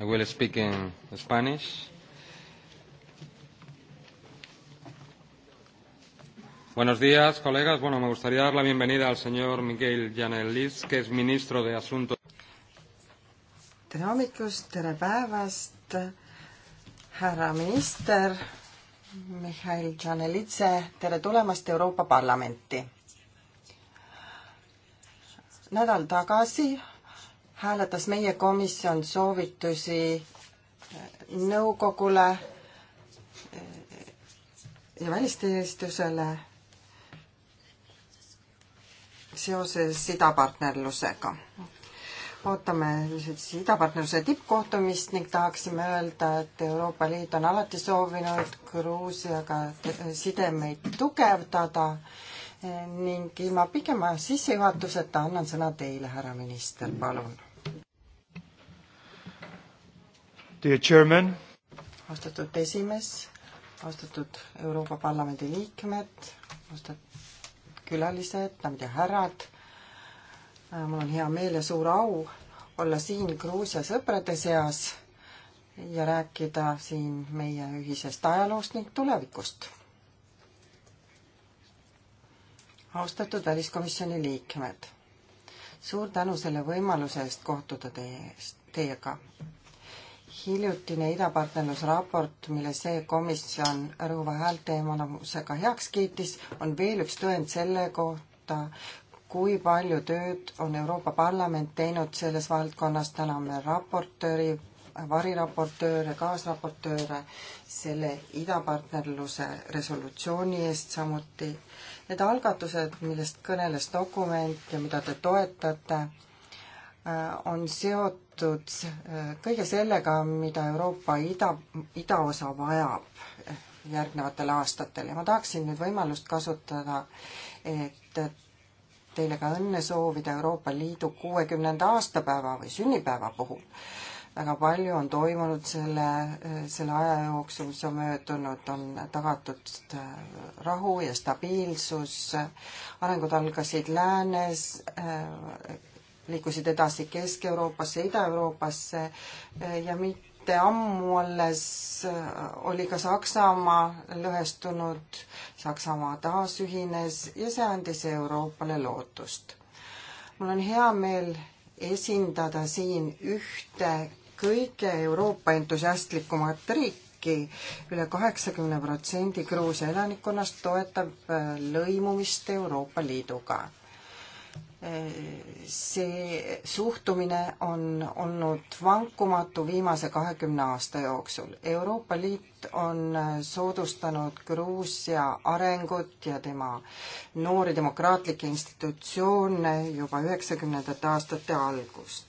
I will speak in Spanish. Buenos días, colegas. Bueno, me gustaría dar la bienvenida al señor Miguel Llanelis, que es ministro de Asuntos. tere hommikust, tere päevast, härra minister Mihhail Tšanelitse, tere tulemast Euroopa Parlamenti. nädal tagasi hääletas meie komisjon soovitusi äh, nõukogule äh, ja välisteenistusele seoses idapartnerlusega. ootame siis idapartnerluse tippkohtumist ning tahaksime öelda, et Euroopa Liit on alati soovinud Gruusiaga sidemeid tugevdada eh, ning ilma pikema sissejuhatuseta annan sõna teile, härra minister, palun Dear Chairman. austatud esimees, austatud Euroopa Parlamendi liikmed, austatud külalised, daamid ja härrad. mul on hea meel ja suur au olla siin Gruusia sõprade seas ja rääkida siin meie ühisest ajaloost ning tulevikust. austatud väliskomisjoni liikmed, suur tänu selle võimaluse eest kohtuda teie eest, teiega hiljutine idapartnerlusraport, mille see komisjon rõhuva häälteenamusega heaks kiitis, on veel üks tõend selle kohta, kui palju tööd on Euroopa Parlament teinud selles valdkonnas, täname raportööri, variraportööre, kaasraportööre selle idapartnerluse resolutsiooni eest samuti. Need algatused, millest kõneles dokument ja mida te toetate, äh, on seotud seotud äh, kõige sellega, mida Euroopa ida, idaosa vajab eh, järgnevatel aastatel ja ma tahaksin nüüd võimalust kasutada, et teile ka õnne soovida Euroopa Liidu kuuekümnenda aastapäeva või sünnipäeva puhul. väga palju on toimunud selle, äh, selle aja jooksul, mis on möödunud, on tagatud äh, rahu ja stabiilsus, arengud algasid läänes, liikusid edasi Kesk-Euroopasse, Ida-Euroopasse eh, ja mitte ammu alles eh, oli ka Saksamaa lõhestunud, Saksamaa taasühines ja see andis Euroopale lootust. mul on hea meel esindada siin ühte kõige Euroopa entusiastlikumat riiki üle. üle kaheksakümne protsendi Gruusia elanikkonnast toetab eh, lõimumist Euroopa Liiduga see suhtumine on olnud vankumatu viimase kahekümne aasta jooksul. Euroopa Liit on soodustanud Gruusia arengut ja tema noori demokraatlikke institutsioone juba üheksakümnendate aastate algust.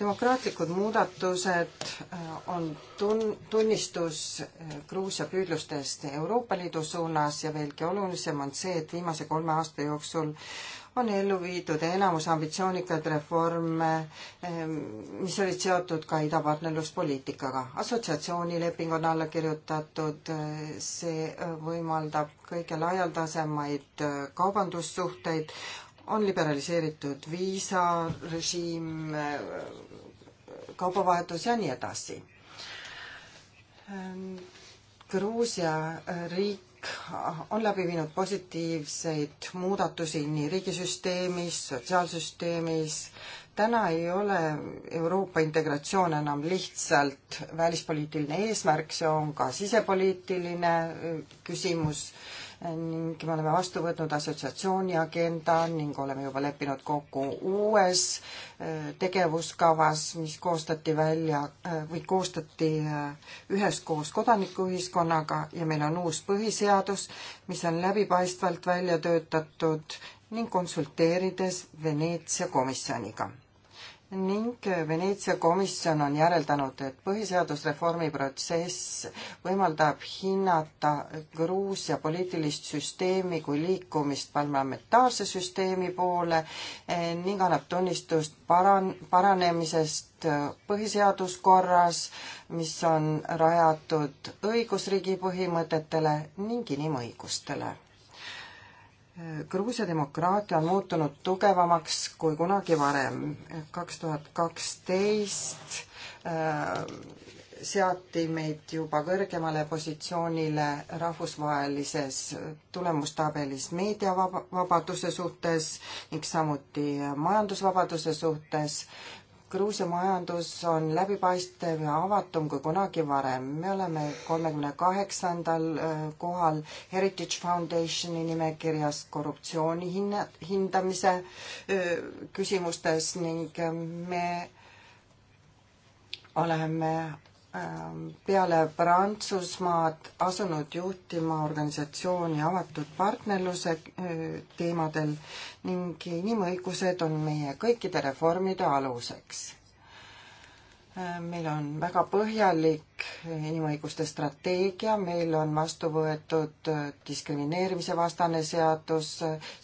demokraatlikud muudatused äh, on tun-, tunnistus äh, Gruusia püüdlustest Euroopa Liidu suunas ja veelgi olulisem on see, et viimase kolme aasta jooksul on ellu viidud enamus ambitsioonikaid reforme, ehm, mis olid seotud ka idapartnerluspoliitikaga. assotsiatsioonileping on alla kirjutatud, see võimaldab kõige laialdasemaid kaubandussuhteid, on liberaliseeritud viisarežiim, kaubavahetus ja nii edasi. Ehm, Gruusia riik kõik on läbi viinud positiivseid muudatusi nii riigisüsteemis, sotsiaalsüsteemis. täna ei ole Euroopa integratsioon enam lihtsalt välispoliitiline eesmärk, see on ka sisepoliitiline äh, küsimus ning me oleme vastu võtnud assotsiatsiooni agenda ning oleme juba leppinud kokku uues äh, tegevuskavas, mis koostati välja äh, või koostati äh, üheskoos kodanikuühiskonnaga ja meil on uus põhiseadus, mis on läbipaistvalt välja töötatud ning konsulteerides Veneetsia komisjoniga ning Veneetsia komisjon on järeldanud, et põhiseadusreformi protsess võimaldab hinnata Gruusia poliitilist süsteemi kui liikumist parlamentaarse süsteemi poole eh, ning annab tunnistust paran-, paranemisest põhiseaduskorras, mis on rajatud õigusriigi põhimõtetele ning inimõigustele Gruusia demokraatia on muutunud tugevamaks kui kunagi varem. kaks tuhat kaksteist äh, seati meid juba kõrgemale positsioonile rahvusvahelises tulemustabelis meediavabaduse suhtes ning samuti majandusvabaduse suhtes. Gruusia majandus on läbipaistev ja avatum kui kunagi varem. me oleme kolmekümne kaheksandal äh, kohal Heritage Foundationi nimekirjas korruptsiooni hinna, hindamise äh, küsimustes ning äh, me oleme Ähm, peale Prantsusmaad asunud juhtima organisatsiooni avatud partnerluse äh, teemadel ning inimõigused on meie kõikide reformide aluseks. Äh, meil on väga põhjalik inimõiguste strateegia, meil on vastu võetud äh, diskrimineerimise vastane seadus,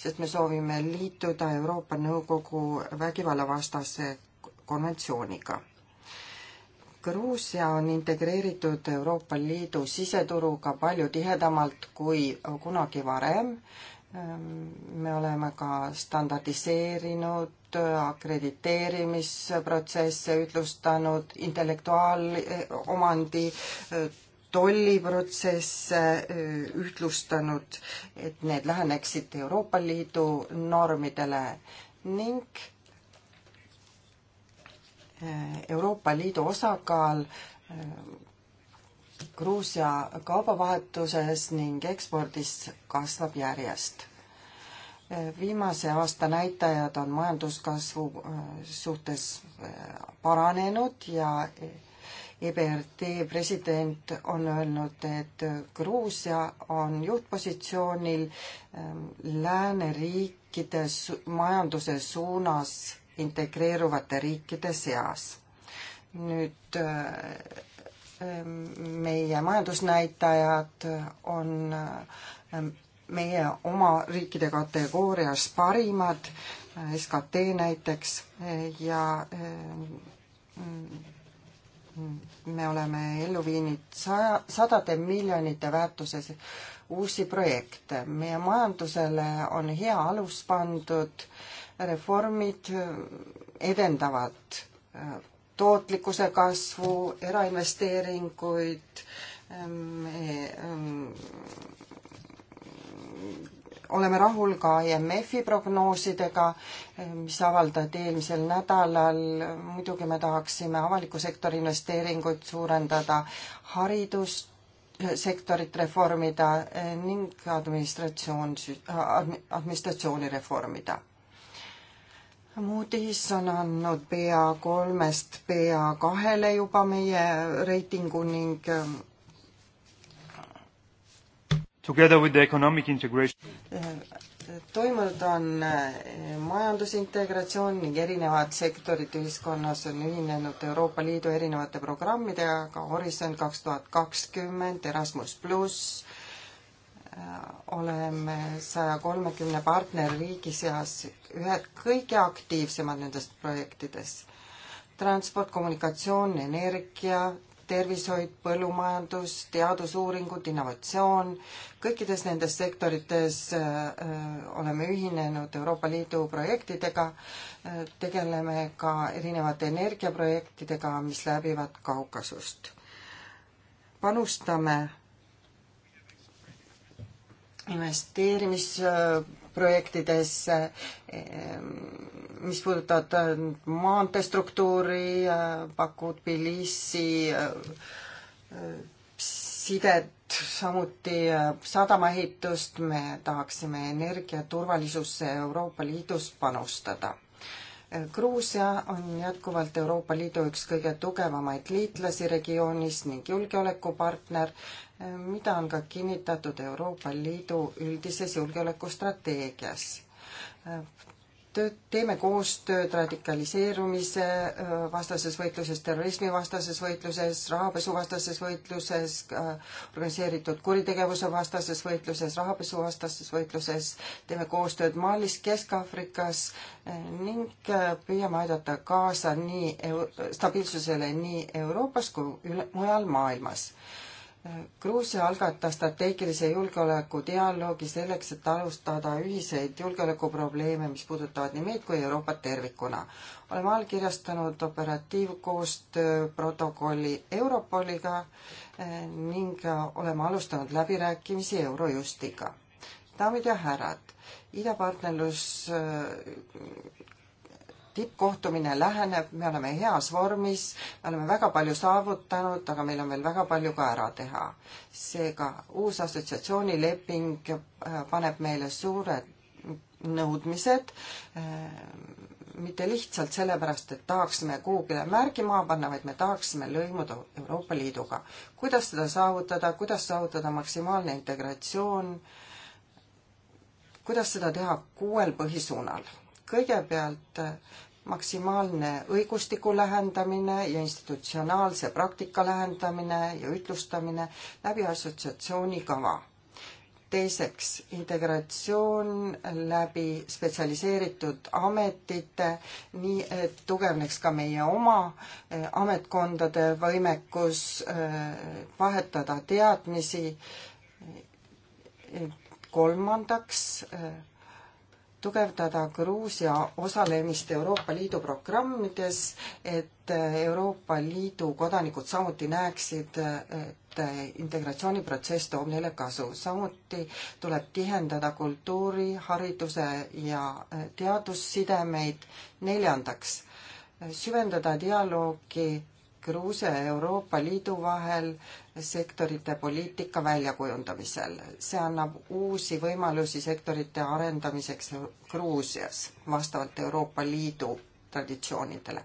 sest me soovime liituda Euroopa Nõukogu vägivallavastase konventsiooniga Gruusia on integreeritud Euroopa Liidu siseturuga palju tihedamalt kui kunagi varem. Ehm, me oleme ka standardiseerinud akrediteerimisprotsesse, ühtlustanud intellektuaalomandi eh, eh, tolliprotsesse eh, ühtlustanud, et need läheneksid Euroopa Liidu normidele ning Euroopa Liidu osakaal äh, Gruusia kaubavahetuses ning ekspordis kasvab järjest. Äh, viimase aasta näitajad on majanduskasvu äh, suhtes paranenud ja EBRD president on öelnud, et Gruusia on juhtpositsioonil lääneriikide majanduse suunas integreeruvate riikide seas. nüüd äh, meie majandusnäitajad on äh, meie oma riikide kategoorias parimad, äh, SKT näiteks ja me oleme ellu viinud saja, sadade miljonite väärtuses uusi projekte. meie majandusele on hea alus pandud äh, reformid äh, edendavad äh, tootlikkuse kasvu, erainvesteeringuid, ähm, ähm, oleme rahul ka IMF-i prognoosidega, äh, mis avaldati eelmisel nädalal. muidugi me tahaksime avaliku sektori investeeringuid suurendada, haridust, sektorit reformida ning administratsioon, administratsiooni reformida. Moody's on andnud pea kolmest pea kahele juba meie reitingu ning ähm, Together with the economic integration äh, toimunud on äh, majandusintegratsioon ning erinevad sektorid ühiskonnas on ühinenud Euroopa Liidu erinevate programmidega, ka Horisont kaks tuhat kakskümmend, Erasmus pluss, oleme saja kolmekümne partnerriigi seas ühed kõige aktiivsemad nendest projektides. transport, kommunikatsioon, energia, tervishoid, põllumajandus, teadusuuringud, innovatsioon, kõikides nendes sektorites äh, oleme ühinenud Euroopa Liidu projektidega, äh, tegeleme ka erinevate energiaprojektidega, mis läbivad Kaukasust. panustame investeerimisprojektidesse, mis puudutavad maanteestruktuuri, pakuvad Tbilisi sidet, samuti sadamaehitust, me tahaksime energiaturvalisusse Euroopa Liidus panustada Gruusia on jätkuvalt Euroopa Liidu üks kõige tugevamaid liitlasi regioonis ning julgeolekupartner mida on ka kinnitatud Euroopa Liidu üldises julgeolekustrateegias. tööd, teeme koostööd radikaliseerumise äh, vastases võitluses, terrorismi vastases võitluses, rahapesu vastases võitluses, organiseeritud kuritegevuse vastases võitluses, rahapesu vastases võitluses, teeme koostööd Malis, Kesk-Aafrikas äh, ning äh, püüame aidata kaasa nii stabiilsusele nii Euroopas kui üle, mujal maailmas Gruusia algatas strateegilise julgeoleku dialoogi selleks, et alustada ühiseid julgeolekuprobleeme, mis puudutavad nii meid kui Euroopat tervikuna. oleme allkirjastanud operatiivkoostöö protokolli Europoliga eh, ning oleme alustanud läbirääkimisi Eurojustiga. daamid ja härrad, idapartnerlus eh, tippkohtumine läheneb, me oleme heas vormis, me oleme väga palju saavutanud, aga meil on veel väga palju ka ära teha. seega uus assotsiatsioonileping äh, paneb meile suured nõudmised, äh, mitte lihtsalt sellepärast, et tahaksime kuhugile märgi maha panna, vaid me tahaksime lõimuda Euroopa Liiduga. kuidas seda saavutada, kuidas saavutada maksimaalne integratsioon, kuidas seda teha kuuel põhisuunal? kõigepealt äh, maksimaalne õigustiku lähendamine ja institutsionaalse praktika lähendamine ja ütlustamine läbi assotsiatsiooni kava. teiseks, integratsioon läbi spetsialiseeritud ametite, nii et tugevneks ka meie oma eh, ametkondade võimekus eh, vahetada teadmisi. Eh, kolmandaks tugevdada Gruusia osalemist Euroopa Liidu programmides, et Euroopa Liidu kodanikud samuti näeksid, et integratsiooniprotsess toob neile kasu. samuti tuleb tihendada kultuuri, hariduse ja teadussidemeid. neljandaks, süvendada dialoogi Gruusia ja Euroopa Liidu vahel sektorite poliitika väljakujundamisel. see annab uusi võimalusi sektorite arendamiseks Gruusias vastavalt Euroopa Liidu traditsioonidele.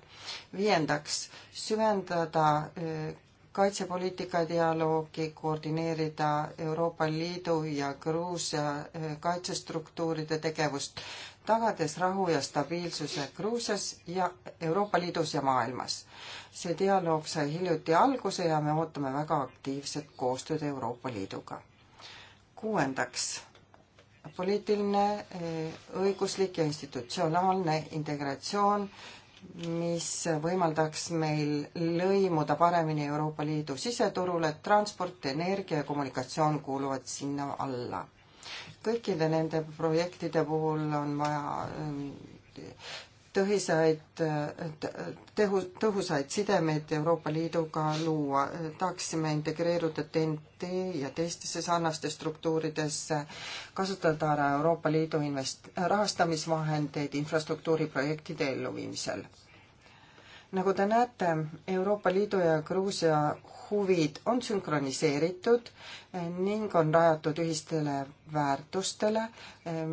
viiendaks, süvendada eh, kaitsepoliitika dialoogi koordineerida Euroopa Liidu ja Gruusia eh, kaitsestruktuuride tegevust, tagades rahu ja stabiilsuse Gruusias ja Euroopa Liidus ja maailmas. see dialoog sai hiljuti alguse ja me ootame väga aktiivset koostööd Euroopa Liiduga. kuuendaks, poliitiline, eh, õiguslik ja institutsionaalne integratsioon mis võimaldaks meil lõimuda paremini Euroopa Liidu siseturule, transport, energia ja kommunikatsioon kuuluvad sinna alla. kõikide nende projektide puhul on vaja ähm, tõhisaid, tõhu, tõhusaid sidemeid Euroopa Liiduga luua. tahaksime integreeruda TNT ja teistesse sarnaste struktuuridesse, kasutada ära Euroopa Liidu invest-, rahastamisvahendeid infrastruktuuriprojektide elluviimisel nagu te näete, Euroopa Liidu ja Gruusia huvid on sünkroniseeritud ning on rajatud ühistele väärtustele,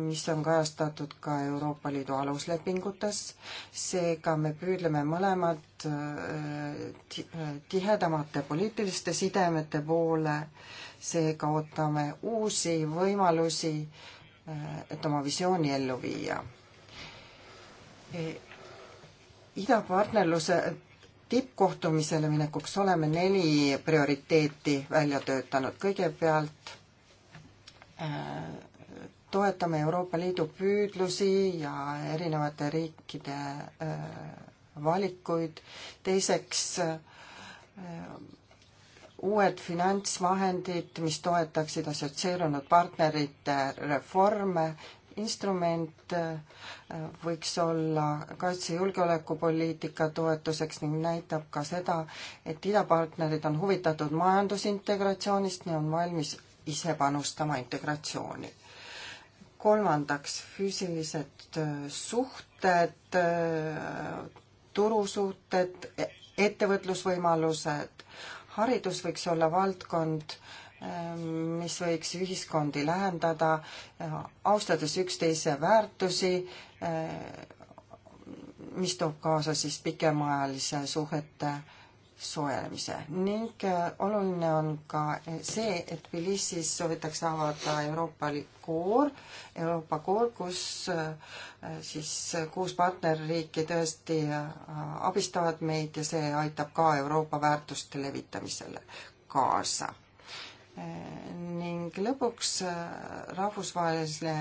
mis on kajastatud ka Euroopa Liidu aluslepingutes. seega me püüdleme mõlemad eh, tihedamate poliitiliste sidemete poole, seega ootame uusi võimalusi, eh, et oma visiooni ellu viia eh, idapartnerluse tippkohtumisele minekuks oleme neli prioriteeti välja töötanud. kõigepealt äh, toetame Euroopa Liidu püüdlusi ja erinevate riikide äh, valikuid. teiseks äh, uued finantsvahendid, mis toetaksid assotsieerunud partnerite reforme instrument äh, võiks olla kaitse- ja julgeolekupoliitika toetuseks ning näitab ka seda, et idapartnerid on huvitatud majandusintegratsioonist ja on valmis ise panustama integratsiooni. kolmandaks, füüsilised äh, suhted, äh, turusuhted, ettevõtlusvõimalused. haridus võiks olla valdkond, Ähm, mis võiks ühiskondi lähendada, äh, austades üksteise väärtusi, äh, mis toob kaasa siis pikemaajalise suhete soojenemise ning äh, oluline on ka see, et Tbilisis soovitakse avada Euroopa koor, Euroopa koor, kus siis kuus partnerriiki tõesti abistavad meid ja see aitab ka Euroopa väärtuste levitamisele kaasa ning lõpuks äh, rahvusvahelise,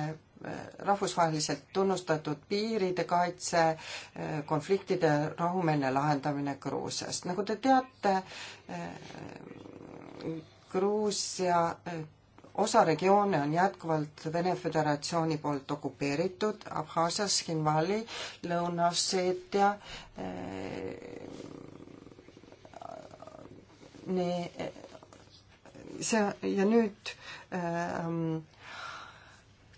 äh, rahvusvaheliselt tunnustatud piiride kaitse, äh, konfliktide rahumeelne lahendamine Gruusias. nagu te teate, Gruusia osa regioone on jätkuvalt Vene Föderatsiooni poolt okupeeritud, Abhaasias, Hinvali, Lõuna-Osseetia äh,, nii see ja nüüd ähm,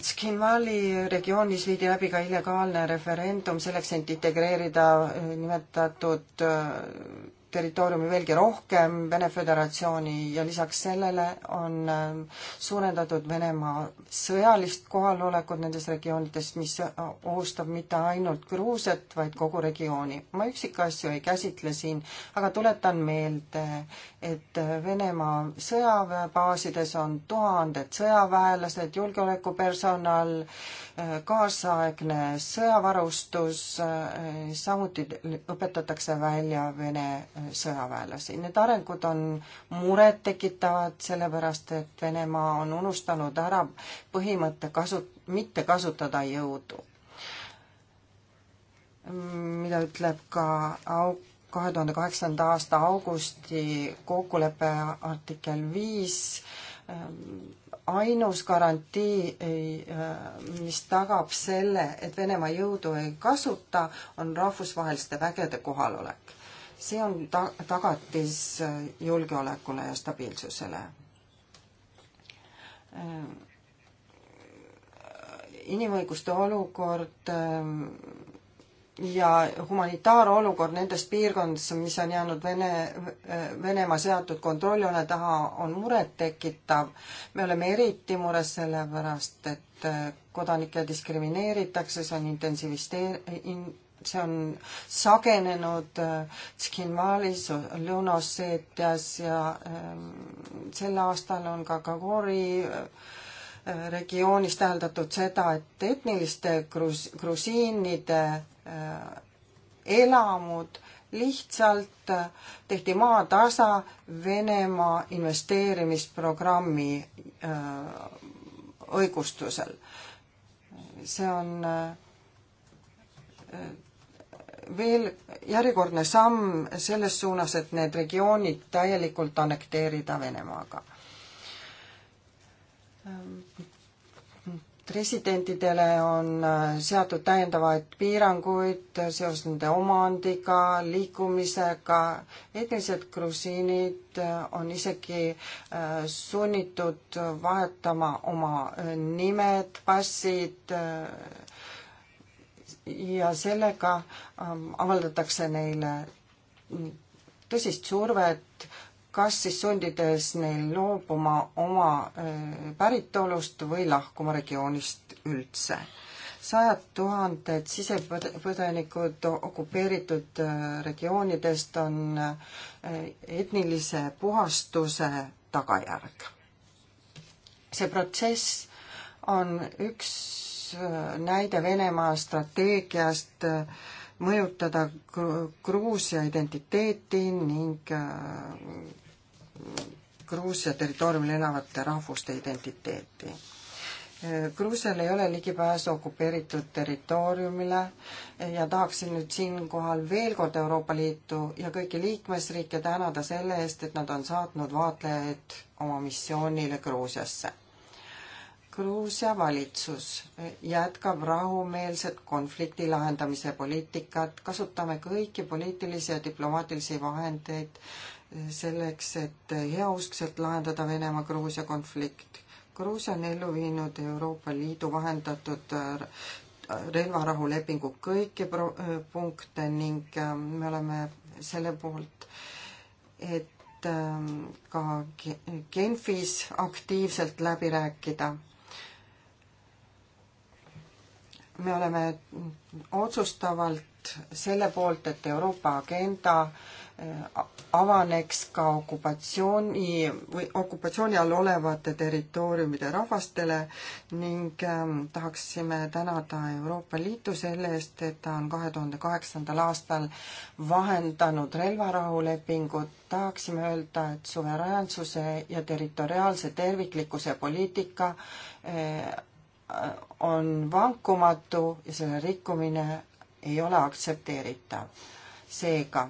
Skinvali regioonis viidi läbi ka illegaalne referendum selleks, et integreerida äh, nimetatud äh, territooriumi veelgi rohkem Vene Föderatsiooni ja lisaks sellele on ähm, suurendatud Venemaa sõjalist kohalolekut nendes regioonides, mis äh, ohustab mitte ainult Gruusiat, vaid kogu regiooni. ma üksikasju ei käsitle siin, aga tuletan meelde, et Venemaa sõjaväebaasides on tuhanded sõjaväelased, julgeolekupersonal, Äh, kaasaegne sõjavarustus, äh, samuti õpetatakse välja Vene äh, sõjaväelasi. Need arengud on murettekitavad, sellepärast et Venemaa on unustanud ära põhimõtte kasu-, mitte kasutada jõudu. mida ütleb ka au-, kahe tuhande kaheksanda aasta augusti kokkuleppe artikkel viis, ähm, ainus garantii, äh, mis tagab selle, et Venemaa jõudu ei kasuta, on rahvusvaheliste vägede kohalolek. see on ta-, tagatis äh, julgeolekule ja stabiilsusele. Äh, inimõiguste olukord ja humanitaarolukord nendes piirkondades, mis on jäänud Vene, Venemaa seatud kontrolljoone taha, on murettekitav. me oleme eriti mures sellepärast, et äh, kodanikke diskrimineeritakse, see on intensiivistee- in,, see on sagenenud äh, Tškinvalis, Lõuna-Osseetias ja ähm, sel aastal on ka Kagori äh, regioonis täheldatud seda, et etniliste grus-, grusiinide Äh, elamud, lihtsalt äh, tehti maatasa Venemaa investeerimisprogrammi äh, õigustusel. see on veel järjekordne samm selles suunas, et need regioonid täielikult annekteerida Venemaaga ähm, residentidele on äh, seatud täiendavaid piiranguid seoses nende omandiga, liikumisega, etnilised grusiinid äh, on isegi äh, sunnitud vahetama oma nimed, passid ja sellega ähm, avaldatakse neile tõsist survet kas siis sundides neil loobuma oma päritolust või lahkuma regioonist üldse. sajad tuhanded sisepõdenikud okupeeritud regioonidest on etnilise puhastuse tagajärg. see protsess on üks näide Venemaa strateegiast äh, mõjutada Gruusia identiteeti ning äh, Gruusia territooriumil elavate rahvuste identiteeti. Äh, Gruusial ei ole ligipääsu okupeeritud territooriumile ja tahaksin nüüd siinkohal veel kord Euroopa Liitu ja kõiki liikmesriike tänada selle eest, et nad on saatnud vaatlejaid oma missioonile Gruusiasse. Gruusia valitsus jätkab rahumeelset konflikti lahendamise poliitikat, kasutame kõiki poliitilisi ja diplomaatilisi vahendeid selleks, et heauskselt lahendada Venemaa-Gruusia konflikt. Gruusia on ellu viinud Euroopa Liidu vahendatud äh, relvarahulepingu kõiki pro-, äh, punkte ning äh, me oleme selle poolt, et ähm, ka Genfis aktiivselt läbi rääkida me oleme otsustavalt selle poolt, et Euroopa agenda eh, avaneks ka okupatsiooni või okupatsiooni all olevate territooriumide rahvastele ning ehm, tahaksime tänada Euroopa Liitu selle eest, et ta on kahe tuhande kaheksandal aastal vahendanud relvarahulepingut. tahaksime öelda, et suveräänsuse ja territoriaalse terviklikkuse poliitika eh, on vankumatu ja selle rikkumine ei ole aktsepteeritav. seega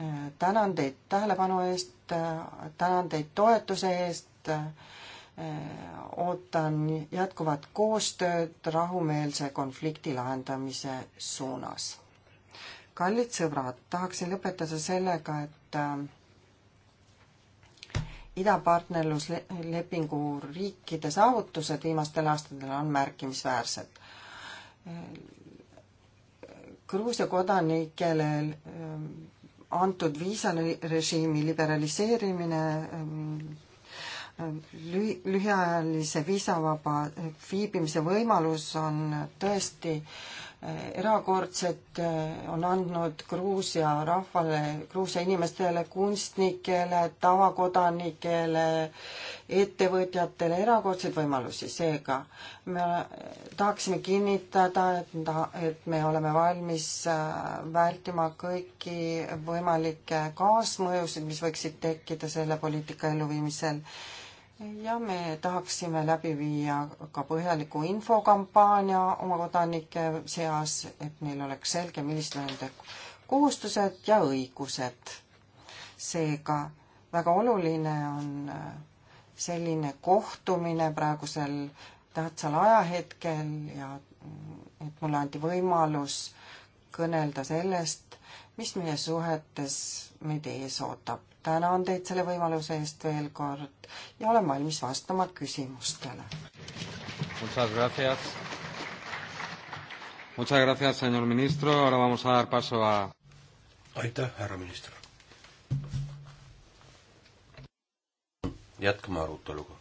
äh, tänan teid tähelepanu eest, äh, tänan teid toetuse eest, äh, ootan jätkuvat koostööd rahumeelse konflikti lahendamise suunas. kallid sõbrad, tahaksin lõpetada sellega, et idapartnerluslepingu riikide saavutused viimastel aastatel on märkimisväärsed. Gruusia kodanikele ähm, antud viisarežiimi liberaliseerimine, ähm, lühi, lühiajalise viisavaba viibimise võimalus on tõesti äh, Äh, erakordset äh, on andnud Gruusia rahvale, Gruusia inimestele, kunstnikele, tavakodanikele, ettevõtjatele erakordseid võimalusi, seega me tahaksime kinnitada, et, et me oleme valmis äh, vältima kõiki võimalikke kaasmõjusid, mis võiksid tekkida selle poliitika elluviimisel ja me tahaksime läbi viia ka põhjaliku infokampaania oma kodanike seas, et neil oleks selge, millised on nende kohustused ja õigused. seega väga oluline on äh, selline kohtumine praegusel tähtsal ajahetkel ja mm, et mulle anti võimalus kõnelda sellest, mis meie suhetes meid ees ootab tänan teid selle võimaluse eest veel kord ja olen valmis vastama küsimustele. Muchas gracias. Muchas gracias, señor ministro. Ahora vamos a dar paso a... Aitäh, härra minister. jätkame aruteluga.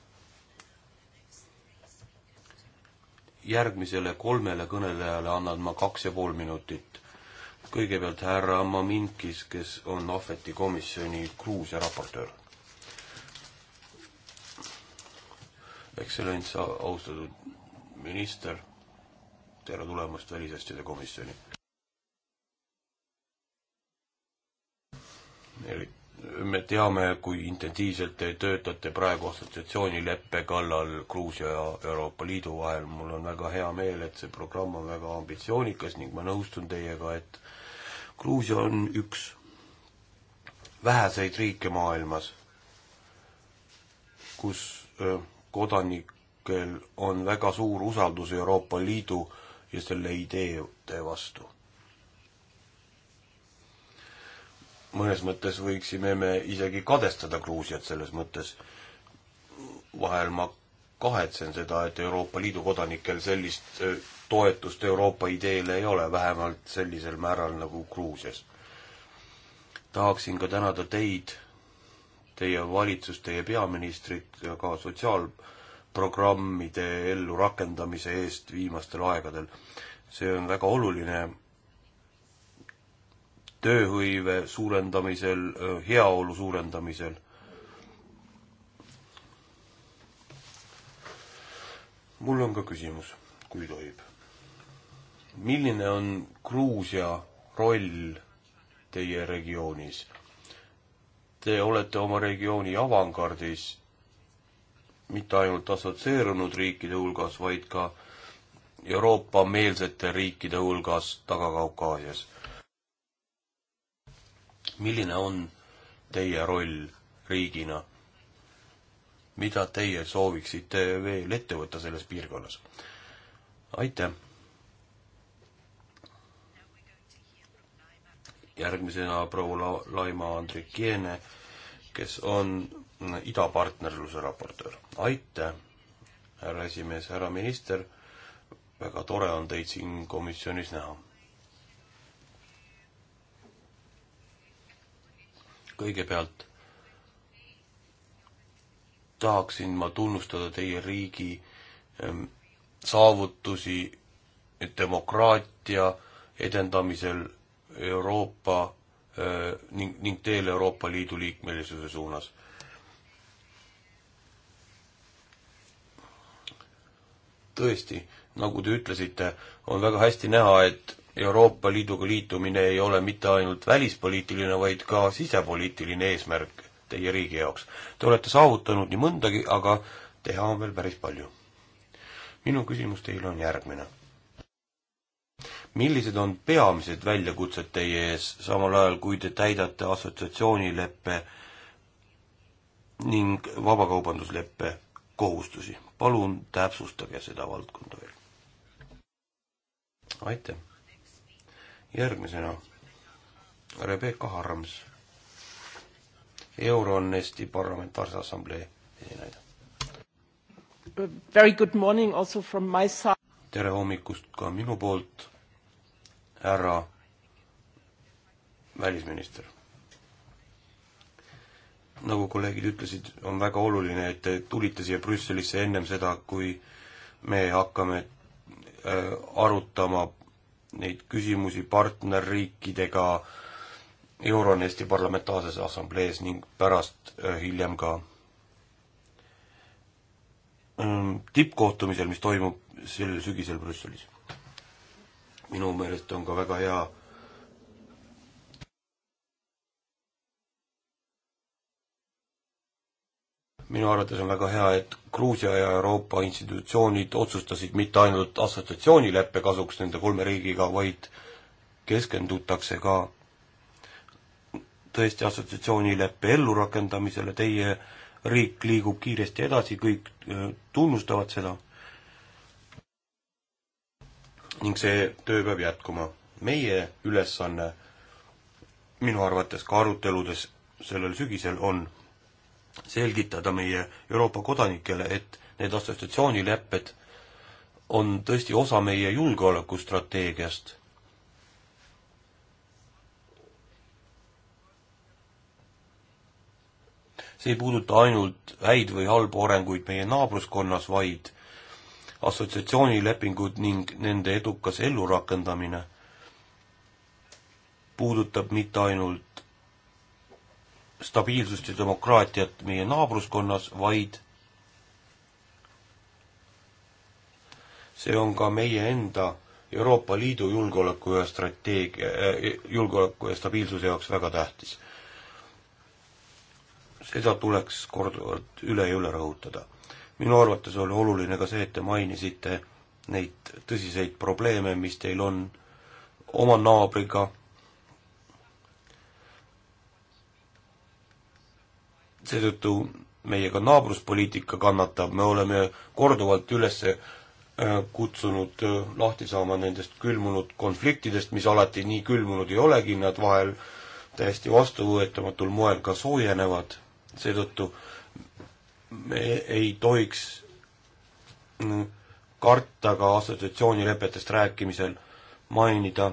järgmisele kolmele kõnelejale annan ma kaks ja pool minutit kõigepealt härra Maminkis, kes on Ahveti komisjoni Gruusia raportöör. ekstsellents, austatud minister, tere tulemast Välisasjade komisjoni. me teame, kui intensiivselt te töötate praegu assotsiatsioonileppe kallal Gruusia ja Euroopa Liidu vahel. mul on väga hea meel, et see programm on väga ambitsioonikas ning ma nõustun teiega, et Gruusia on üks väheseid riike maailmas, kus kodanikel on väga suur usaldus Euroopa Liidu ja selle ideede vastu. mõnes mõttes võiksime me isegi kadestada Gruusiat selles mõttes. vahel ma kahetsen seda, et Euroopa Liidu kodanikel sellist toetust Euroopa ideele ei ole, vähemalt sellisel määral nagu Gruusias. tahaksin ka tänada teid, teie valitsust, teie peaministrit ja ka sotsiaalprogrammide ellurakendamise eest viimastel aegadel. see on väga oluline tööhõive suurendamisel, heaolu suurendamisel. mul on ka küsimus, kui tohib milline on Gruusia roll teie regioonis? Te olete oma regiooni avangardis mitte ainult assotsieerunud riikide hulgas, vaid ka Euroopa-meelsete riikide hulgas Taga-Kaukaasias. milline on teie roll riigina? mida teie sooviksite veel ette võtta selles piirkonnas? aitäh! järgmisena proua La-, Laima Andrikiene, kes on idapartnerluse raportöör. aitäh, härra esimees, härra minister, väga tore on teid siin komisjonis näha. kõigepealt tahaksin ma tunnustada teie riigi ehm, saavutusi demokraatia edendamisel Euroopa eh, ning, ning teel Euroopa Liidu liikmelisuse suunas. tõesti, nagu te ütlesite, on väga hästi näha, et Euroopa Liiduga liitumine ei ole mitte ainult välispoliitiline, vaid ka sisepoliitiline eesmärk teie riigi jaoks. Te olete saavutanud nii mõndagi, aga teha on veel päris palju. minu küsimus teile on järgmine millised on peamised väljakutsed teie ees, samal ajal kui te täidate assotsiatsioonileppe ning vabakaubandusleppe kohustusi? palun täpsustage seda valdkonda veel. aitäh. järgmisena Rebecca Harms, Euronesti Parlamentaarse Assamblee esinaine. Very good morning also from my side tere hommikust ka minu poolt, härra välisminister. nagu kolleegid ütlesid, on väga oluline, et te tulite siia Brüsselisse ennem seda, kui me hakkame äh, arutama neid küsimusi partnerriikidega Euronesti parlamentaarses assamblees ning pärast äh, hiljem ka ähm, tippkohtumisel, mis toimub sel sügisel Brüsselis. minu meelest on ka väga hea minu arvates on väga hea, et Gruusia ja Euroopa institutsioonid otsustasid mitte ainult assotsiatsioonileppe kasuks nende kolme riigiga, vaid keskendutakse ka tõesti assotsiatsioonileppe ellurakendamisele, teie riik liigub kiiresti edasi, kõik äh, tunnustavad seda ning see töö peab jätkuma. meie ülesanne minu arvates ka aruteludes sellel sügisel on selgitada meie Euroopa kodanikele, et need assotsiatsioonilepped on tõesti osa meie julgeolekustrateegiast. see ei puuduta ainult häid või halbu arenguid meie naabruskonnas, vaid assotsiatsioonilepingud ning nende edukas ellurakendamine puudutab mitte ainult stabiilsust ja demokraatiat meie naabruskonnas, vaid see on ka meie enda Euroopa Liidu julgeoleku ja strateegia, eh, julgeoleku ja stabiilsuse jaoks väga tähtis. seda tuleks korduvalt üle ja üle rõhutada minu arvates oli oluline ka see, et te mainisite neid tõsiseid probleeme, mis teil on oma naabriga. seetõttu meie ka naabruspoliitika kannatab, me oleme korduvalt üles äh, kutsunud äh, lahti saama nendest külmunud konfliktidest, mis alati nii külmunud ei olegi, nad vahel täiesti vastuvõetamatul moel ka soojenevad, seetõttu äh, me ei tohiks karta ka assotsiatsioonilepetest rääkimisel mainida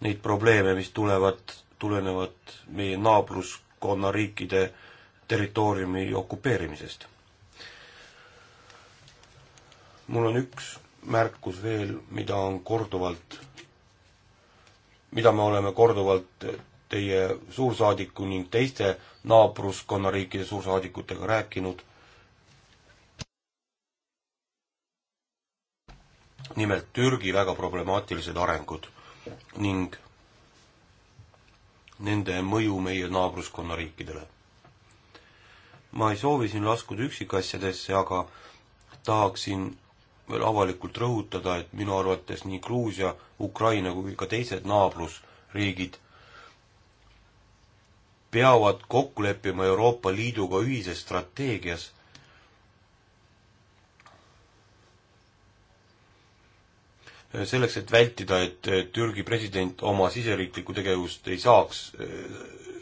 neid probleeme, mis tulevad, tulenevad meie naabruskonna riikide territooriumi okupeerimisest. mul on üks märkus veel, mida on korduvalt, mida me oleme korduvalt teie suursaadiku ning teiste naabruskonnariikide suursaadikutega rääkinud. nimelt Türgi väga problemaatilised arengud ning nende mõju meie naabruskonnariikidele. ma ei soovi siin laskuda üksikasjadesse, aga tahaksin veel avalikult rõhutada, et minu arvates nii Gruusia, Ukraina kui ka teised naabrusriigid peavad kokku leppima Euroopa Liiduga ühises strateegias. selleks, et vältida, et Türgi president oma siseriiklikku tegevust ei saaks,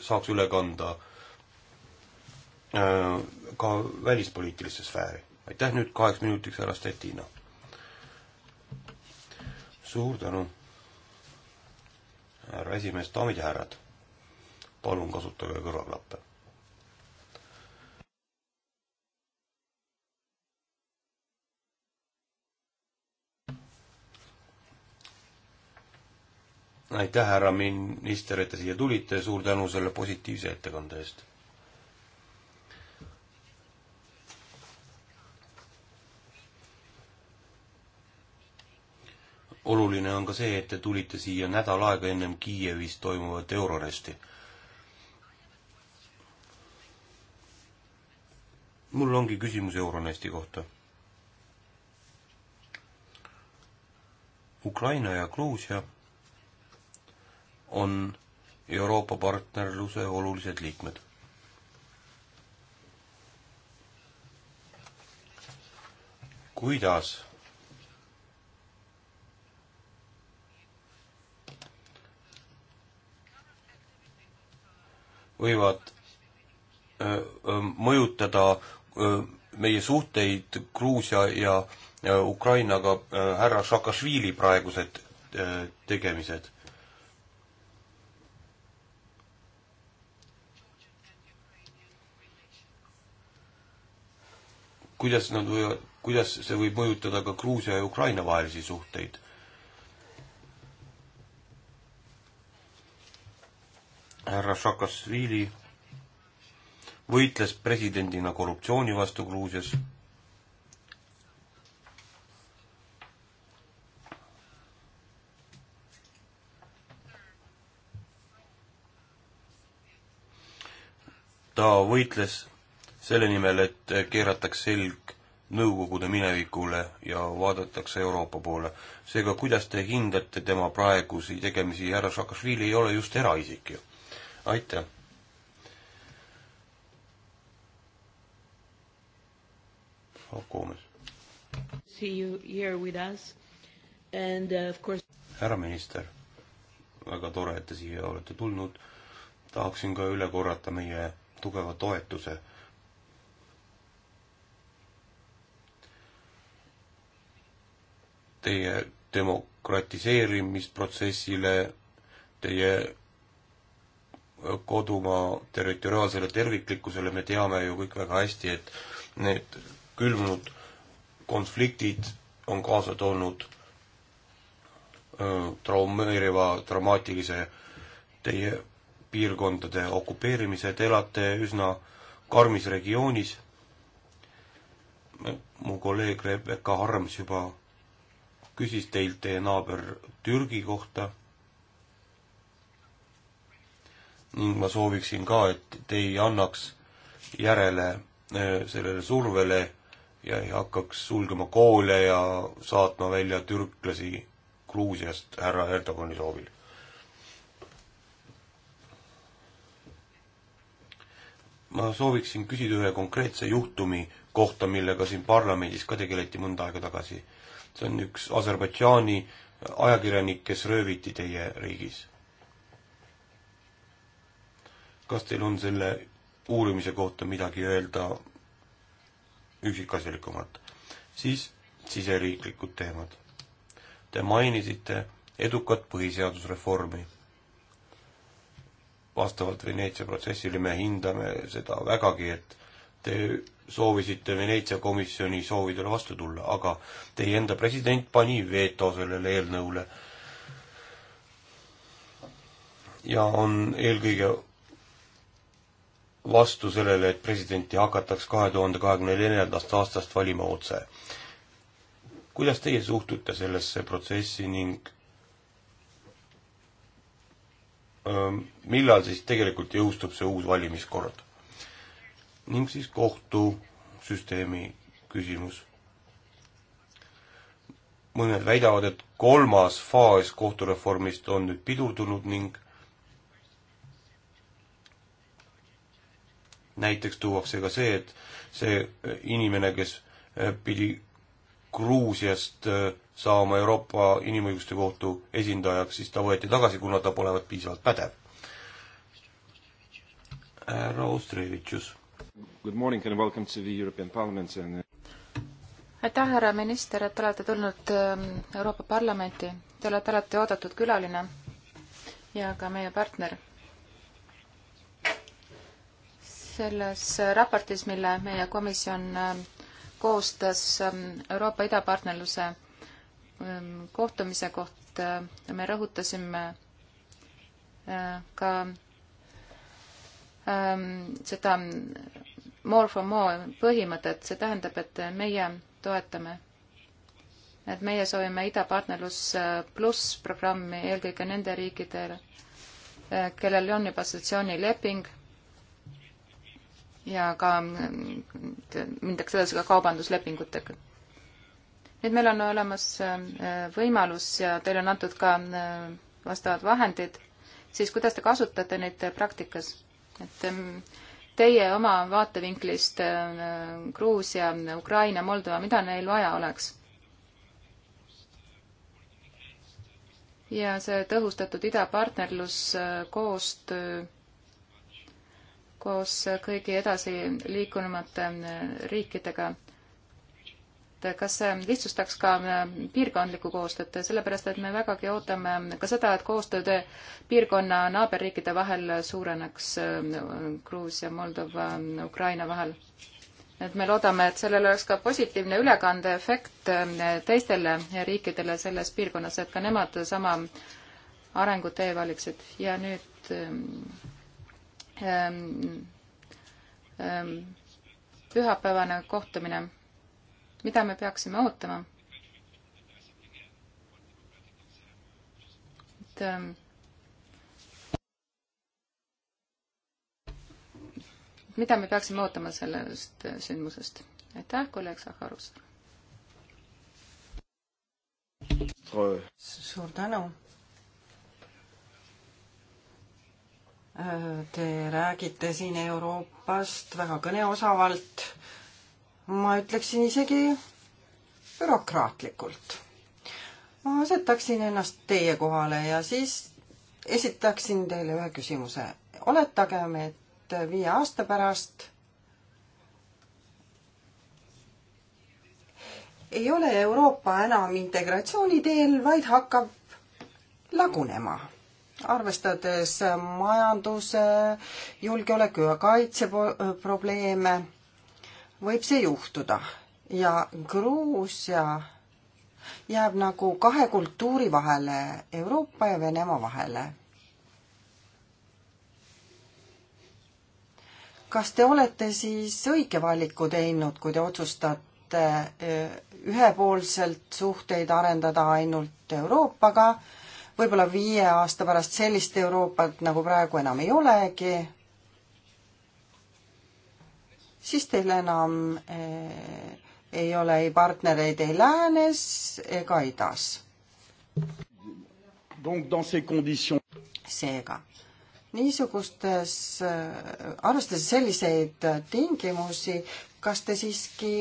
saaks üle kanda ka välispoliitilisse sfääri. aitäh nüüd kaheks minutiks, härra Stettina. suur tänu, härra esimees, daamid ja härrad palun kasutage kõrvaklappe. aitäh, härra minister, et te siia tulite, suur tänu selle positiivse ettekande eest. oluline on ka see, et te tulite siia nädal aega ennem Kiievis toimuvat Euronesti mul ongi küsimus Euronesti kohta. Ukraina ja Gruusia on Euroopa partnerluse olulised liikmed. kuidas võivad öö, öö, mõjutada meie suhteid Gruusia ja Ukrainaga härra Saakašvili praegused tegemised. kuidas nad võivad, kuidas see võib mõjutada ka Gruusia ja Ukraina vahelisi suhteid? härra Saakašvili võitles presidendina korruptsiooni vastu Gruusias. ta võitles selle nimel, et keerataks selg Nõukogude minevikule ja vaadatakse Euroopa poole. seega, kuidas te hindate tema praegusi tegemisi, härra Saakašvili ei ole just eraisik ju. aitäh! proua Koomes. Uh, härra minister, väga tore, et te siia olete tulnud. tahaksin ka üle korrata meie tugeva toetuse teie demokratiseerimisprotsessile, teie kodumaa territoriaalsele terviklikkusele, me teame ju kõik väga hästi, et need külmunud konfliktid on kaasa toonud traumeeriva, dramaatilise teie piirkondade okupeerimise, te elate üsna karmis regioonis. mu kolleeg Rebecca Harms juba küsis teilt teie naaber Türgi kohta. ning ma sooviksin ka, et te ei annaks järele sellele survele ja ei hakkaks sulgema koole ja saatma välja türklasi Gruusiast härra Erdogani soovil. ma sooviksin küsida ühe konkreetse juhtumi kohta, millega siin parlamendis ka tegeleti mõnda aega tagasi. see on üks Aserbaidžaani ajakirjanik, kes rööviti teie riigis. kas teil on selle uurimise kohta midagi öelda üksikasjalikumalt. siis siseriiklikud teemad. Te mainisite edukat põhiseadusreformi. vastavalt Veneetsia protsessile me hindame seda vägagi, et te soovisite Veneetsia komisjoni soovidele vastu tulla, aga teie enda president pani veto sellele eelnõule. ja on eelkõige vastu sellele, et presidenti hakataks kahe tuhande kahekümne neljandast aastast valima otse. kuidas teie suhtute sellesse protsessi ning millal siis tegelikult jõustub see uus valimiskord? ning siis kohtusüsteemi küsimus. mõned väidavad, et kolmas faas kohtureformist on nüüd pidurdunud ning näiteks tuuakse ka see, et see äh, inimene, kes äh, pidi Gruusiast äh, saama Euroopa Inimõiguste Kohtu esindajaks, siis ta võeti tagasi, kuna ta polevat piisavalt pädev. härra Ostrevitšus. Good morning and welcome to the European Parliament and aitäh, härra minister, et olete tulnud ähm, Euroopa Parlamenti. Te olete alati oodatud külaline ja ka meie partner selles raportis, mille meie komisjon ähm, koostas ähm, Euroopa idapartnerluse ähm, kohtumise kohta, äh, me rõhutasime äh, ka seda more for more põhimõtet, see tähendab, et meie toetame, et meie soovime idapartnerlus äh, pluss programmi eelkõige nende riikidele, kellel on juba assotsiatsioonileping ja ka mindakse edasi ka kaubanduslepingutega. nüüd meil on olemas äh, võimalus ja teile on antud ka äh, vastavad vahendid, siis kuidas te kasutate neid praktikas? et ähm, teie oma vaatevinklist äh, Gruusia, Ukraina, Moldova, mida neil vaja oleks? ja see tõhustatud idapartnerlus, koostöö koos kõigi edasi liikunumate äh, riikidega. et kas see lihtsustaks ka äh, piirkondlikku koostööd, sellepärast et me vägagi ootame ka seda, et koostöö piirkonna naaberriikide vahel suureneks äh, Gruusia, Moldova, Ukraina vahel. et me loodame, et sellel oleks ka positiivne ülekandeefekt teistele riikidele selles piirkonnas, et ka nemad sama arengutee valiksid ja nüüd ähm, Ehm, ehm, pühapäevane kohtumine, mida me peaksime ootama? et ehm, mida me peaksime ootama sellest eh, sündmusest? aitäh, kolleeg Sahharus. suur tänu Te räägite siin Euroopast väga kõneosavalt, ma ütleksin isegi bürokraatlikult. ma asetaksin ennast teie kohale ja siis esitaksin teile ühe küsimuse. oletagem, et viie aasta pärast ei ole Euroopa enam integratsiooni teel, vaid hakkab lagunema arvestades majanduse, julgeoleku ja kaitse probleeme, võib see juhtuda ja Gruusia jääb nagu kahe kultuuri vahele, Euroopa ja Venemaa vahele kas te olete siis õige valiku teinud, kui te otsustate eh, ühepoolselt suhteid arendada ainult Euroopaga võib-olla viie aasta pärast sellist Euroopat, nagu praegu enam ei olegi, siis teil enam eh, ei ole ei partnereid ei läänes ega idas. seega, niisugustes, eh, arvestades selliseid tingimusi, kas te siiski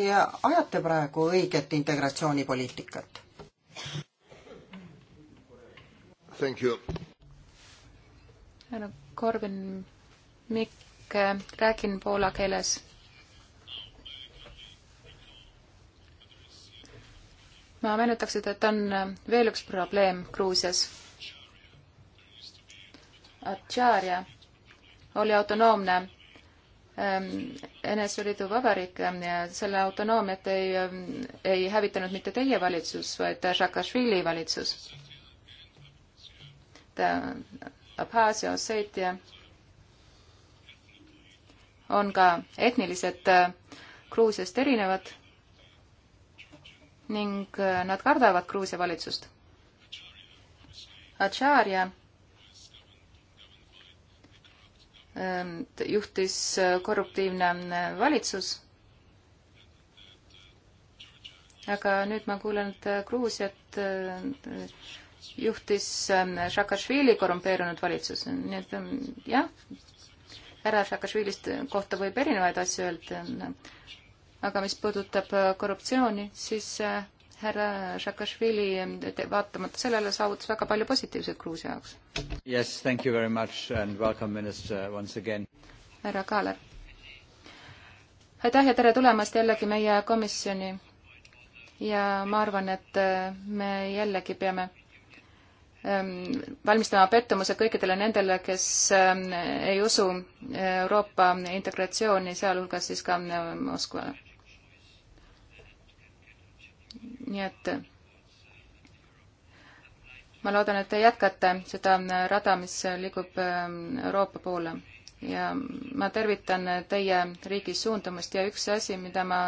ajate praegu õiget integratsioonipoliitikat? härra Korvin Mikk, räägin poola keeles. ma meenutaks, et on veel üks probleem Gruusias. Adžaaria oli autonoomne ehm, NSV Liidu Vabariik ja selle autonoomiat ei, ehm, ei hävitanud mitte teie valitsus, vaid Saakašvili valitsus et äh, Abhaasia Osseetia on ka etniliselt äh, Gruusiast erinevad ning äh, nad kardavad Gruusia valitsust. Acharya ähm, juhtis korruptiivne valitsus, aga nüüd ma kuulen, et Gruusiat juhtis ähm, Saakašvili korrumpeerunud valitsus, nii et ähm, jah, härra Saakašvilist kohta võib erinevaid asju öelda, ähm, aga mis puudutab äh, korruptsiooni, siis äh, härra Saakašvili vaatamata sellele saavutas väga palju positiivset Gruusia jaoks. Yes, thank you very much and welcome minister once again. härra Kaaler. aitäh ja tere tulemast jällegi meie komisjoni. ja ma arvan, et äh, me jällegi peame Ähm, valmistama pettumuse kõikidele nendele, kes ähm, ei usu Euroopa integratsiooni, sealhulgas siis ka äh, Moskvale. nii et ma loodan, et te jätkate seda rada, mis liigub ähm, Euroopa poole ja ma tervitan teie riigis suundumust ja üks asi, mida ma,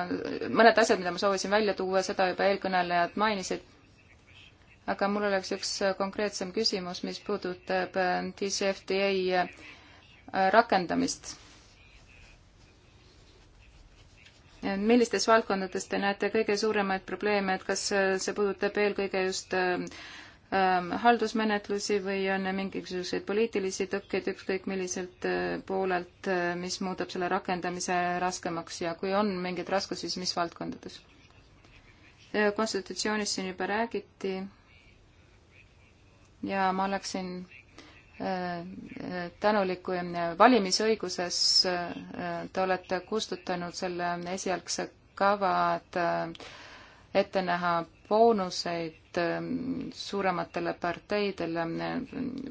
mõned asjad, mida ma soovisin välja tuua, seda juba eelkõnelejad mainisid aga mul oleks üks konkreetsem küsimus, mis puudutab äh, DCFTA äh, rakendamist. Äh, millistes valdkondades te näete kõige suuremaid probleeme, et kas see puudutab eelkõige just ähm, haldusmenetlusi või on mingisuguseid poliitilisi tõkkeid ükskõik milliselt poolelt, mis muudab selle rakendamise raskemaks ja kui on mingeid raskusi, siis mis valdkondades? konstitutsioonist siin juba räägiti ja ma oleksin äh, äh, tänulik, kui äh, valimisõiguses te olete kustutanud selle esialgse kava, et ette näha boonuseid suurematele parteidele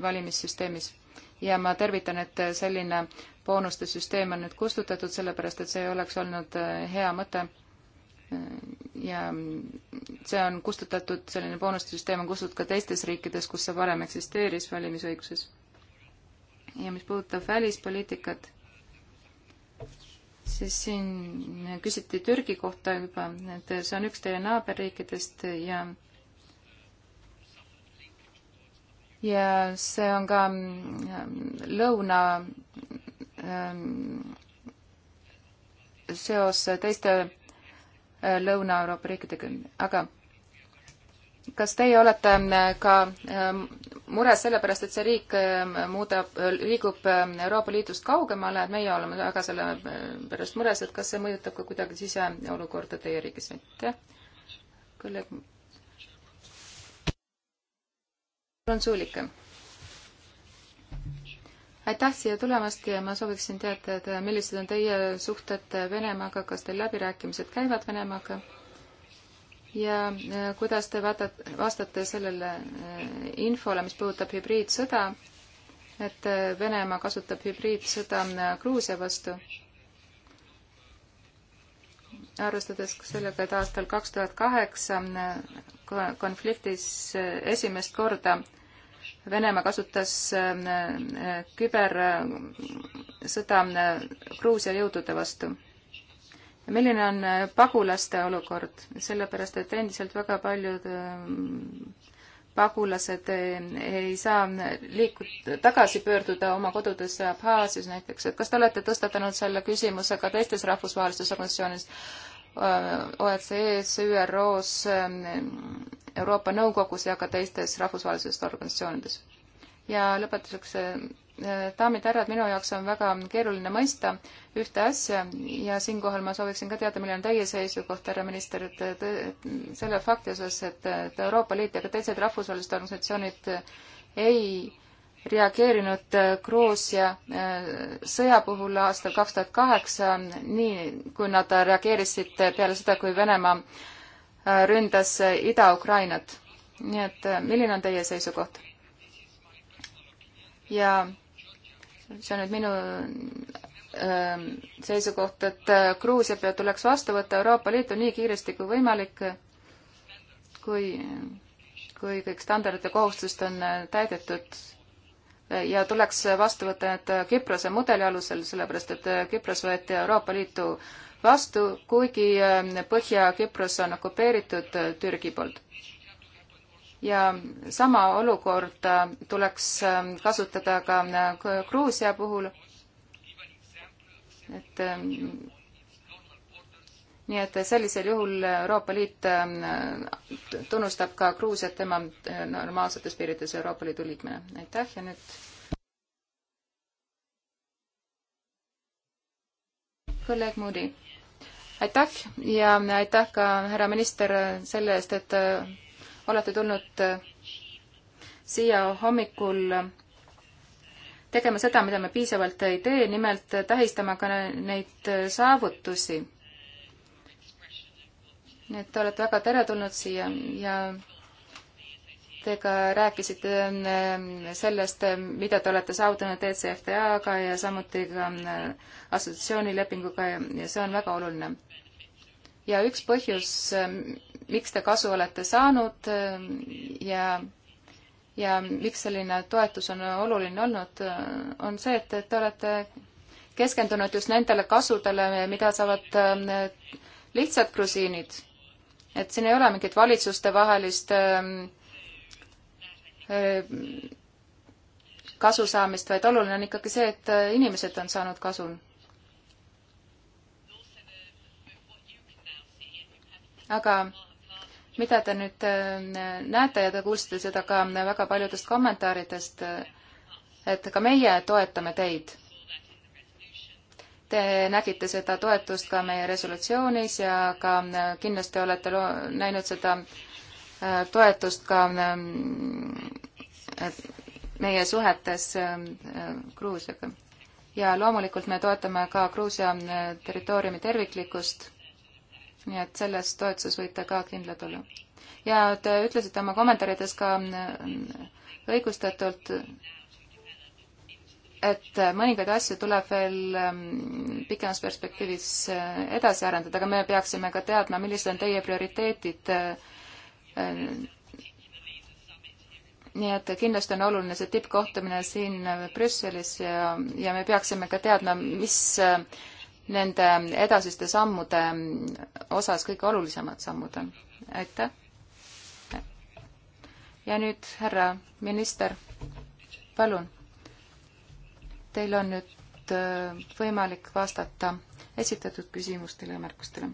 valimissüsteemis ja ma tervitan, et selline boonuste süsteem on nüüd kustutatud, sellepärast et see ei oleks olnud hea mõte ja see on kustutatud, selline boonusesüsteem on kustutatud ka teistes riikides, kus see varem eksisteeris valimisõiguses. ja mis puudutab välispoliitikat, siis siin küsiti Türgi kohta juba, et see on üks teie naaberriikidest ja ja see on ka ähm, lõuna ähm, seos teiste Äh, Lõuna-Euroopa riikidega, aga kas teie olete äh, ka ähm, mures selle pärast, et see riik ähm, muudab, äh, liigub ähm, Euroopa Liidust kaugemale, et meie oleme väga selle pärast mures, et kas see mõjutab ka kuidagi siseolukorda teie riigis, aitäh. kolleeg. mul on suulik aitäh siia tulemast ja ma sooviksin teada, et millised on teie suhted Venemaaga, kas teil läbirääkimised käivad Venemaaga? ja äh, kuidas te vaatate, vastate sellele äh, infole, mis puudutab hübriidsõda, et äh, Venemaa kasutab hübriidsõda Gruusia vastu? arvestades sellega, et aastal kaks tuhat kaheksa konfliktis esimest korda Venemaa kasutas äh, äh, kübersõda äh, Gruusia jõudude vastu. milline on pagulaste olukord, sellepärast et endiselt väga paljud pagulased ei saa liiku-, tagasi pöörduda oma kodudesse Abhaasias näiteks, et kas te olete tõstatanud selle küsimuse ka teistes rahvusvahelistes organisatsioonides, OECD-s, e ÜRO-s, Euroopa Nõukogus ja ka teistes rahvusvahelistes organisatsioonides. ja lõpetuseks, eh, eh, daamid ja härrad, minu jaoks on väga keeruline mõista ühte asja ja siinkohal ma sooviksin ka teada, milline on teie seisukoht, härra minister, et selle fakti osas, et, et Euroopa Liit ja ka teised rahvusvahelised organisatsioonid ei reageerinud eh, Gruusia sõja puhul aastal kaks tuhat kaheksa, nii kui nad reageerisid peale seda, kui Venemaa Äh, ründas äh, Ida-Ukrainat. nii et äh, milline on teie seisukoht? ja see on nüüd minu ähm, seisukoht, et Gruusia tuleks vastu võtta Euroopa Liitu nii kiiresti kui võimalik, kui, kui kõik standardid ja kohustused on täidetud ja tuleks vastu võtta need Küprose mudeli alusel, sellepärast et Küpros võeti Euroopa Liitu vastu, kuigi äh, Põhja-Küpros on okupeeritud äh, Türgi poolt. ja sama olukorda tuleks ähm, kasutada ka äh, Gruusia puhul, et ähm, nii et sellisel juhul Euroopa Liit ähm, tunnustab ka Gruusiat tema normaalsetes piirides Euroopa Liidu liikmena. aitäh ja nüüd kolleeg Moody aitäh ja aitäh ka härra minister selle eest, et äh, olete tulnud äh, siia hommikul äh, tegema seda, mida me piisavalt ei tee, nimelt tähistama ka neid saavutusi. nii et te olete väga teretulnud siia ja Te ka rääkisite ähm, sellest, ähm, mida te olete saavutanud ECFTA-ga ja samuti ka ähm, assotsiatsioonilepinguga ja see on väga oluline. ja üks põhjus, miks te kasu olete saanud ja, ja miks selline toetus on oluline olnud, äh, on see, et te olete keskendunud just nendele kasudele, mida saavad lihtsad grusiinid. et siin ei ole mingit valitsustevahelist äh, kasu saamist, vaid oluline on ikkagi see, et inimesed on saanud kasu. aga mida te nüüd äh, näete ja te kuulsite seda ka väga paljudest kommentaaridest, et ka meie toetame teid. Te nägite seda toetust ka meie resolutsioonis ja ka äh, kindlasti olete näinud seda äh, toetust ka meie suhetes ähm, äh, Gruusiaga. ja loomulikult me toetame ka Gruusia äh, territooriumi terviklikkust, nii et selles toetuses võite ka kindlad olla. ja te ütlesite oma kommentaarides ka äh, õigustatult, et mõningaid asju tuleb veel ähm, pikemas perspektiivis edasi arendada, aga me peaksime ka teadma, millised on teie prioriteedid nii et kindlasti on oluline see tippkohtumine siin Brüsselis ja, ja me peaksime ka teadma, mis äh, nende edasiste sammude osas kõige olulisemad sammud on. aitäh! ja nüüd, härra minister, palun, teil on nüüd äh, võimalik vastata esitatud küsimustele ja märkustele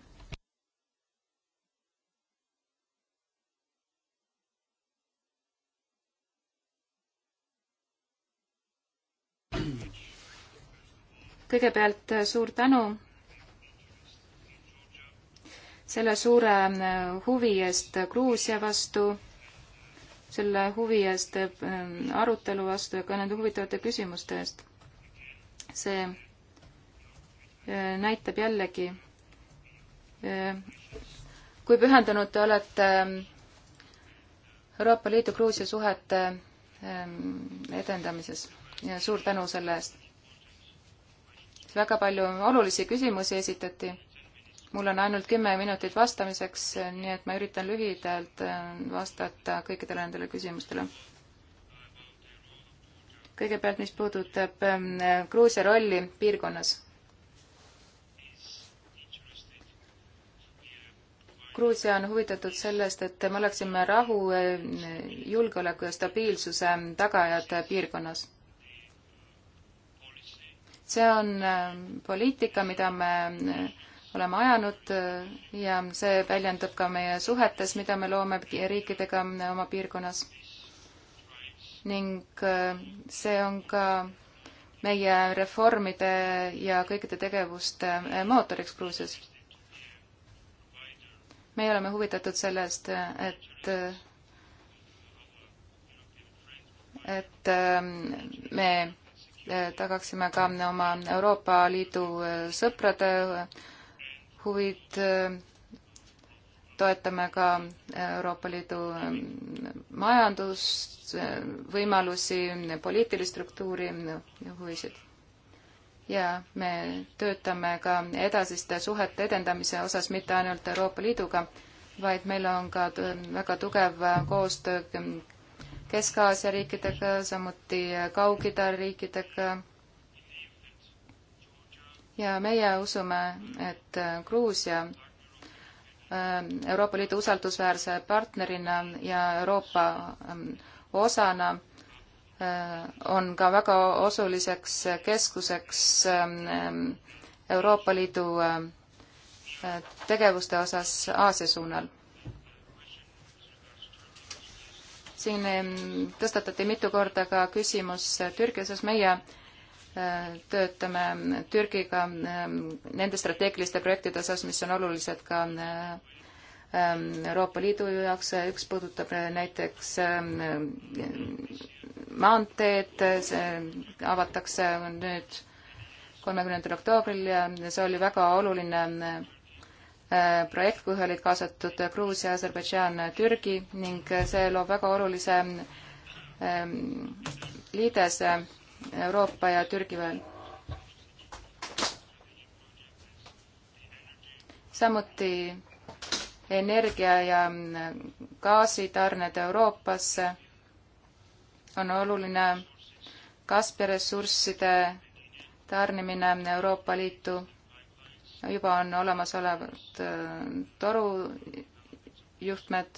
kõigepealt äh, suur tänu selle suure äh, huvi eest Gruusia vastu, selle huvi eest äh, arutelu vastu ja ka nende huvitavate küsimuste eest. see näitab jällegi, kui pühendunud te olete Euroopa Liidu Gruusia suhete edendamises ja suur tänu selle eest väga palju olulisi küsimusi esitati. mul on ainult kümme minutit vastamiseks, nii et ma üritan lühidalt äh, vastata kõikidele nendele küsimustele. kõigepealt, mis puudutab ähm, Gruusia rolli piirkonnas. Gruusia on huvitatud sellest, et me oleksime rahu, äh, julgeoleku ja stabiilsuse tagajad piirkonnas see on ähm, poliitika, mida me äh, oleme ajanud äh, ja see väljendub ka meie suhetes, mida me loome riikidega äh, oma piirkonnas. ning see on ka meie reformide ja kõikide tegevuste mootoriks Gruusias. meie oleme huvitatud sellest, et et ähm, me Eh, tagaksime ka oma Euroopa Liidu eh, sõprade eh, huvid, toetame ka Euroopa Liidu majandusvõimalusi, poliitilist struktuuri, huvisid. ja me töötame ka edasiste suhete edendamise osas mitte ainult Euroopa Liiduga, vaid meil on ka väga tugev koostöö Kesk-Aasia riikidega, samuti Kaug-Ida riikidega. ja meie usume, et Gruusia ähm, Euroopa Liidu usaldusväärse partnerina ja Euroopa ähm, osana äh, on ka väga osuliseks keskuseks ähm, Euroopa Liidu äh, äh, tegevuste osas Aasia suunal siin tõstatati mitu korda ka küsimus Türgi osas, meie äh, töötame Türgiga nende strateegiliste projektide osas, mis on olulised ka äh, Euroopa Liidu jaoks, üks puudutab äh, näiteks maanteed, see avatakse nüüd kolmekümnendal oktoobril ja see oli väga oluline Äh, projekt, kuhu olid kaasatud Gruusia, Aserbaidžaan, Türgi ning äh, see loob väga olulise ähm, liidese äh, Euroopa ja Türgi vahel. samuti energia ja gaasitarned Euroopasse on oluline Kaspia ressursside tarnimine Euroopa Liitu juba on olemasolevad äh, torujuhtmed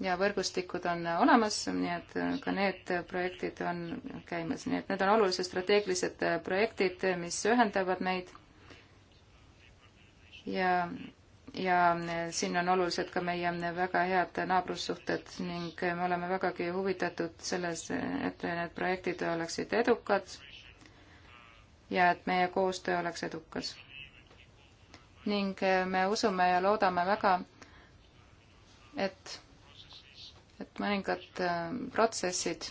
ja võrgustikud on olemas, nii et äh, ka need projektid on käimas, nii et need on olulised strateegilised äh, projektid, mis ühendavad meid. ja, ja siin on olulised ka meie väga head naabrussuhted ning me oleme vägagi huvitatud selles, et need projektid oleksid edukad ja et meie koostöö oleks edukas. ning äh, me usume ja loodame väga, et, et mõningad äh, protsessid,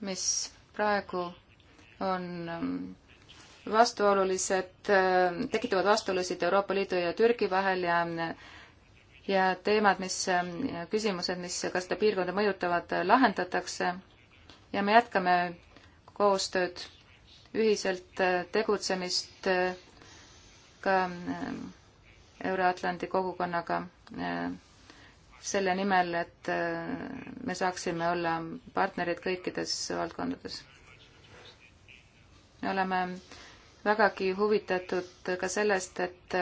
mis praegu on ähm, vastuolulised, äh, tekitavad vastuolusid Euroopa Liidu ja Türgi vahel ja ja teemad, mis, ähm, küsimused, mis ka seda piirkonda mõjutavad, lahendatakse ja me jätkame koostööd, ühiselt äh, tegutsemist äh, ka äh, Euro-Atlandi kogukonnaga selle nimel, et me saaksime olla partnerid kõikides valdkondades. me oleme vägagi huvitatud ka sellest, et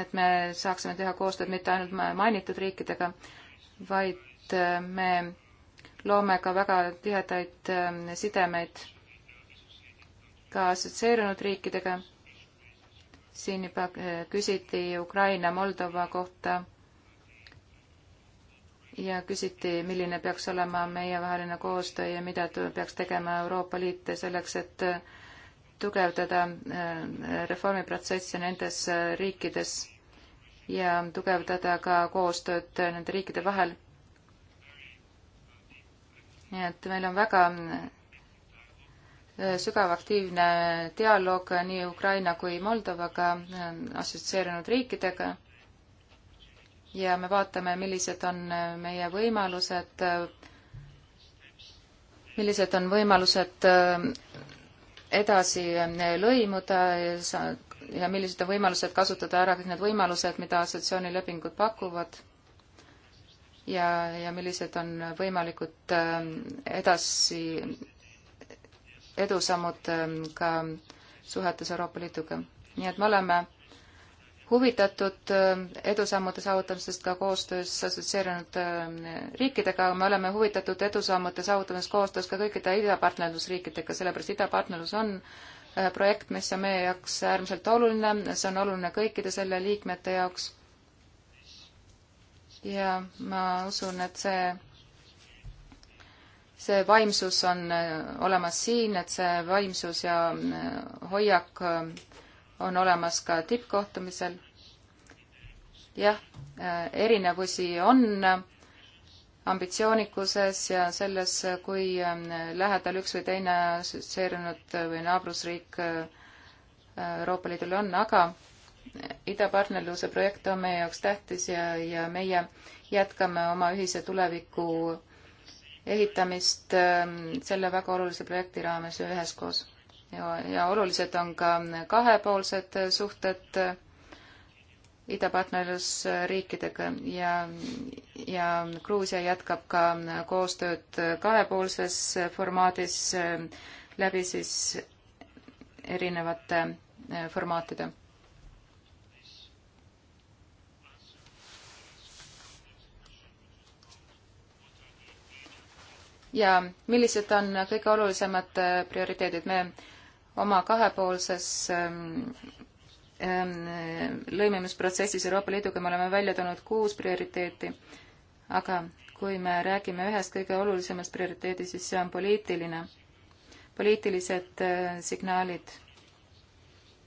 et me saaksime teha koostööd mitte ainult mainitud riikidega, vaid me loome ka väga tihedaid ähm, sidemeid ka assotsieerunud riikidega. siin juba äh, küsiti Ukraina, Moldova kohta ja küsiti, milline peaks olema meievaheline koostöö ja mida peaks tegema Euroopa Liit selleks, et äh, tugevdada äh, reformiprotsessi nendes riikides ja tugevdada ka koostööd nende riikide vahel nii et meil on väga äh, sügavaktiivne dialoog nii Ukraina kui Moldovaga, äh, assotsieerunud riikidega ja me vaatame, millised on äh, meie võimalused, millised on võimalused edasi lõimuda ja millised on võimalused kasutada ära kõik need võimalused, mida assotsiatsioonilepingud pakuvad ja, ja millised on võimalikud ähm, edasi edusammud ähm, ka suhetes Euroopa Liiduga. nii et me oleme huvitatud ähm, edusammude saavutamisest ka koostöös assotsieerunud riikidega, me oleme huvitatud edusammude saavutamisest koostöös ka kõikide idapartnerlusriikidega, sellepärast idapartnerlus on äh, projekt, mis on meie jaoks äärmiselt oluline, see on oluline kõikide selle liikmete jaoks ja ma usun, et see, see vaimsus on äh, olemas siin, et see vaimsus ja äh, hoiak äh, on olemas ka tippkohtumisel. jah, erinevusi on ambitsioonikuses ja selles, kui lähedal üks või teine assotsieerunud või naabrusriik Euroopa Liidule on, aga idapartnerluse projekt on meie jaoks tähtis ja, ja meie jätkame oma ühise tuleviku ehitamist ähm, selle väga olulise projekti raames üheskoos. ja, ja olulised on ka kahepoolsed suhted äh, idapartnerlusriikidega ja, ja Gruusia jätkab ka koostööd kahepoolses formaadis äh, läbi siis erinevate äh, formaatide ja millised on kõige olulisemad äh, prioriteedid. me oma kahepoolses ähm, ähm, lõimimisprotsessis Euroopa Liiduga me oleme välja toonud kuus prioriteeti, aga kui me räägime ühest kõige olulisemast prioriteedist, siis see on poliitiline, poliitilised äh, signaalid.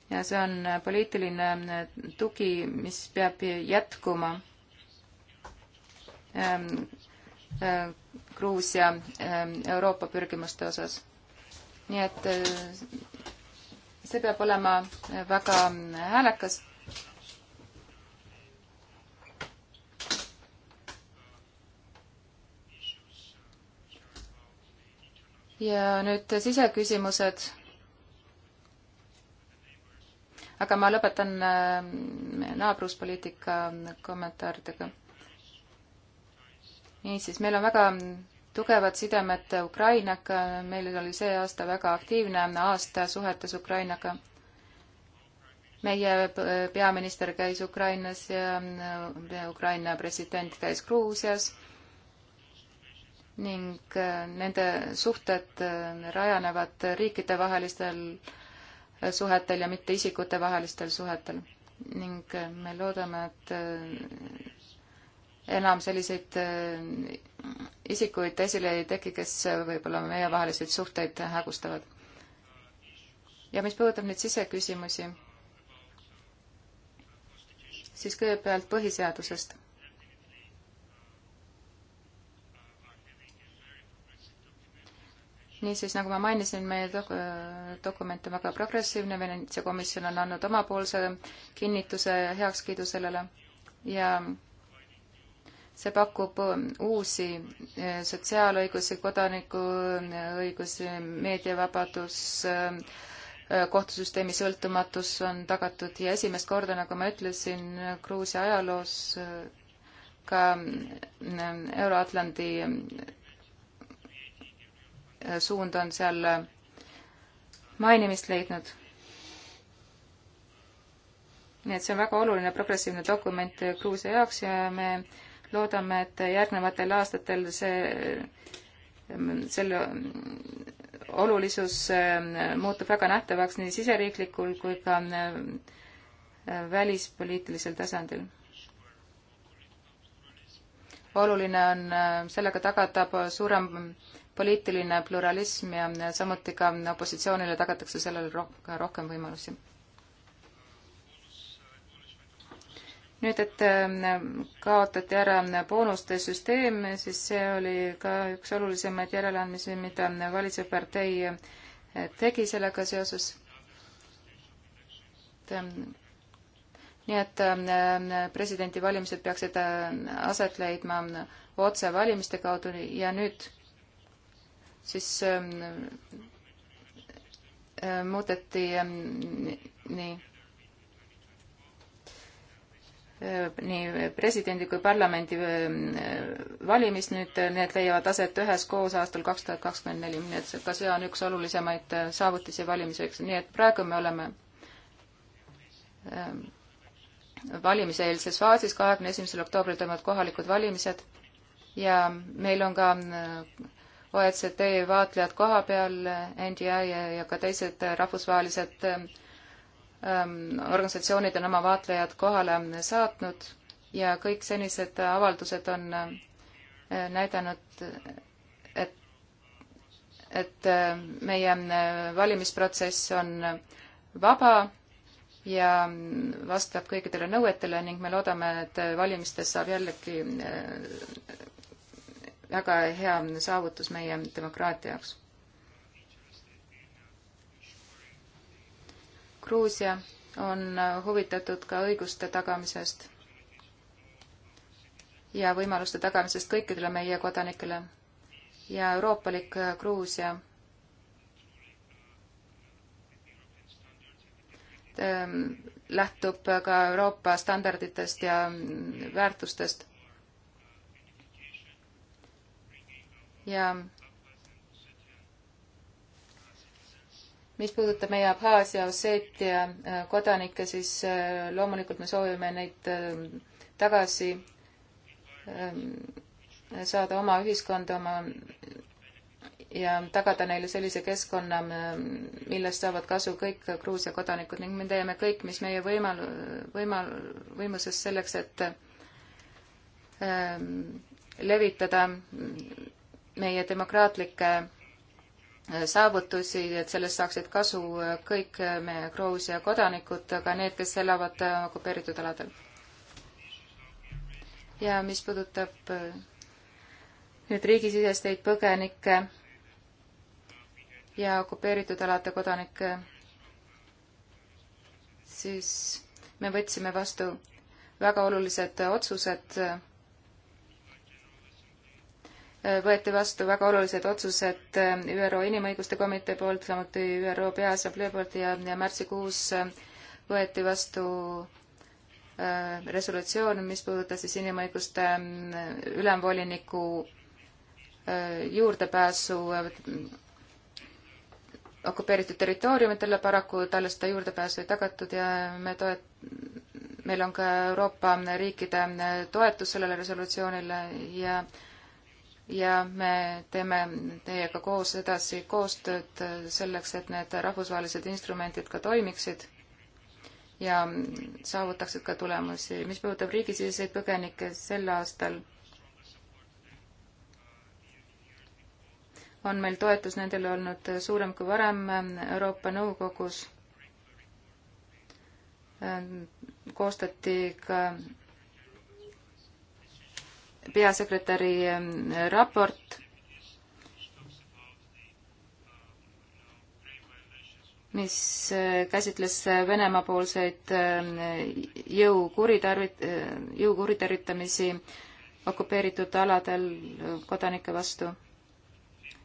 ja see on poliitiline äh, tugi, mis peab jätkuma ähm, Äh, Gruusia äh, Euroopa pürgimuste osas. nii et äh, see peab olema väga häälekas. ja nüüd siseküsimused. aga ma lõpetan naabruspoliitika kommentaaridega niisiis, meil on väga tugevad sidemed Ukrainaga, meil oli see aasta väga aktiivne aasta suhetes Ukrainaga. meie peaminister käis Ukrainas ja Ukraina president käis Gruusias ning nende suhted rajanevad riikidevahelistel suhetel ja mitte isikutevahelistel suhetel. ning me loodame, et enam selliseid äh, isikuid esile ei teki, kes võib-olla meievaheliseid suhteid hägustavad. ja mis puudutab nüüd siseküsimusi, siis kõigepealt põhiseadusest. niisiis, nagu ma mainisin, meie dok-, dokument on väga progressiivne, Veneetsia komisjon on andnud omapoolse kinnituse ja heakskiidu sellele ja see pakub äh, uusi äh, sotsiaalõigusi, kodanikuõigusi, meediavabadus, äh, kohtusüsteemi sõltumatus on tagatud ja esimest korda, nagu ma ütlesin, Gruusia ajaloos ka Euro-Atlandi suund on seal mainimist leidnud. nii et see on väga oluline progressiivne dokument Gruusia jaoks ja me loodame, et järgnevatel aastatel see, selle olulisus ähm, muutub väga nähtavaks nii siseriiklikul kui ka ähm, välispoliitilisel tasandil. oluline on ähm, sellega tagada suurem poliitiline pluralism ja samuti ka opositsioonile tagatakse sellele rohkem võimalusi nüüd, et ähm, kaotati ära ähm, boonuste süsteem, siis see oli ka üks olulisemaid järeleandmisi, mida ähm, valitsev partei tegi sellega seoses. et nii et presidendivalimised peaksid aset leidma otsevalimiste kaudu ja nüüd siis äh, muudeti nii Äh, nii presidendi kui parlamendi äh, valimist nüüd, äh, need leiavad aset üheskoos aastal kaks tuhat kakskümmend neli, nii et ka see on üks olulisemaid saavutisi valimiseks, nii et praegu me oleme ähm, valimiseelses faasis, kahekümne esimesel oktoobril toimuvad kohalikud valimised ja meil on ka OECD vaatlejad koha peal, NDI ja, ja ka teised rahvusvahelised Ähm, organisatsioonid on oma vaatlejad kohale saatnud ja kõik senised avaldused on äh, näidanud, et, et äh, meie äh, valimisprotsess on vaba ja mm, vastab kõikidele nõuetele ning me loodame, et valimistest saab jällegi väga hea saavutus meie demokraatia jaoks. Gruusia on äh, huvitatud ka õiguste tagamisest ja võimaluste tagamisest kõikidele meie kodanikele ja euroopalik äh, Gruusia ähm, lähtub ka Euroopa standarditest ja mm, väärtustest ja mis puudutab meie Abhaasia, Osseetia äh, kodanikke, siis äh, loomulikult me soovime neid äh, tagasi ähm, saada oma ühiskonda, oma ja tagada neile sellise keskkonna, millest saavad kasu kõik Gruusia kodanikud ning me teeme kõik, mis meie võimal-, võimal-, võimuses selleks, et ähm, levitada meie demokraatlikke saavutusi, et sellest saaksid kasu äh, kõik äh, meie Gruusia kodanikud, ka need, kes elavad äh, okupeeritud aladel. ja mis puudutab nüüd riigisiseseid põgenikke ja okupeeritud alade kodanikke, siis me võtsime vastu väga olulised otsused võeti vastu väga olulised otsused eh, ÜRO Inimõiguste Komitee poolt, samuti ÜRO Peaassamblee poolt ja, ja märtsikuus eh, võeti vastu eh, resolutsioon, mis puudutas siis inimõiguste ülemvoliniku juurdepääsu okupeeritud territooriumitele, paraku talle seda juurdepääsu ei tagatud ja me toet-, meil on ka Euroopa riikide toetus sellele resolutsioonile ja äh, ja me teeme teiega koos edasi koostööd selleks, et need rahvusvahelised instrumendid ka toimiksid ja saavutaksid ka tulemusi. mis puudutab riigisiseseid põgenikke sel aastal, on meil toetus nendele olnud suurem kui varem Euroopa Nõukogus. koostati ka peasekretäri ähm, raport, mis äh, käsitles äh, Venemaa-poolseid ähm, jõu kuritarvit-, äh, jõu kuritarvitamisi okupeeritud aladel kodanike vastu.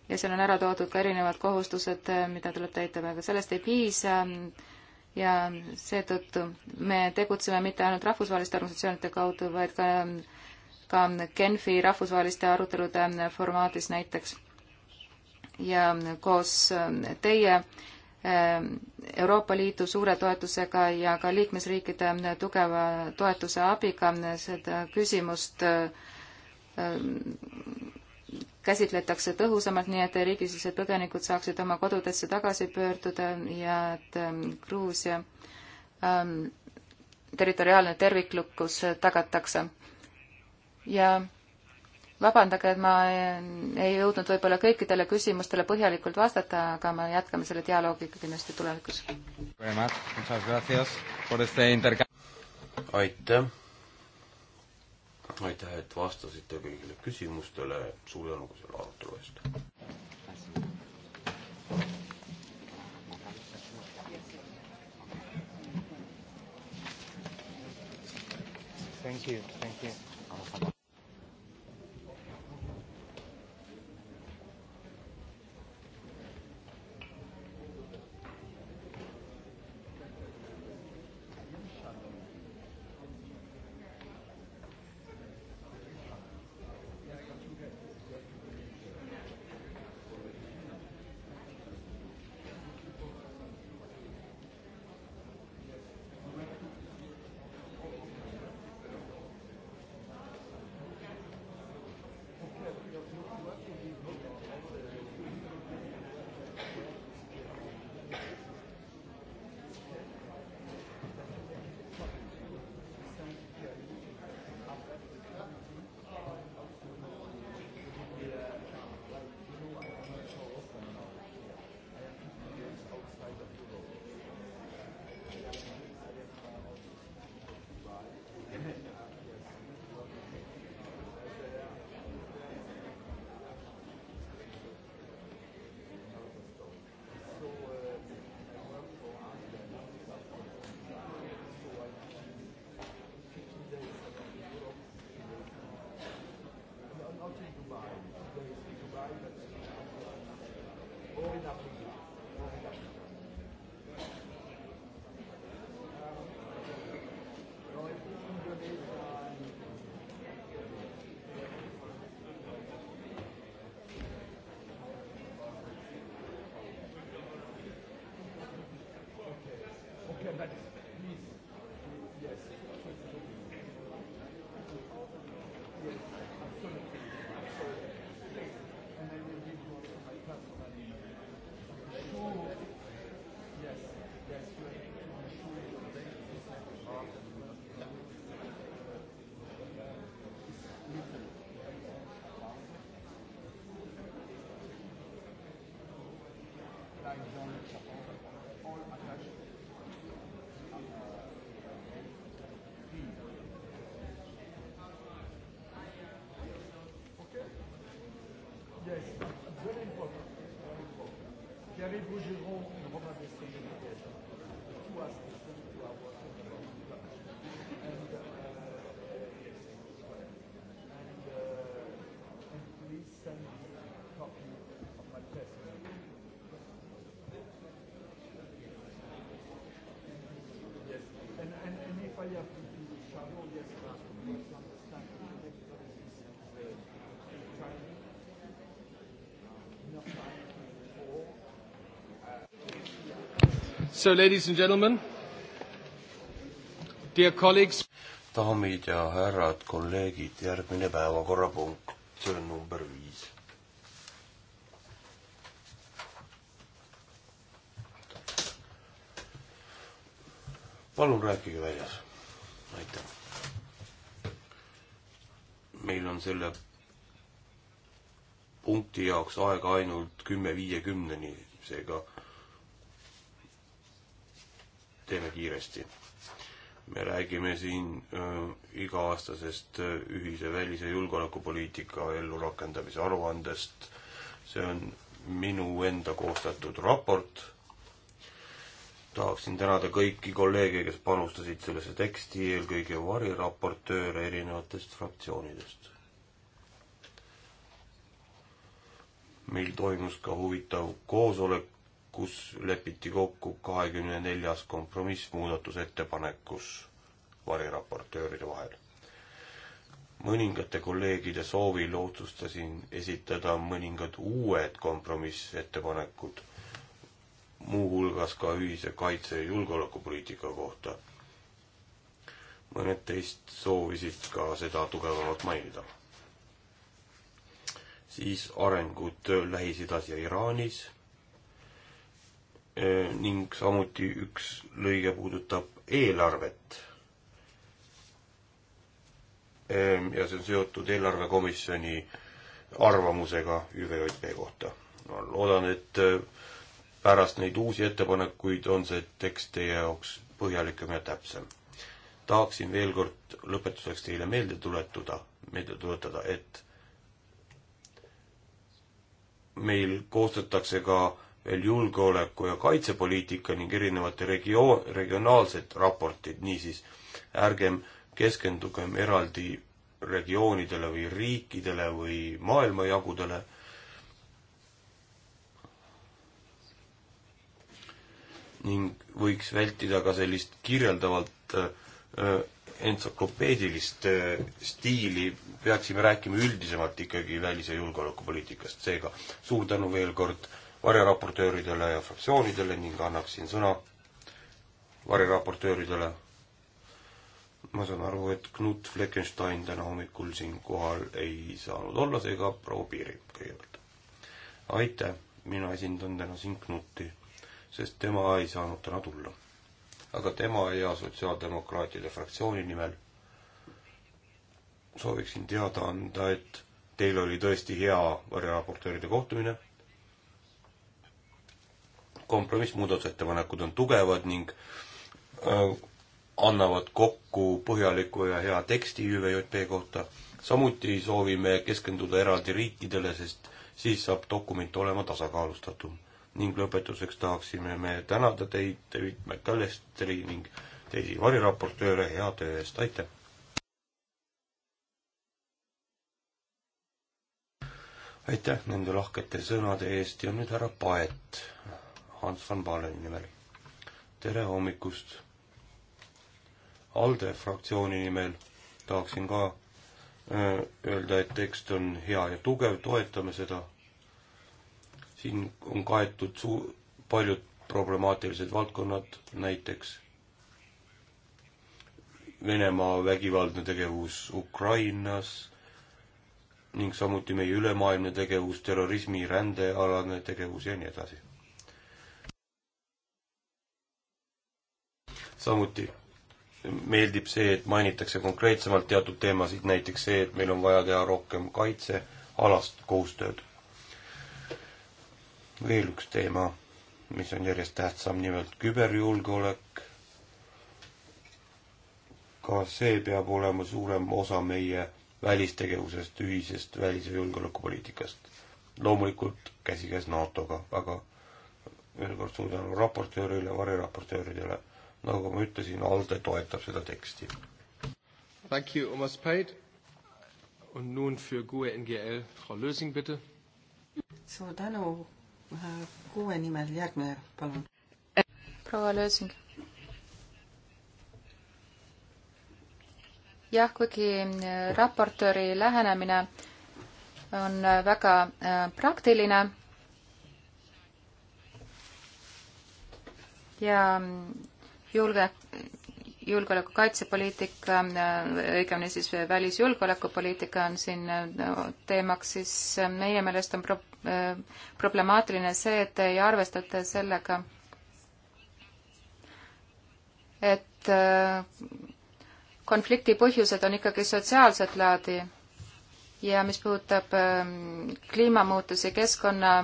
ja seal on ära toodud ka erinevad kohustused, mida tuleb täita, aga sellest ei piisa ja seetõttu me tegutseme mitte ainult rahvusvaheliste organisatsioonide kaudu, vaid ka ähm, ka Genfi rahvusvaheliste arutelude formaadis näiteks. ja koos äh, teie äh, Euroopa Liidu suure toetusega ja ka liikmesriikide äh, tugeva toetuse abiga seda küsimust käsitletakse tõhusamalt, nii et riigisisesed põgenikud saaksid oma kodudesse tagasi pöörduda ja et Gruusia ähm, territoriaalne terviklikkus tagatakse ja vabandage, et ma ei jõudnud võib-olla kõikidele küsimustele põhjalikult vastata, aga me jätkame selle dialoogiga kindlasti tulevikus. aitäh! aitäh, et vastasite kõigile küsimustele, suur tänu ka selle arutelu eest! Thank you. Thank you. Hervé Bougeron et Romain Dességuier. So ladies and gentlemen, dear colleagues. daamid ja härrad, kolleegid, järgmine päevakorrapunkt, see on number viis. palun rääkige väljas. aitäh. meil on selle punkti jaoks aega ainult kümme viiekümneni, seega teeme kiiresti. me räägime siin iga-aastasest ühise välis- ja julgeolekupoliitika ellurakendamise aruandest. see on minu enda koostatud raport. tahaksin tänada kõiki kolleege, kes panustasid sellesse teksti, eelkõige variraportööre erinevatest fraktsioonidest. meil toimus ka huvitav koosolek kus lepiti kokku kahekümne neljas kompromiss muudatusettepanekus variraportööride vahel. mõningate kolleegide soovil otsustasin esitada mõningad uued kompromissettepanekud, muuhulgas ka ühise kaitse- ja julgeolekupoliitika kohta. mõned teist soovisid ka seda tugevamalt mainida. siis arengud Lähis-Idas ja Iraanis ning samuti üks lõige puudutab eelarvet. ja see on seotud eelarvekomisjoni arvamusega ÜVJP kohta. ma loodan, et pärast neid uusi ettepanekuid on see tekst teie jaoks põhjalikum ja täpsem. tahaksin veel kord lõpetuseks teile meelde tuletada, meelde tuletada, et meil koostatakse ka julgeoleku- ja kaitsepoliitika ning erinevate regioon, regionaalsed raportid, niisiis ärgem keskendugem eraldi regioonidele või riikidele või maailmajagudele. ning võiks vältida ka sellist kirjeldavalt äh, entsüklopeedilist äh, stiili, peaksime rääkima üldisemalt ikkagi välis- ja julgeolekupoliitikast, seega suur tänu veel kord variraportööridele ja fraktsioonidele ning annaksin sõna variraportööridele. ma saan aru, et Knut Fleckenstein täna hommikul siin kohal ei saanud olla, seega proua Piiri kõigepealt. aitäh, mina esindan täna siin Knuti, sest tema ei saanud täna tulla. aga tema ja Sotsiaaldemokraatide fraktsiooni nimel sooviksin teada anda, et teil oli tõesti hea variraportööride kohtumine kompromissmuudatusettepanekud on tugevad ning äh, annavad kokku põhjaliku ja hea teksti ÜVJP kohta. samuti soovime keskenduda eraldi riikidele, sest siis saab dokument olema tasakaalustatum. ning lõpetuseks tahaksime me tänada teid, David McAllisteri ning teisi variraportööre hea töö eest, aitäh! aitäh nende lahkete sõnade eest ja nüüd härra Paet Hans van Baleni nimel. tere hommikust! ALDE fraktsiooni nimel tahaksin ka öelda, et tekst on hea ja tugev, toetame seda. siin on kaetud suu-, paljud problemaatilised valdkonnad, näiteks Venemaa vägivaldne tegevus Ukrainas ning samuti meie ülemaailmne tegevus, terrorismi, rändealane tegevus ja nii edasi. samuti meeldib see, et mainitakse konkreetsemalt teatud teemasid, näiteks see, et meil on vaja teha rohkem kaitsealast koostööd. veel üks teema, mis on järjest tähtsam, nimelt küberjulgeolek. ka see peab olema suurem osa meie välistegevusest, ühisest välis- ja julgeolekupoliitikast. loomulikult käsikäes NATO-ga, aga veel kord suur tänu raportöörile, variraportööridele nagu ma ütlesin, ALDE toetab seda teksti. Thank you, Urmas Peit. Und nun für GUE NGL Frau Lösing, bitte. suur tänu, äh, GUE nimel järgmine, palun. proua Lösing. jah, kuigi äh, raportööri lähenemine on äh, väga praktiline ja mm, julge, julgeoleku kaitsepoliitika, õigemini siis välisjulgeolekupoliitika on siin teemaks, siis meie meelest on pro-, problemaatiline see, et ei arvestata sellega, et konflikti põhjused on ikkagi sotsiaalset laadi ja mis puudutab kliimamuutusi, keskkonna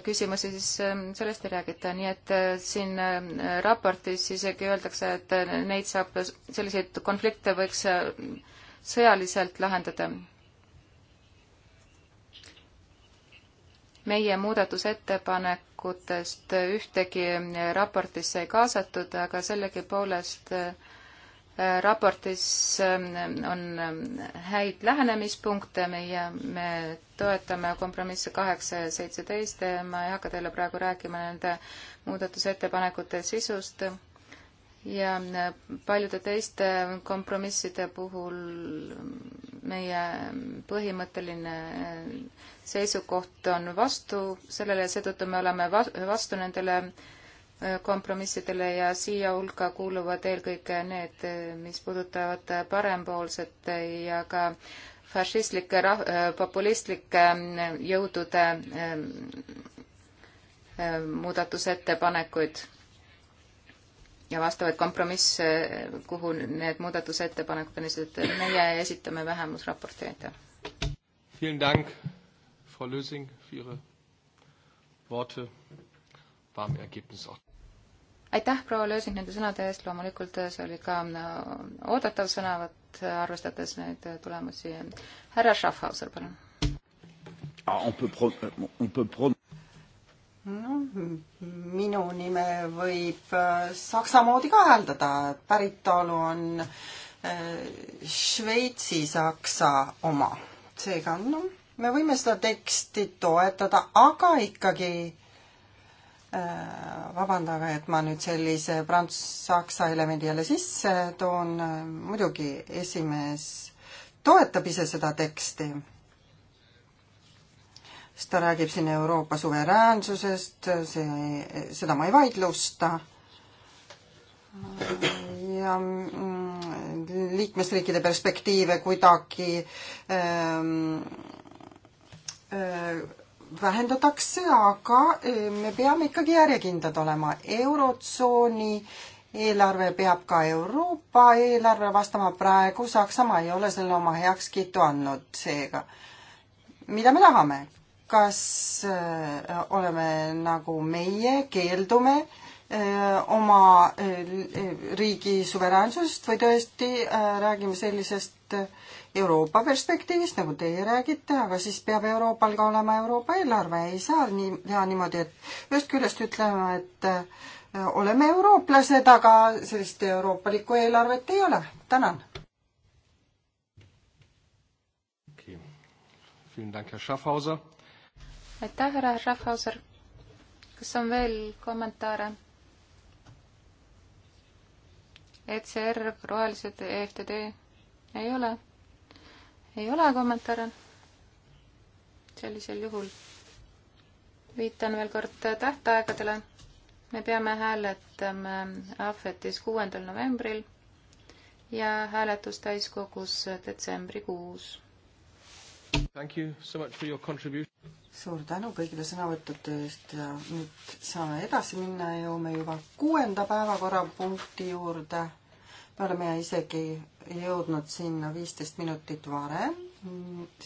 küsimusi, siis ähm, sellest ei räägita, nii et äh, siin äh, raportis isegi öeldakse, et äh, neid saab, selliseid konflikte võiks sõjaliselt lahendada. meie muudatusettepanekutest ühtegi raportisse ei kaasatud, aga sellegipoolest äh, raportis ähm, on ähm, häid lähenemispunkte, meie, me toetame kompromisse kaheksa ja seitseteist, ma ei hakka teile praegu rääkima nende muudatusettepanekute sisust ja äh, paljude teiste kompromisside puhul meie põhimõtteline äh, seisukoht on vastu sellele ja seetõttu me oleme vastu nendele äh, kompromissidele ja siia hulka kuuluvad eelkõige need, mis puudutavad parempoolsete ja ka fašistlike, populistlike jõudude ähm, ähm, muudatusettepanekuid ja vastavaid kompromisse, kuhu need muudatusettepanekud on esitatud. meie esitame vähemusraporti, aitäh. Vielen Dank, Frau Lösing, für Ihre Worte. War im Ergebnis auch aitäh, proua Lösing, nende sõnade eest, loomulikult äh, see oli ka äh, oodatav sõnavõtt, äh, arvestades neid tulemusi. härra Schaffhauser, palun. Ah, no minu nime võib saksa moodi ka hääldada, päritolu on Šveitsi-Saksa äh, oma. seega noh, me võime seda teksti toetada, aga ikkagi Äh, vabandage, et ma nüüd sellise prants-saksa elemendi jälle sisse toon, muidugi esimees toetab ise seda teksti, sest ta räägib siin Euroopa suveräänsusest, see, seda ma ei vaidlusta, ja mm, liikmesriikide perspektiive kuidagi ähm, äh, vähendatakse, aga eh, me peame ikkagi järjekindlad olema. Eurotsooni eelarve peab ka Euroopa eelarve vastama praegu, Saksamaa ei ole selle oma heakskiitu andnud, seega mida me tahame? kas eh, oleme nagu meie, keeldume eh, oma riigi suveräänsusest või tõesti räägime sellisest äh, Euroopa perspektiivist, nagu teie räägite, aga siis peab Euroopal ka olema Euroopa eelarve, ei saa nii, teha niimoodi, et ühest küljest ütleme, et äh, oleme eurooplased, aga sellist euroopalikku eelarvet ei ole. tänan. aitäh, härra Schaffhauser. kas on veel kommentaare? ECR, rohelised, EFTD ei ole ei ole kommentaare. sellisel juhul viitan veel kord tähtaegadele. me peame hääletama ahvetis kuuendal novembril ja hääletus täiskogus detsembrikuus. suur tänu kõigile sõnavõtute eest ja nüüd saame edasi minna ja jõuame juba kuuenda päevakorrapunkti juurde. me oleme isegi jõudnud sinna viisteist minutit varem.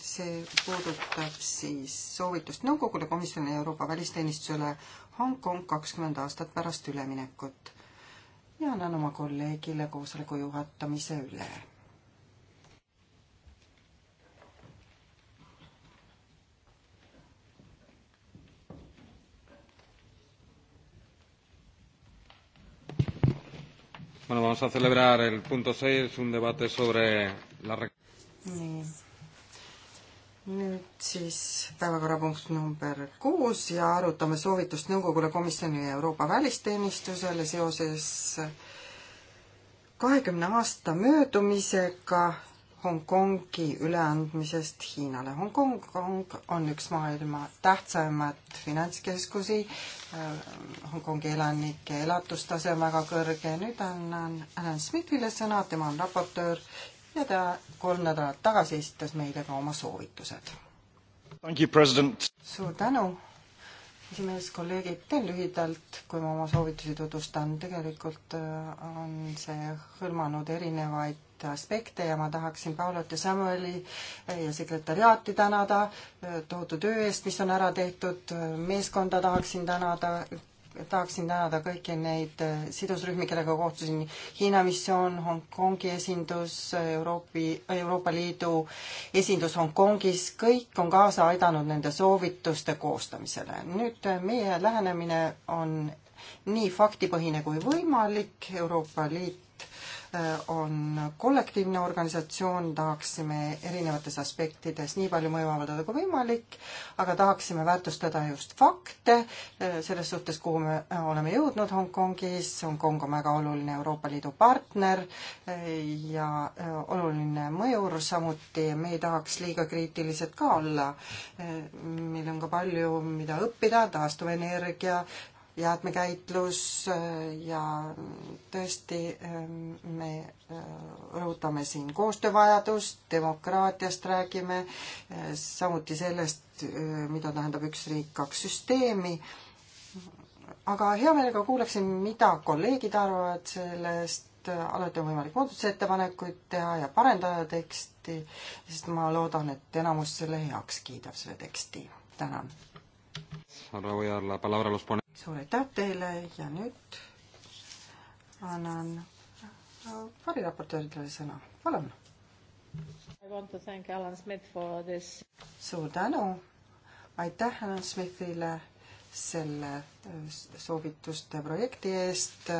see puudutab siis soovitust nõukogule, komisjonile, Euroopa välisteenistusele Hongkong kakskümmend aastat pärast üleminekut. ja annan oma kolleegile koosoleku juhatamise üle Bueno, vamos a celebrar el punto 6, un debate sobre la... nii, nüüd siis päevakorrapunkt number kuus ja arutame soovitust nõukogule, komisjoni ja Euroopa välisteenistusele seoses kahekümne aasta möödumisega Hongkongi üleandmisest Hiinale. Hongkong on üks maailma tähtsaimat finantskeskusi. Äh, Hongkongi elanike elatustase on väga kõrge. nüüd annan Alan Smithile sõna, tema on raportöör ja ta kolm nädalat tagasi esitas meile ka oma soovitused. suur tänu, esimees, kolleegid, teen lühidalt, kui ma oma soovitusi tutvustan. tegelikult äh, on see hõlmanud erinevaid aspekte ja ma tahaksin Paulot ja Samueli ja sekretäriaati tänada tohutu töö eest, mis on ära tehtud, meeskonda tahaksin tänada, tahaksin tänada kõiki neid sidusrühmi, kellega kohtusin, Hiina missioon, Hongkongi esindus, Euroopi, Euroopa Liidu esindus Hongkongis, kõik on kaasa aidanud nende soovituste koostamisele. nüüd meie lähenemine on nii faktipõhine kui võimalik, Euroopa Liit Äh, on kollektiivne organisatsioon, tahaksime erinevates aspektides nii palju mõju avaldada kui võimalik, aga tahaksime väärtustada just fakte äh, selles suhtes, kuhu me äh, oleme jõudnud Hongkongis. Hongkong on väga oluline Euroopa Liidu partner ja oluline mõjur samuti. me ei tahaks liiga kriitilised ka olla. meil on ka palju, mida õppida, taastuvenergia, jäätmekäitlus äh, ja tõesti ähm, me äh, rõhutame siin koostöövajadust, demokraatiast räägime, äh, samuti sellest, mida tähendab üks riik, kaks süsteemi. aga hea meelega kuuleksin, mida kolleegid arvavad sellest, alati on võimalik muudatusettepanekuid teha ja parendada teksti, sest ma loodan, et enamus selle heaks kiidab, selle teksti. tänan suur aitäh teile ja nüüd annan variraportööridele sõna, palun. suur tänu, aitäh Alan Smithile selle äh, soovituste projekti eest.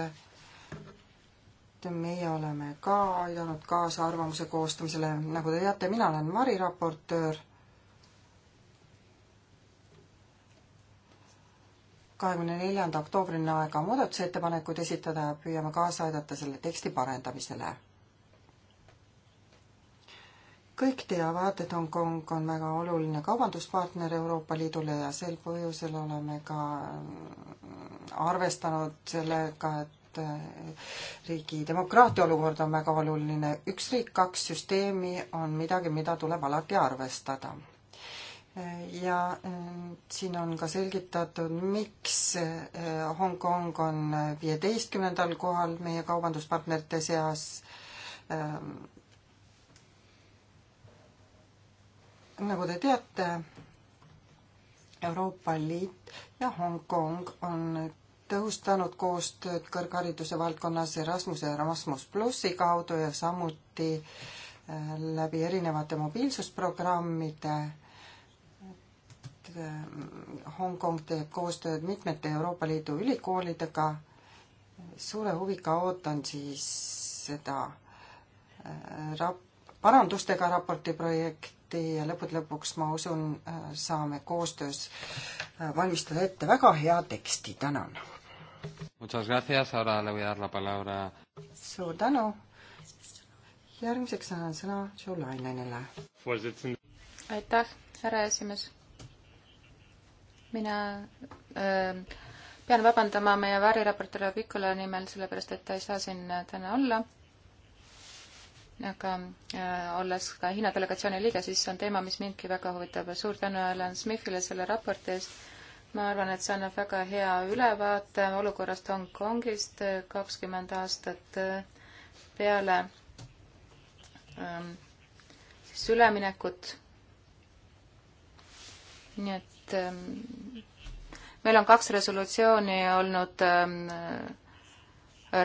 meie oleme ka aidanud kaasa arvamuse koostamisele, nagu te teate, mina olen variraportöör kahekümne neljanda oktoobrini aega muudatusettepanekuid esitada ja püüame kaasa aidata selle teksti parendamisele. kõik teavad, et Hongkong on väga oluline kaubanduspartner Euroopa Liidule ja sel põhjusel oleme ka arvestanud sellega, et eh, riigi demokraatia olukord on väga oluline. üks riik, kaks süsteemi on midagi, mida tuleb alati arvestada ja mm, siin on ka selgitatud, miks äh, Hongkong on viieteistkümnendal kohal meie kaubanduspartnerite seas. Ähm, nagu te teate, Euroopa Liit ja Hongkong on tõhustanud koostööd kõrghariduse valdkonnas Erasmuse ja Erasmus plussi kaudu ja samuti äh, läbi erinevate mobiilsusprogrammide Hongkong teeb koostööd mitmete Euroopa Liidu ülikoolidega. suure huviga ootan siis seda äh, rap-, parandustega raporti projekti ja lõppude lõpuks ma usun, äh, saame koostöös äh, valmistada ette väga hea teksti, tänan. suur tänu. järgmiseks annan sõna Joe Lainenile. aitäh, härra esimees mina öö, ähm, pean vabandama meie variraportööri Pikula nimel, sellepärast et ta ei saa siin täna olla. aga äh, olles ka Hiina delegatsiooni liige, siis see on teema, mis mindki väga huvitab. suur tänu Alan Smithile selle raporti eest. ma arvan, et see annab väga hea ülevaate olukorrast Hongkongist kakskümmend aastat äh, peale ähm, siis üleminekut. nii et et ähm, meil on kaks resolutsiooni olnud ähm,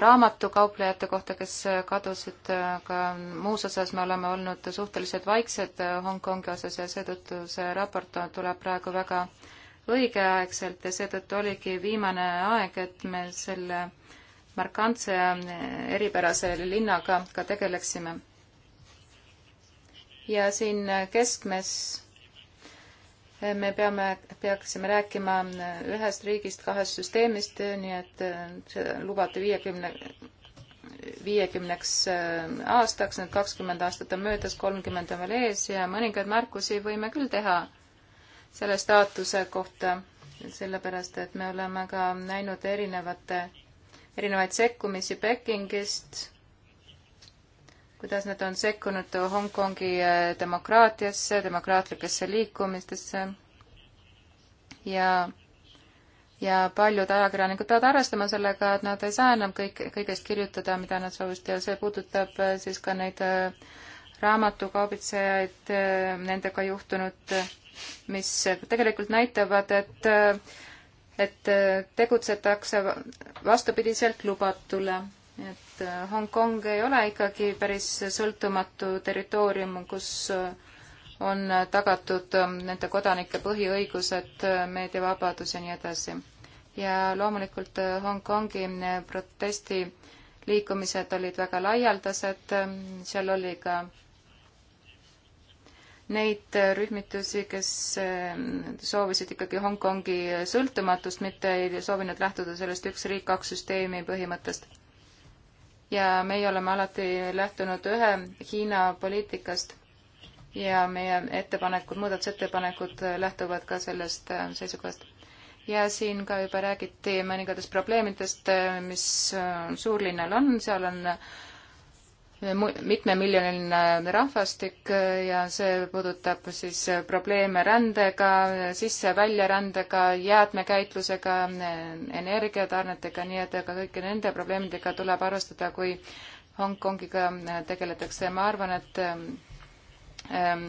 raamatukauplejate kohta, kes kadusid, aga muus osas me oleme olnud suhteliselt vaiksed äh, Hongkongi osas ja seetõttu see raport tuleb praegu väga õigeaegselt ja seetõttu oligi viimane aeg, et me selle markantse ja äh, eripärase linnaga ka tegeleksime. ja siin äh, keskmes me peame, peaksime rääkima ühest riigist, kahest süsteemist, nii et äh, see lubati viiekümne, viiekümneks äh, aastaks, need kakskümmend aastat on möödas, kolmkümmend on veel ees ja mõningaid märkusi võime küll teha selle staatuse kohta, sellepärast et me oleme ka näinud erinevate, erinevaid sekkumisi Pekingist kuidas nad on sekkunud Hongkongi äh, demokraatiasse, demokraatlikesse liikumistesse ja, ja paljud ajakirjanikud peavad arvestama sellega, et nad ei saa enam kõik, kõigest kirjutada, mida nad soovisid ja see puudutab äh, siis ka neid äh, raamatukaubitsejaid, nendega juhtunut, mis tegelikult näitavad, et et tegutsetakse vastupidiselt lubatule et äh, Hongkong ei ole ikkagi päris sõltumatu territoorium, kus äh, on äh, tagatud nende kodanike põhiõigused, meediavabadus ja nii edasi. ja loomulikult Hongkongi protestiliikumised olid väga laialdased, seal oli ka neid rühmitusi, kes soovisid ikkagi Hongkongi sõltumatust, mitte ei soovinud lähtuda sellest üks riik, kaks süsteemi põhimõttest ja meie oleme alati lähtunud ühe Hiina poliitikast ja meie ettepanekud, muudatusettepanekud lähtuvad ka sellest äh, seisukohast. ja siin ka juba räägiti mõningatest probleemidest, äh, mis äh, suurlinnal on, seal on äh, mitmemiljoniline rahvastik äh, ja see puudutab siis äh, probleeme rändega, sisse-väljarändega, jäätmekäitlusega, äh, energiatarnetega, nii et ka kõiki nende probleemidega tuleb arvestada, kui Hongkongiga tegeletakse ja ma arvan, et ähm, ähm,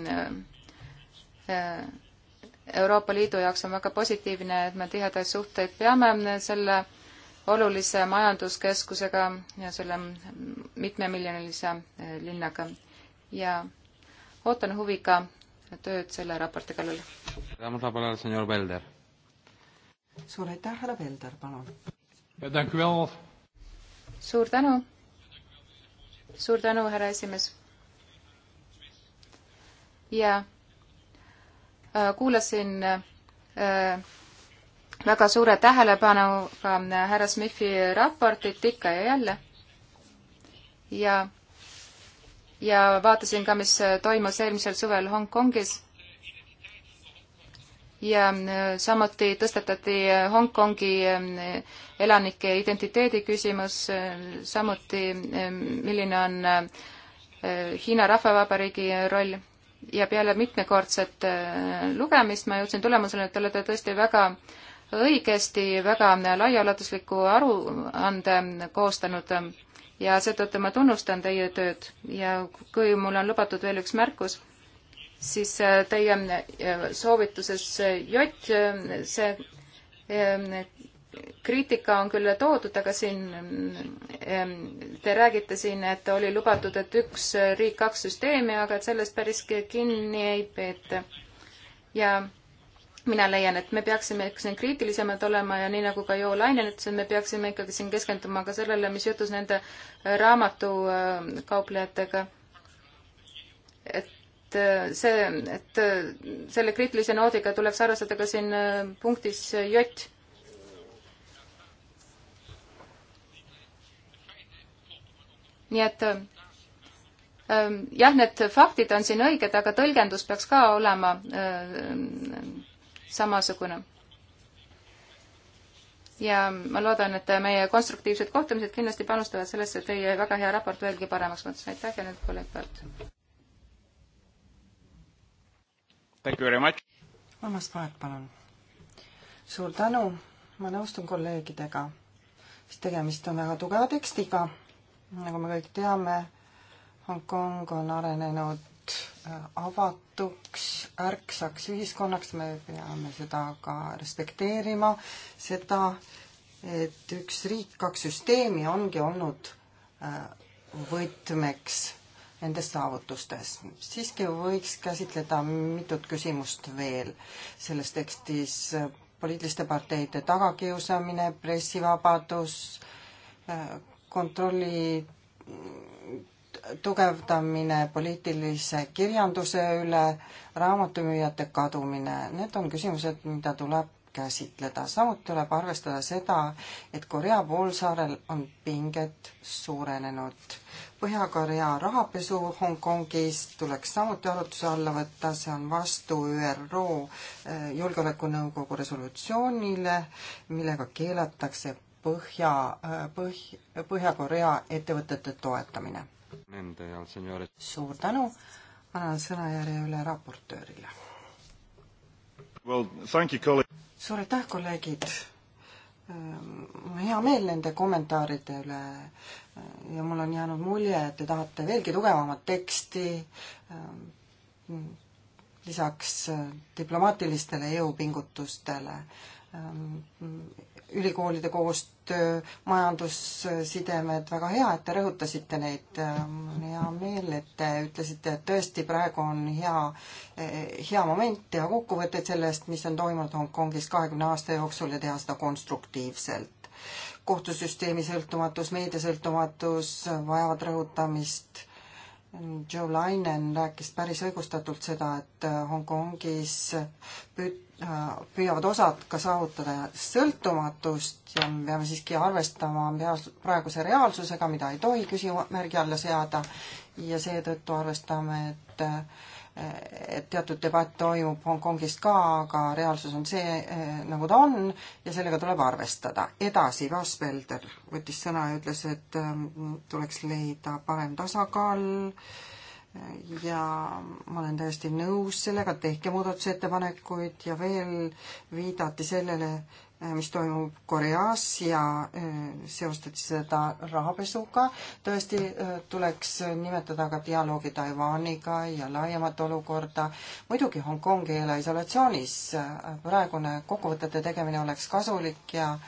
Euroopa Liidu jaoks on väga positiivne, et me tihedaid suhteid peame selle olulise majanduskeskusega ja selle mitmemiljonilise eh, linnaga ja ootan huviga tööd selle raporti kallal. suur aitäh, härra Velder, palun. suur tänu. suur tänu, härra esimees. ja äh, kuulasin äh, väga suure tähelepanuga härra Smithi raportit ikka ja jälle. ja, ja vaatasin ka, mis toimus eelmisel suvel Hongkongis. ja äh, samuti tõstatati Hongkongi äh, elanike identiteedi küsimus, äh, samuti milline on Hiina Rahvavabariigi roll ja peale mitmekordset lugemist ma jõudsin tulemusele, et te olete tõesti väga äh, õigesti väga laiaulatusliku aruande koostanud ja seetõttu ma tunnustan teie tööd ja kui mul on lubatud veel üks märkus, siis äh, teie äh, soovituses J, see äh, kriitika on küll toodud, aga siin te räägite siin, et oli lubatud, et üks riik, kaks süsteemi, aga et sellest päris kinni ei peeta. ja mina leian, et me peaksime siin kriitilisemad olema ja nii nagu ka Jo Lainen ütles, et me peaksime ikkagi siin keskenduma ka sellele, mis juhtus nende äh, raamatukauplejatega. Äh, et äh, see, et selle kriitilise noodiga tuleks arvestada ka siin punktis J. nii et jah, need faktid on siin õiged, aga tõlgendus peaks ka olema samasugune. ja ma loodan, et meie konstruktiivsed kohtumised kindlasti panustavad sellesse, et teie väga hea raport veelgi paremaks muutus. aitäh ja nüüd kolleeg Pärt. Urmas Paet, palun. suur tänu, ma nõustun kolleegidega, sest tegemist on väga tugeva tekstiga. nagu me kõik teame, Hongkong on arenenud äh, avatuks ärksaks ühiskonnaks, me peame seda ka respekteerima, seda, et üks riik, kaks süsteemi ongi olnud äh, võtmeks nendes saavutustes. siiski võiks käsitleda mitut küsimust veel selles tekstis, äh, poliitiliste parteide tagakiusamine, pressivabadus, äh, kontrolli tugevdamine, poliitilise kirjanduse üle, raamatumüüjate kadumine, need on küsimused, mida tuleb käsitleda. samuti tuleb arvestada seda, et Korea poolsaarel on pinged suurenenud. Põhja-Korea rahapesu Hongkongis tuleks samuti arutluse alla võtta, see on vastu ÜRO eh, Julgeolekunõukogu resolutsioonile, millega keelatakse Põhja, eh, Põhj-, Põhja-Korea ettevõtete toetamine Nende ja seniorid. suur tänu, annan sõnajärje üle raportöörile well,. suur aitäh, kolleegid. mul ehm, on hea meel nende kommentaaride üle ehm, ja mul on jäänud mulje, et te tahate veelgi tugevamat teksti, ehm, lisaks diplomaatilistele jõupingutustele ülikoolide koostöö, majandussidemed, väga hea, et te rõhutasite neid. mul on hea meel, et te ütlesite, et tõesti praegu on hea, hea moment teha kokkuvõtteid sellest, mis on toimunud Hongkongis kahekümne aasta jooksul ja teha seda konstruktiivselt. kohtusüsteemi sõltumatus, meedia sõltumatus vajavad rõhutamist Joe Lainen rääkis päris õigustatult seda, et äh, Hongkongis püüd-, äh, püüavad osad ka saavutada sõltumatust ja me peame siiski arvestama praeguse reaalsusega, mida ei tohi küsimärgi alla seada ja seetõttu arvestame, et äh, teatud debatt toimub Hongkongist ka, aga reaalsus on see, eh, nagu ta on ja sellega tuleb arvestada. edasi, Vasspelder võttis sõna ja ütles, et eh, tuleks leida parem tasakaal ja ma olen täiesti nõus sellega, tehke muudatusettepanekuid ja veel viidati sellele, Äh, mis toimub Koreas ja äh, seostati seda rahapesuga. tõesti äh, tuleks nimetada ka dialoogi Taiwaniga ja laiemat olukorda. muidugi Hongkong ei ole isolatsioonis, praegune kokkuvõtete tegemine oleks kasulik ja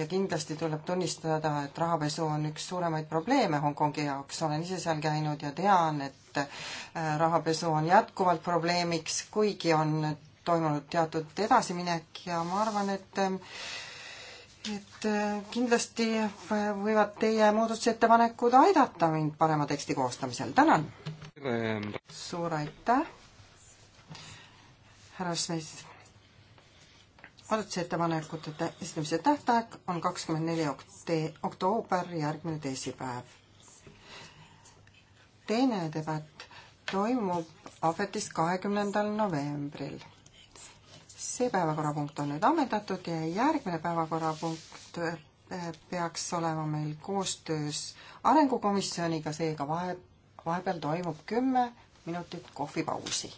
ja kindlasti tuleb tunnistada, et rahapesu on üks suuremaid probleeme Hongkongi jaoks, olen ise seal käinud ja tean, et rahapesu on jätkuvalt probleemiks, kuigi on toimunud teatud edasiminek ja ma arvan, et ähm, et äh, kindlasti võivad teie muudatusettepanekud aidata mind parema teksti koostamisel, tänan! suur aitäh, härra Smith! muudatusettepanekute esitamise tähtaeg on kakskümmend neli oktoober, järgmine teisipäev. teine debatt toimub Ahvetis kahekümnendal novembril see päevakorrapunkt on nüüd ammendatud ja järgmine päevakorrapunkt eh, peaks olema meil koostöös Arengukomisjoniga, seega vahe, vahepeal toimub kümme minutit kohvipausi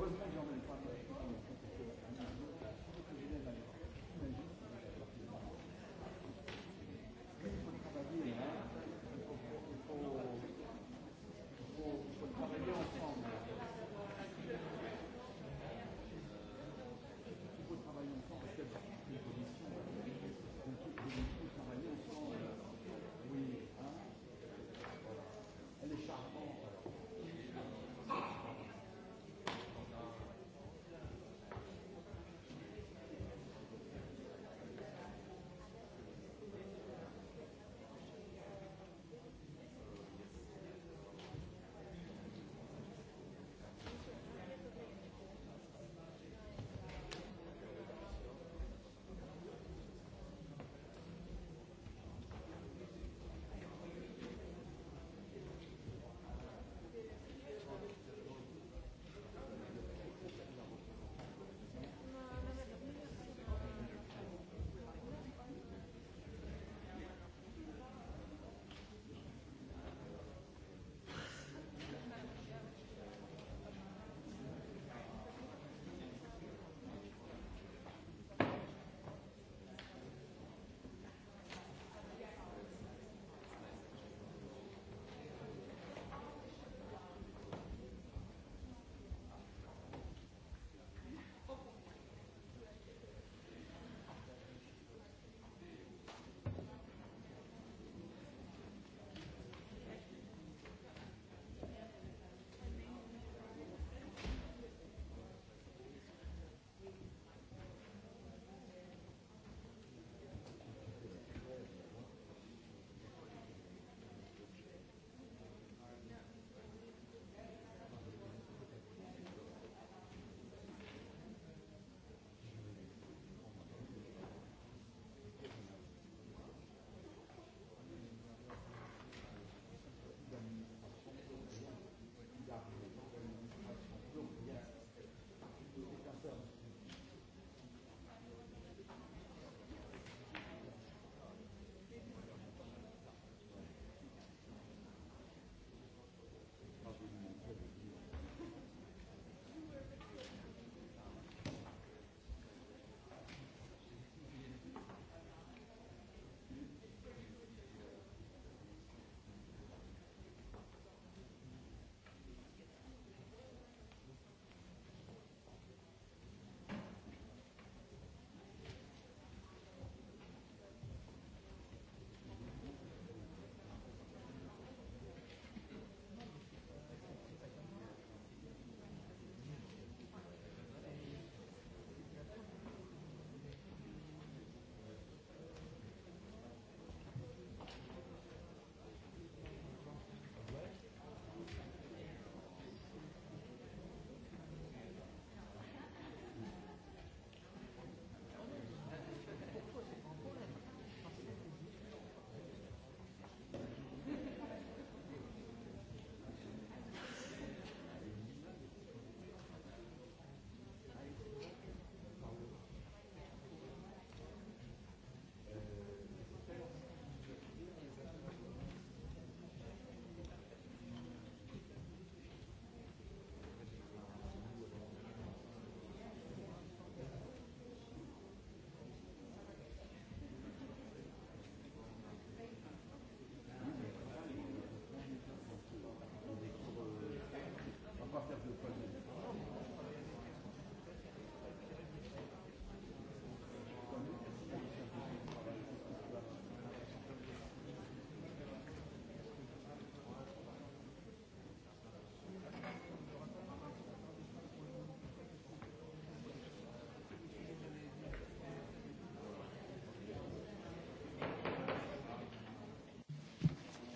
Heureusement que j'emmène pas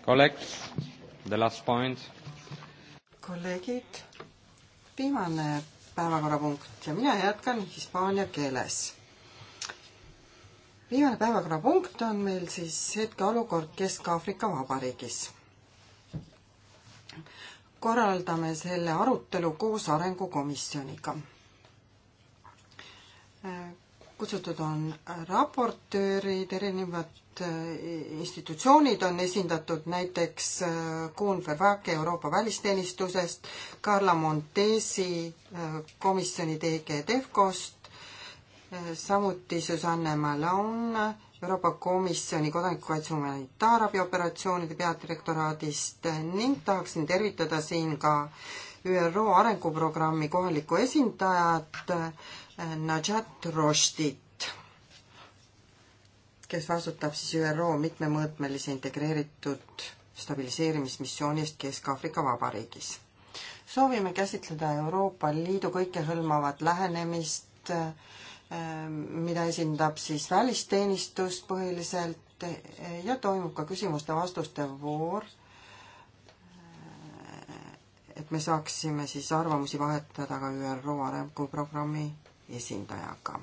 Colleagues, the last point. kolleegid, viimane päevakorrapunkt ja mina jätkan hispaania keeles. viimane päevakorrapunkt on meil siis hetkeolukord Kesk-Aafrika Vabariigis. korraldame selle arutelu koos Arengukomisjoniga kutsutud on raportöörid erinevat, Eh, institutsioonid on esindatud, näiteks eh, Kuhn Verwake Euroopa välisteenistusest, Carla Montesi eh, komisjoni DG Defcost, samuti Susanne Malone Euroopa Komisjoni kodanikukaitse humanitaarabioperatsioonide peadirektoraadist ning tahaksin tervitada siin ka ÜRO arenguprogrammi kohalikku esindajat Najat Roštit kes vastutab siis ÜRO mitmemõõtmelise integreeritud stabiliseerimismissiooni eest Kesk-Aafrika Vabariigis. soovime käsitleda Euroopa Liidu kõikehõlmavat lähenemist, äh, mida esindab siis välisteenistus põhiliselt äh, ja toimub ka küsimuste-vastuste voor äh, et me saaksime siis arvamusi vahetada ka ÜRO arenguprogrammi esindajaga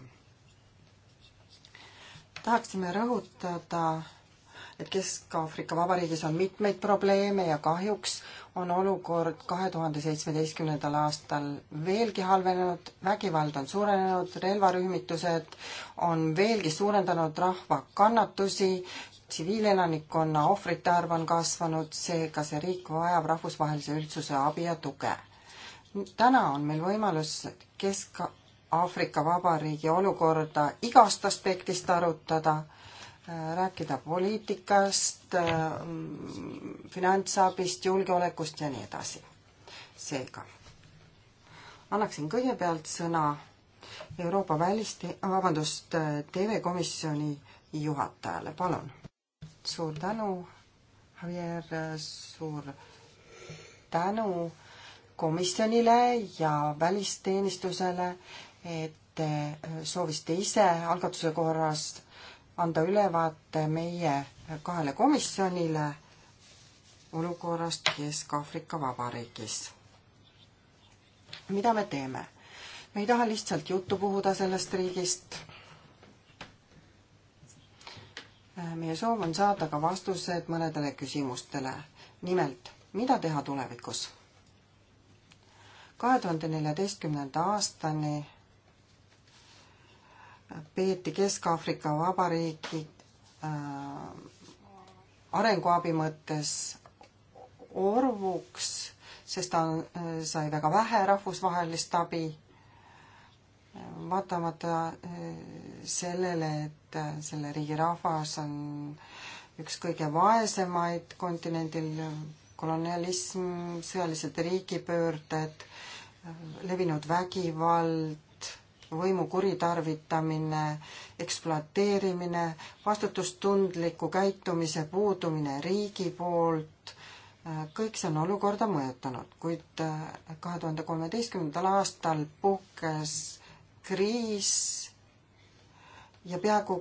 tahaksime rõhutada, et Kesk-Aafrika Vabariigis on mitmeid probleeme ja kahjuks on olukord kahe tuhande seitsmeteistkümnendal aastal veelgi halvenenud, vägivald on suurenenud, relvarühmitused on veelgi suurendanud rahva kannatusi, tsiviilelanikkonna ohvrite arv on kasvanud, seega see riik vajab rahvusvahelise üldsuse abi ja tuge. täna on meil võimalus Kesk- Aafrika Vabariigi olukorda igast aspektist arutada, äh, rääkida poliitikast, äh, finantsabist, julgeolekust ja nii edasi. seega annaksin kõigepealt sõna Euroopa väliste, vabandust, äh, TV Komisjoni juhatajale, palun. suur tänu, Javier, suur tänu komisjonile ja välisteenistusele et äh, soovisite ise algatuse korras anda ülevaate meie kahele komisjonile olukorrast Kesk-Aafrika Vabariigis. mida me teeme? me ei taha lihtsalt juttu puhuda sellest riigist. Äh, meie soov on saada ka vastused mõnedele küsimustele. nimelt, mida teha tulevikus? kahe tuhande neljateistkümnenda aastani peeti Kesk-Aafrika Vabariigi äh, arenguabi mõttes orvuks, sest ta äh, sai väga vähe rahvusvahelist abi vaatamata äh, sellele, et selle riigi rahvas on üks kõige vaesemaid kontinendil, kolonialism, sõjalised riigipöörded, levinud vägivald, võimu kuritarvitamine, ekspluateerimine, vastutustundliku käitumise puudumine riigi poolt, äh, kõik see on olukorda mõjutanud, kuid äh, kahe tuhande kolmeteistkümnendal aastal puhkes kriis ja peaaegu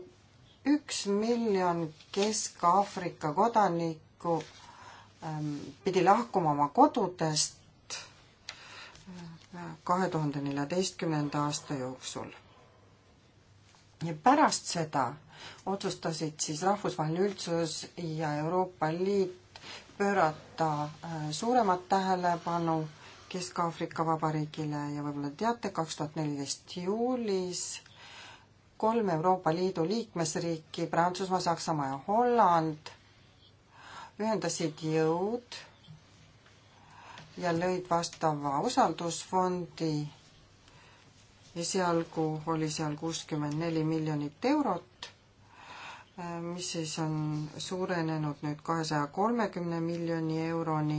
üks miljon Kesk-Aafrika kodanikku ähm, pidi lahkuma oma kodudest kahe tuhande neljateistkümnenda aasta jooksul. ja pärast seda otsustasid siis rahvusvaheline üldsus ja Euroopa Liit pöörata äh, suuremat tähelepanu Kesk-Aafrika Vabariigile ja võib-olla teate, kaks tuhat neliteist juulis kolm Euroopa Liidu liikmesriiki, Prantsusmaa, Saksamaa ja Holland, ühendasid jõud ja lõid vastava usaldusfondi. esialgu oli seal kuuskümmend neli miljonit eurot, mis siis on suurenenud nüüd kahesaja kolmekümne miljoni euroni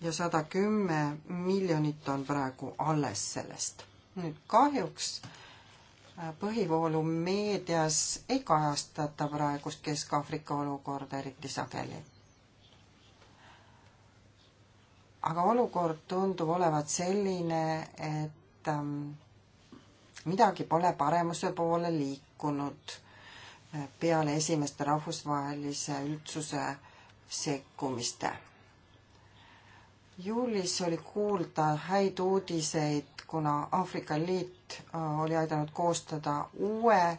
ja sada kümme miljonit on praegu alles sellest. nüüd kahjuks äh, põhivoolu meedias ei kajastata praegust Kesk-Aafrika olukorda eriti sageli. aga olukord tundub olevat selline, et ähm, midagi pole paremuse poole liikunud äh, peale esimeste rahvusvahelise üldsuse sekkumiste. juulis oli kuulda häid uudiseid, kuna Aafrika Liit äh, oli aidanud koostada uue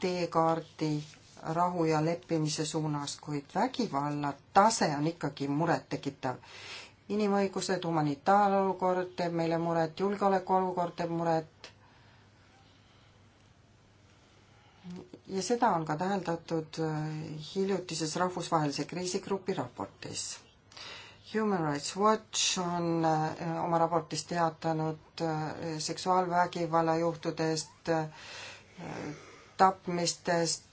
teekaardi rahu ja leppimise suunas, kuid vägivalla tase on ikkagi murettekitav inimõigused, humanitaarolukord teeb meile muret, julgeolekuolukord teeb muret. ja seda on ka täheldatud äh, hiljutises rahvusvahelise kriisigrupi raportis. Human Rights Watch on äh, oma raportis teatanud äh, seksuaalvägivalla juhtudest, tapmistest,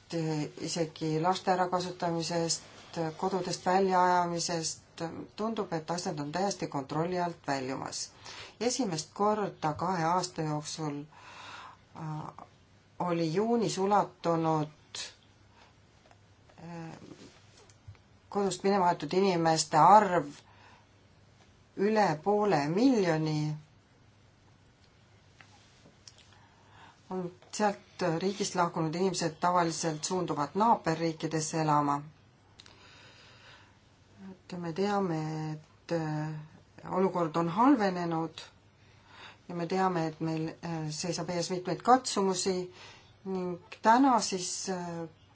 isegi laste ärakasutamisest, kodudest väljaajamisest, et tundub, et asjad on täiesti kontrolli alt väljumas. esimest korda kahe aasta jooksul äh, oli juunis ulatunud äh, kodust minema aetud inimeste arv üle poole miljoni. sealt riigist lahkunud inimesed tavaliselt suunduvad naaberriikidesse elama ja me teame, et äh, olukord on halvenenud ja me teame, et meil äh, seisab ees mitmeid katsumusi ning täna siis äh,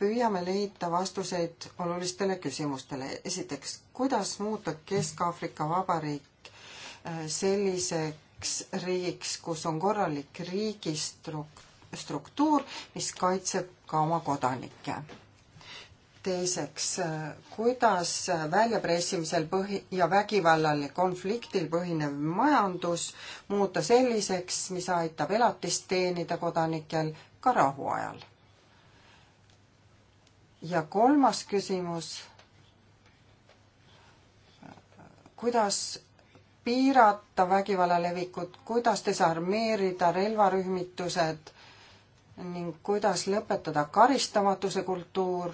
püüame leida vastuseid olulistele küsimustele. esiteks, kuidas muuta Kesk-Aafrika Vabariik selliseks riigiks, kus on korralik riigistruktuur, mis kaitseb ka oma kodanikke? teiseks, kuidas väljapressimisel põhi- ja vägivallal ja konfliktil põhinev majandus muuta selliseks, mis aitab elatist teenida kodanikel ka rahuajal? ja kolmas küsimus, kuidas piirata vägivalla levikut, kuidas desarmeerida relvarühmitused ning kuidas lõpetada karistamatuse kultuur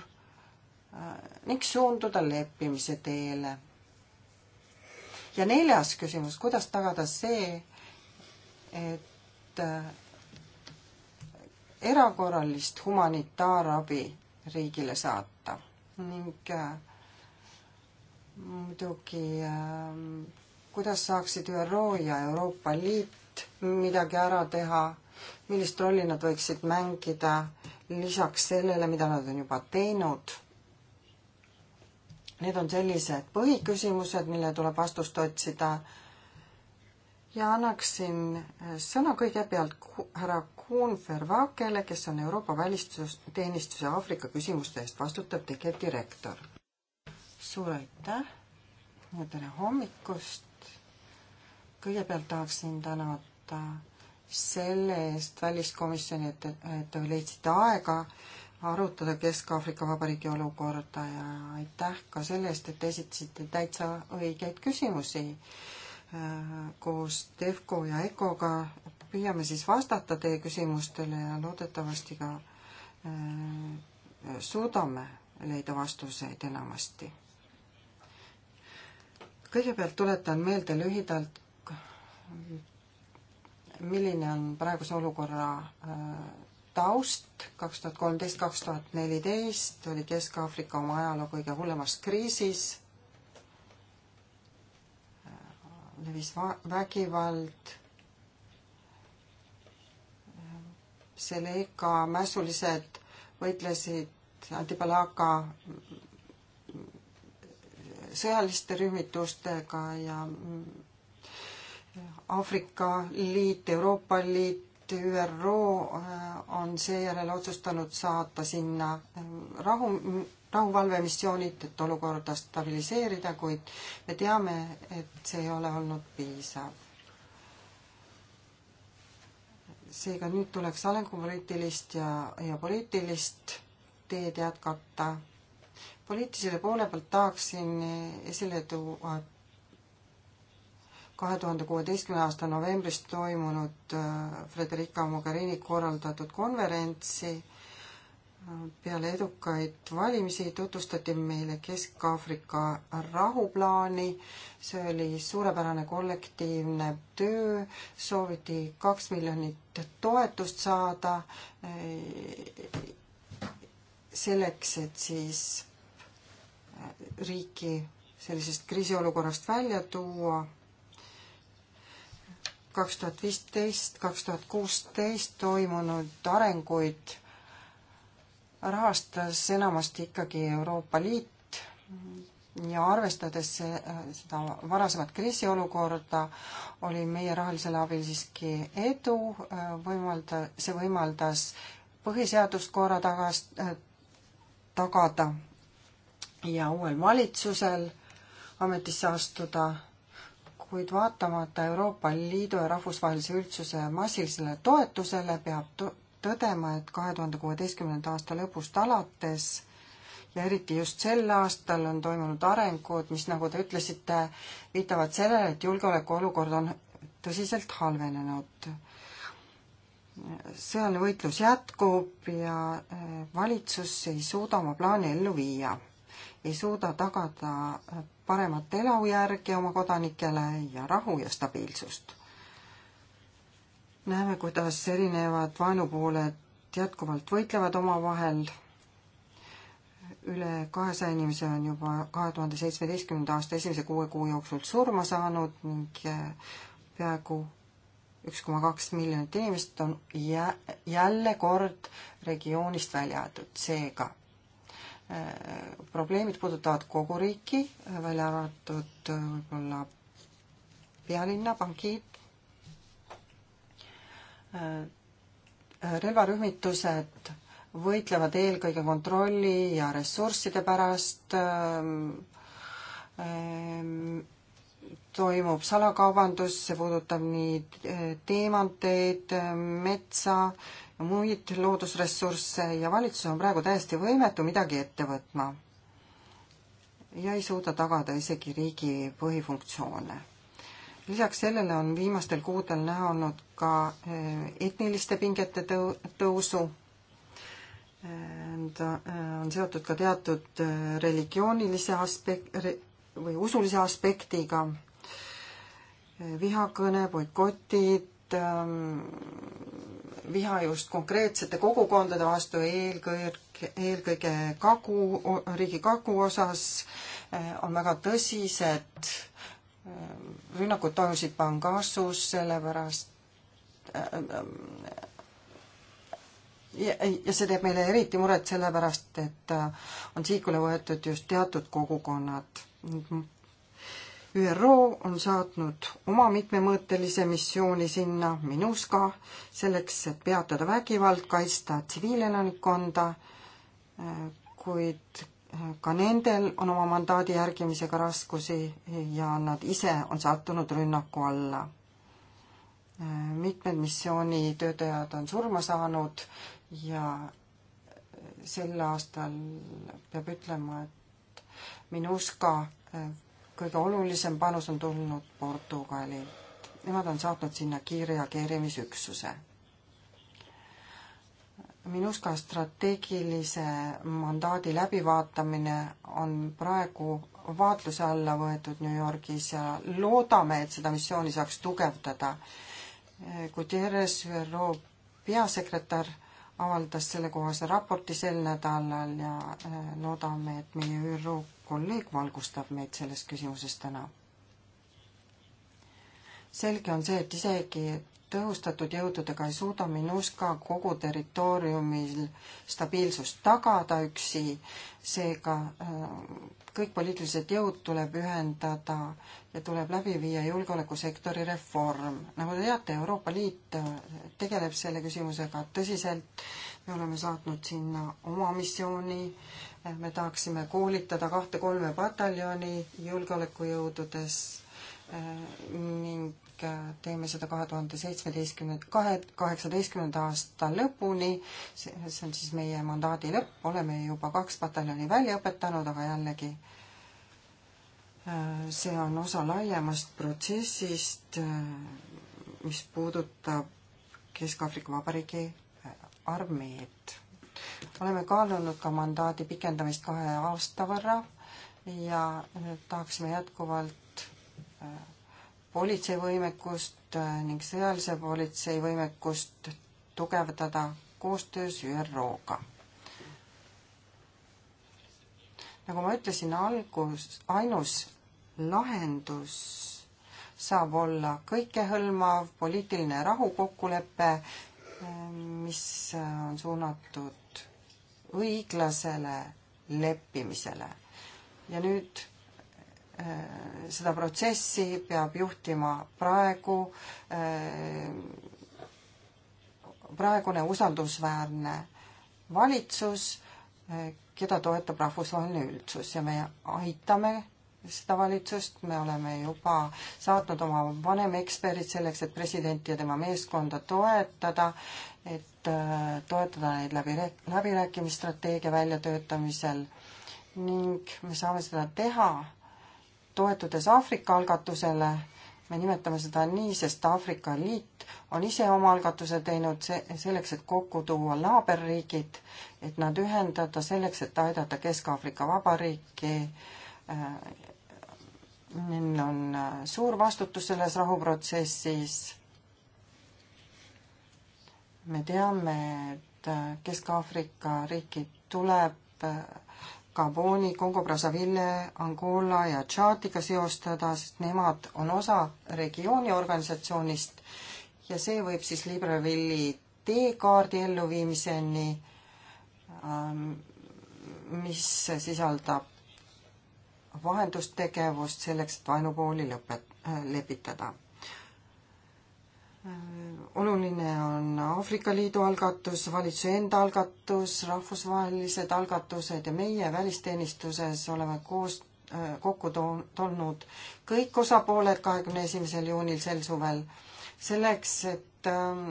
Äh, ning suunduda leppimise teele. ja neljas küsimus, kuidas tagada see, et äh, erakorralist humanitaarabi riigile saata ning äh, muidugi kuidas saaksid ÜRO ja Euroopa Liit midagi ära teha, millist rolli nad võiksid mängida lisaks sellele, mida nad on juba teinud Need on sellised põhiküsimused, millele tuleb vastust otsida ja annaksin äh, sõna kõigepealt härra Kuhn Vervakele, kes on Euroopa Välisteenistuse Aafrika küsimuste eest vastutav tegevdirektor. suur aitäh ja tere hommikust! kõigepealt tahaksin tänada selle eest väliskomisjoni, et, et te leidsite aega äh, arutada Kesk-Aafrika Vabariigi olukorda ja aitäh ka selle eest, et esitasite täitsa õigeid küsimusi. Äh, koos Devco ja Ekoga püüame siis vastata teie küsimustele ja loodetavasti ka äh, suudame leida vastuseid enamasti. kõigepealt tuletan meelde lühidalt, milline on praeguse olukorra äh, taust, kaks tuhat kolmteist, kaks tuhat neliteist oli Kesk-Aafrika oma ajaloo kõige hullemas kriisis. levis vägivald. Seleka mässulised võitlesid Antipalaka sõjaliste rühmitustega ja Aafrika Liit, Euroopa Liit et ÜRO äh, on seejärel otsustanud saata sinna rahu, rahuvalvemissioonid, et olukorda stabiliseerida, kuid me teame, et see ei ole olnud piisav. seega nüüd tuleks arengupoliitilist ja, ja poliitilist teed jätkata. poliitilisele poole pealt tahaksin esile tuua kahe tuhande kuueteistkümne aasta novembris toimunud äh, Frederica Mogherini korraldatud konverentsi. Äh, peale edukaid valimisi tutvustati meile Kesk-Aafrika rahuplaani. see oli suurepärane kollektiivne töö, sooviti kaks miljonit toetust saada äh, selleks, et siis riiki sellisest kriisiolukorrast välja tuua kaks tuhat viisteist, kaks tuhat kuusteist toimunud arenguid rahastas enamasti ikkagi Euroopa Liit ja arvestades seda varasemat kriisiolukorda, oli meie rahalisel abil siiski edu, võimalda, see võimaldas põhiseadust korra tagas, tagada ja uuel valitsusel ametisse astuda kuid vaatamata Euroopa Liidu ja rahvusvahelise üldsuse massilisele toetusele peab tõdema, et kahe tuhande kuueteistkümnenda aasta lõpust alates ja eriti just sel aastal on toimunud arengud, mis, nagu te ütlesite, viitavad sellele, et julgeolekuolukord on tõsiselt halvenenud. sõjaline võitlus jätkub ja eh, valitsus ei suuda oma plaani ellu viia ei suuda tagada paremat elujärge oma kodanikele ja rahu ja stabiilsust. näeme, kuidas erinevad vaenupooled jätkuvalt võitlevad omavahel. üle kahesaja inimese on juba kahe tuhande seitsmeteistkümnenda aasta esimese kuue kuu jooksul surma saanud ning eh, peaaegu üks koma kaks miljonit inimest on jä-, jälle kord regioonist välja aetud, seega probleemid puudutavad kogu riiki, välja arvatud äh, võib-olla pealinna, bangid, äh, relvarühmitused võitlevad eelkõige kontrolli ja ressursside pärast, äh, ähm, toimub salakaubandus, see puudutab nii teemanteid, metsa, muid loodusressursse ja valitsus on praegu täiesti võimetu midagi ette võtma ja ei suuda tagada isegi riigi põhifunktsioone. lisaks sellele on viimastel kuudel näha olnud ka eh, etniliste pingete tõu-, tõusu, ta eh, on seotud ka teatud eh, religioonilise aspek-, või usulise aspektiga, vihakõne, boikotid, ehm, viha just konkreetsete kogukondade vastu, eelkõige, eelkõige kagu, riigi kagu osas eh, on väga tõsised. Eh, rünnakud toimusid Bangasus, sellepärast eh, ja, ja see teeb meile eriti muret sellepärast, et on siikule võetud just teatud kogukonnad ÜRO on saatnud oma mitmemõõtelise missiooni sinna, MINUSCA, selleks, et peatada vägivald, kaitsta tsiviilelanikkonda, kuid ka nendel on oma mandaadi järgimisega raskusi ja nad ise on sattunud rünnaku alla. mitmed missioonitöötajad on surma saanud ja sel aastal peab ütlema, et MINUSCA kõige olulisem panus on tulnud Portugalilt. Nemad on saatnud sinna kiirreageerimisüksuse. Minuska strateegilise mandaadi läbivaatamine on praegu vaatluse alla võetud New Yorgis ja loodame, et seda missiooni saaks tugevdada. Guterres, ÜRO peasekretär, avaldas sellekohase raporti sel nädalal ja eh, loodame, et meie ÜRO kolleeg valgustab meid selles küsimuses täna. selge on see, et isegi tõhustatud jõududega ei suuda Minuska kogu territooriumil stabiilsust tagada üksi, seega äh, kõik poliitilised jõud tuleb ühendada ja tuleb läbi viia julgeolekusektori reform. nagu te teate, Euroopa Liit äh, tegeleb selle küsimusega tõsiselt. me oleme saatnud sinna oma missiooni, me tahaksime koolitada kahte-kolme pataljoni julgeolekujõududes eh, ning eh, teeme seda kahe tuhande seitsmeteistkümnenda, kahe, kaheksateistkümnenda aasta lõpuni, see on siis meie mandaadi lõpp, oleme juba kaks pataljoni välja õpetanud, aga jällegi eh, see on osa laiemast protsessist, mis puudutab Kesk-Aafrika Vabariigi armeed oleme kaalunud ka mandaadi pikendamist kahe aasta võrra ja tahaksime jätkuvalt äh, politseivõimekust äh, ning sõjalise politsei võimekust tugevdada koostöös ÜRO-ga. nagu ma ütlesin, algus, ainus lahendus saab olla kõikehõlmav poliitiline rahukokkulepe, äh, mis on suunatud õiglasele leppimisele. ja nüüd äh, seda protsessi peab juhtima praegu, äh, praegune usaldusväärne valitsus, äh, keda toetab rahvusvaheline üldsus ja me aitame seda valitsust, me oleme juba saatnud oma vanemeksperdid selleks, et presidenti ja tema meeskonda toetada et äh, toetada neid läbi, läbirääkimisstrateegia väljatöötamisel ning me saame seda teha toetudes Aafrika algatusele, me nimetame seda nii, sest Aafrika Liit on ise oma algatuse teinud see, selleks, et kokku tuua naaberriigid, et nad ühendada selleks, et aidata Kesk-Aafrika Vabariiki. Äh, neil on äh, suur vastutus selles rahuprotsessis me teame, et äh, Kesk-Aafrika riikid tuleb äh, Gabooni, Kongo-Brazzaville, Angola ja Tšaadiga seostada, sest nemad on osa regiooni organisatsioonist ja see võib siis Libreville'i teekaardi elluviimiseni, ähm, mis sisaldab vahendustegevust selleks, et vaenupooli lõpet-, äh, lepitada oluline on Aafrika Liidu algatus, valitsuse enda algatus, rahvusvahelised algatused ja meie välisteenistuses oleme koos, äh, kokku tulnud kõik osapooled kahekümne esimesel juunil sel suvel selleks, et ähm,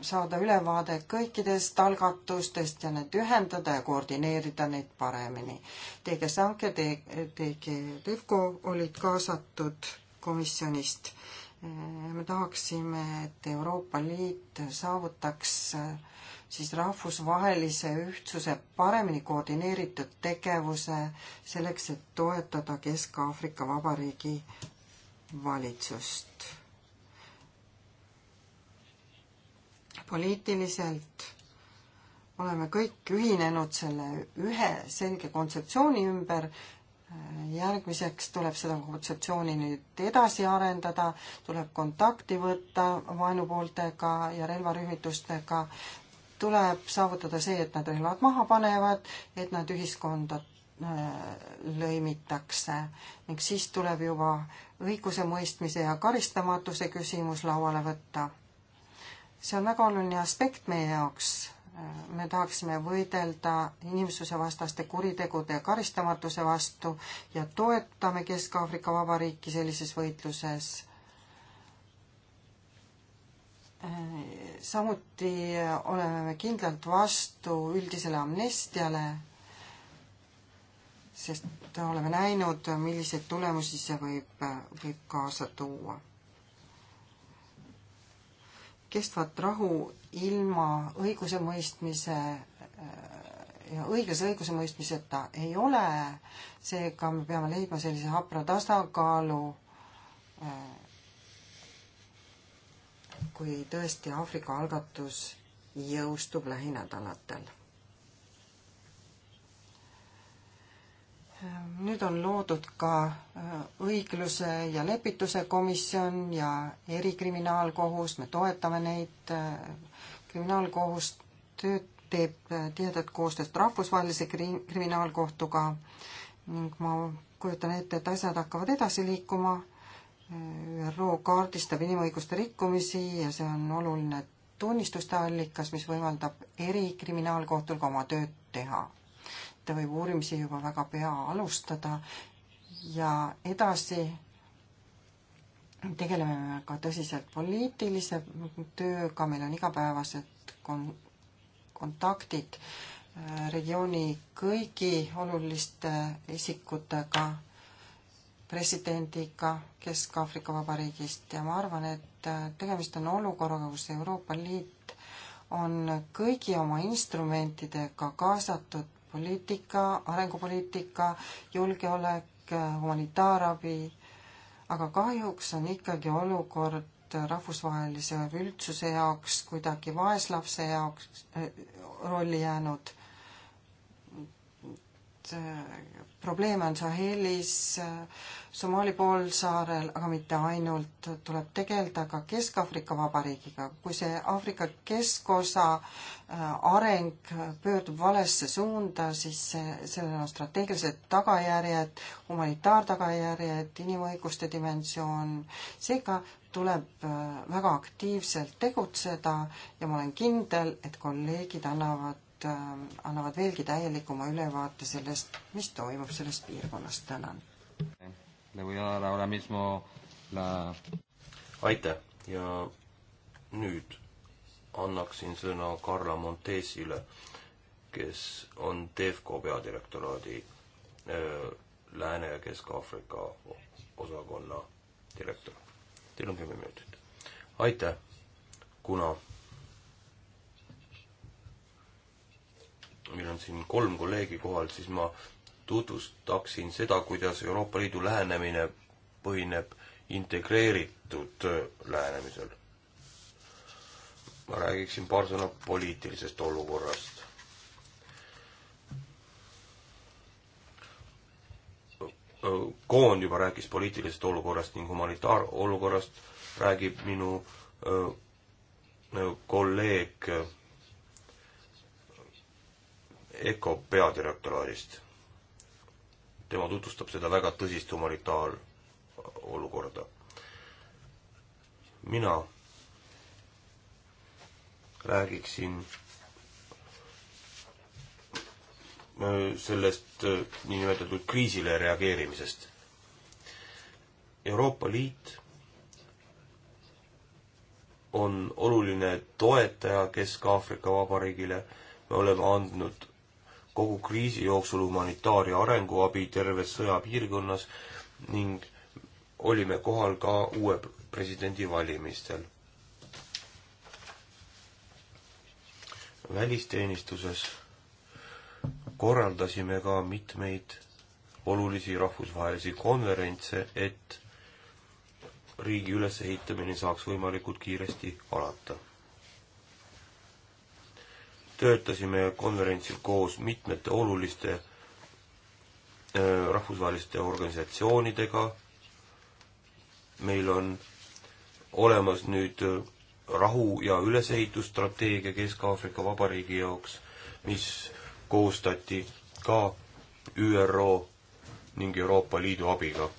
saada ülevaade kõikidest algatustest ja need ühendada ja koordineerida neid paremini. Teege Sanke, Teege Rivko olid kaasatud komisjonist Eh, me tahaksime, et Euroopa Liit saavutaks eh, siis rahvusvahelise ühtsuse paremini koordineeritud tegevuse selleks, et toetada Kesk-Aafrika Vabariigi valitsust. poliitiliselt oleme kõik ühinenud selle ühe selge kontseptsiooni ümber, järgmiseks tuleb seda kontseptsiooni nüüd edasi arendada, tuleb kontakti võtta vaenupooltega ja relvarühmitustega, tuleb saavutada see, et nad relvad maha panevad, et nad ühiskonda äh, lõimitakse ning siis tuleb juba õigusemõistmise ja karistamatuse küsimus lauale võtta. see on väga oluline aspekt meie jaoks me tahaksime võidelda inimsusevastaste kuritegude ja karistamatuse vastu ja toetame Kesk-Aafrika Vabariiki sellises võitluses. samuti oleme me kindlalt vastu üldisele amnestiale, sest oleme näinud, milliseid tulemusi see võib, võib kaasa tuua. kestvat rahu ilma õigusemõistmise ja õiglase õigusemõistmiseta ei ole, seega me peame leidma sellise hapra tasakaalu, kui tõesti Aafrika algatus jõustub lähinädalatel. nüüd on loodud ka äh, õigluse ja lepituse komisjon ja erikriminaalkohus, me toetame neid äh, kriminaalkohus tööd teeb äh, tihedat koostööd rahvusvahelise kri-, kriminaalkohtuga ning ma kujutan ette, et asjad hakkavad edasi liikuma, ÜRO kaardistab inimõiguste rikkumisi ja see on oluline tunnistuste allikas, mis võimaldab erikriminaalkohtul ka oma tööd teha. ta võib uurimisi juba väga pea alustada ja edasi tegeleme ka tõsiselt poliitilise tööga, meil on igapäevased kon-, kontaktid äh, regiooni kõigi oluliste isikutega, presidendiga Kesk-Aafrika Vabariigist ja ma arvan, et äh, tegemist on olukorraga, kus Euroopa Liit on kõigi oma instrumentidega kaasatud poliitika, arengupoliitika, julgeolek, äh, humanitaarabi, aga kahjuks on ikkagi olukord rahvusvahelise üldsuse jaoks kuidagi vaeslapse jaoks äh, rolli jäänud. Äh, probleeme on Sahelis, Somaali poolsaarel, aga mitte ainult, tuleb tegeleda ka Kesk-Aafrika Vabariigiga. kui see Aafrika keskosa äh, areng pöördub valesse suunda, siis see, sellel on strateegilised tagajärjed, humanitaartagajärjed, inimõiguste dimensioon, seega tuleb äh, väga aktiivselt tegutseda ja ma olen kindel, et kolleegid annavad Äh, annavad veelgi täielikuma ülevaate sellest, mis toimub selles piirkonnas. tänan. aitäh ja nüüd annaksin sõna Carla Montesile, kes on Defco peadirektoraadi äh, Lääne- ja Kesk-Aafrika osakonna direktor. Teil on kümme minutit. aitäh, kuna meil on siin kolm kolleegi kohal, siis ma tutvustaksin seda, kuidas Euroopa Liidu lähenemine põhineb integreeritud äh, lähenemisel. ma räägiksin paar sõna poliitilisest olukorrast. Äh, äh, Koon juba rääkis poliitilisest olukorrast ning humanitaarolukorrast, räägib minu kolleeg ECO peadirektoraadist. tema tutvustab seda väga tõsist humanitaarolukorda. mina räägiksin äh, sellest äh, niinimetatud kriisile reageerimisest. Euroopa Liit on oluline toetaja Kesk-Aafrika Vabariigile, me oleme andnud kogu kriisi jooksul humanitaar- ja arenguabi terves sõjapiirkonnas ning olime kohal ka uue presidendi valimistel. välisteenistuses korraldasime ka mitmeid olulisi rahvusvahelisi konverentse, et riigi ülesehitamine saaks võimalikult kiiresti alata töötasime konverentsil koos mitmete oluliste äh, rahvusvaheliste organisatsioonidega. meil on olemas nüüd äh, rahu- ja ülesehitusstrateegia Kesk-Aafrika Vabariigi jaoks, mis koostati ka ÜRO ning Euroopa Liidu abiga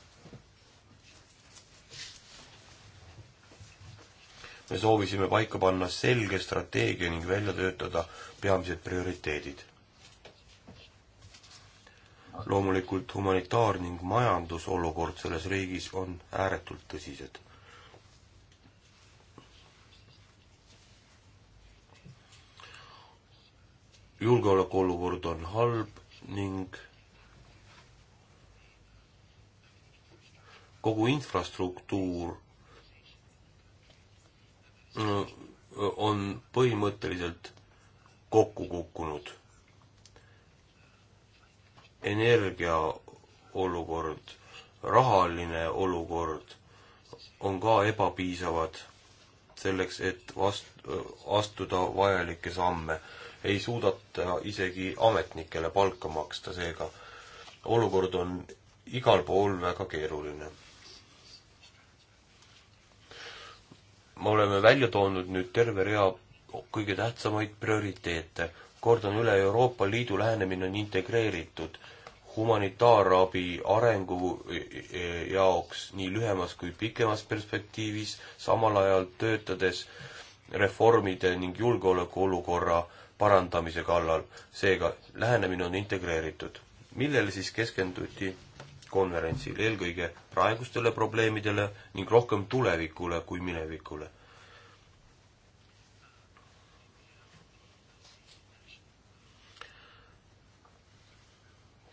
me soovisime paika panna selge strateegia ning välja töötada peamised prioriteedid. loomulikult humanitaar- ning majandusolukord selles riigis on ääretult tõsised. julgeolekuolukord on halb ning kogu infrastruktuur Äh, on põhimõtteliselt kokku kukkunud. energia olukord, rahaline olukord on ka ebapiisavad selleks, et vast-, astuda vajalikke samme. ei suudata isegi ametnikele palka maksta, seega olukord on igal pool väga keeruline me oleme välja toonud nüüd terve rea kõige tähtsamaid prioriteete. kordan üle, Euroopa Liidu lähenemine on integreeritud humanitaarabi arengu e, e, jaoks nii lühemas kui pikemas perspektiivis, samal ajal töötades reformide ning julgeolekuolukorra parandamise kallal. seega lähenemine on integreeritud. millele siis keskenduti konverentsil, eelkõige praegustele probleemidele ning rohkem tulevikule kui minevikule.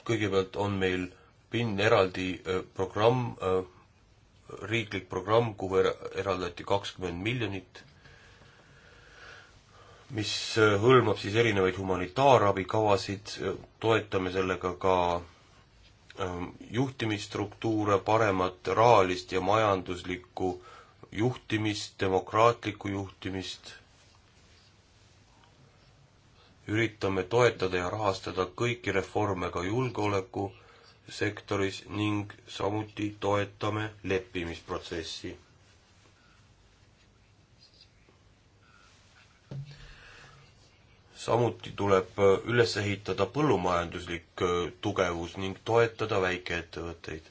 kõigepealt on meil PIN eraldi programm, riiklik programm, kuhu eraldati kakskümmend miljonit mis hõlmab siis erinevaid humanitaarabikavasid, toetame sellega ka Ähm, juhtimisstruktuure, paremat rahalist ja majanduslikku juhtimist, demokraatlikku juhtimist. üritame toetada ja rahastada kõiki reforme ka julgeolekusektoris ning samuti toetame leppimisprotsessi samuti tuleb äh, üles ehitada põllumajanduslik äh, tugevus ning toetada väikeettevõtteid.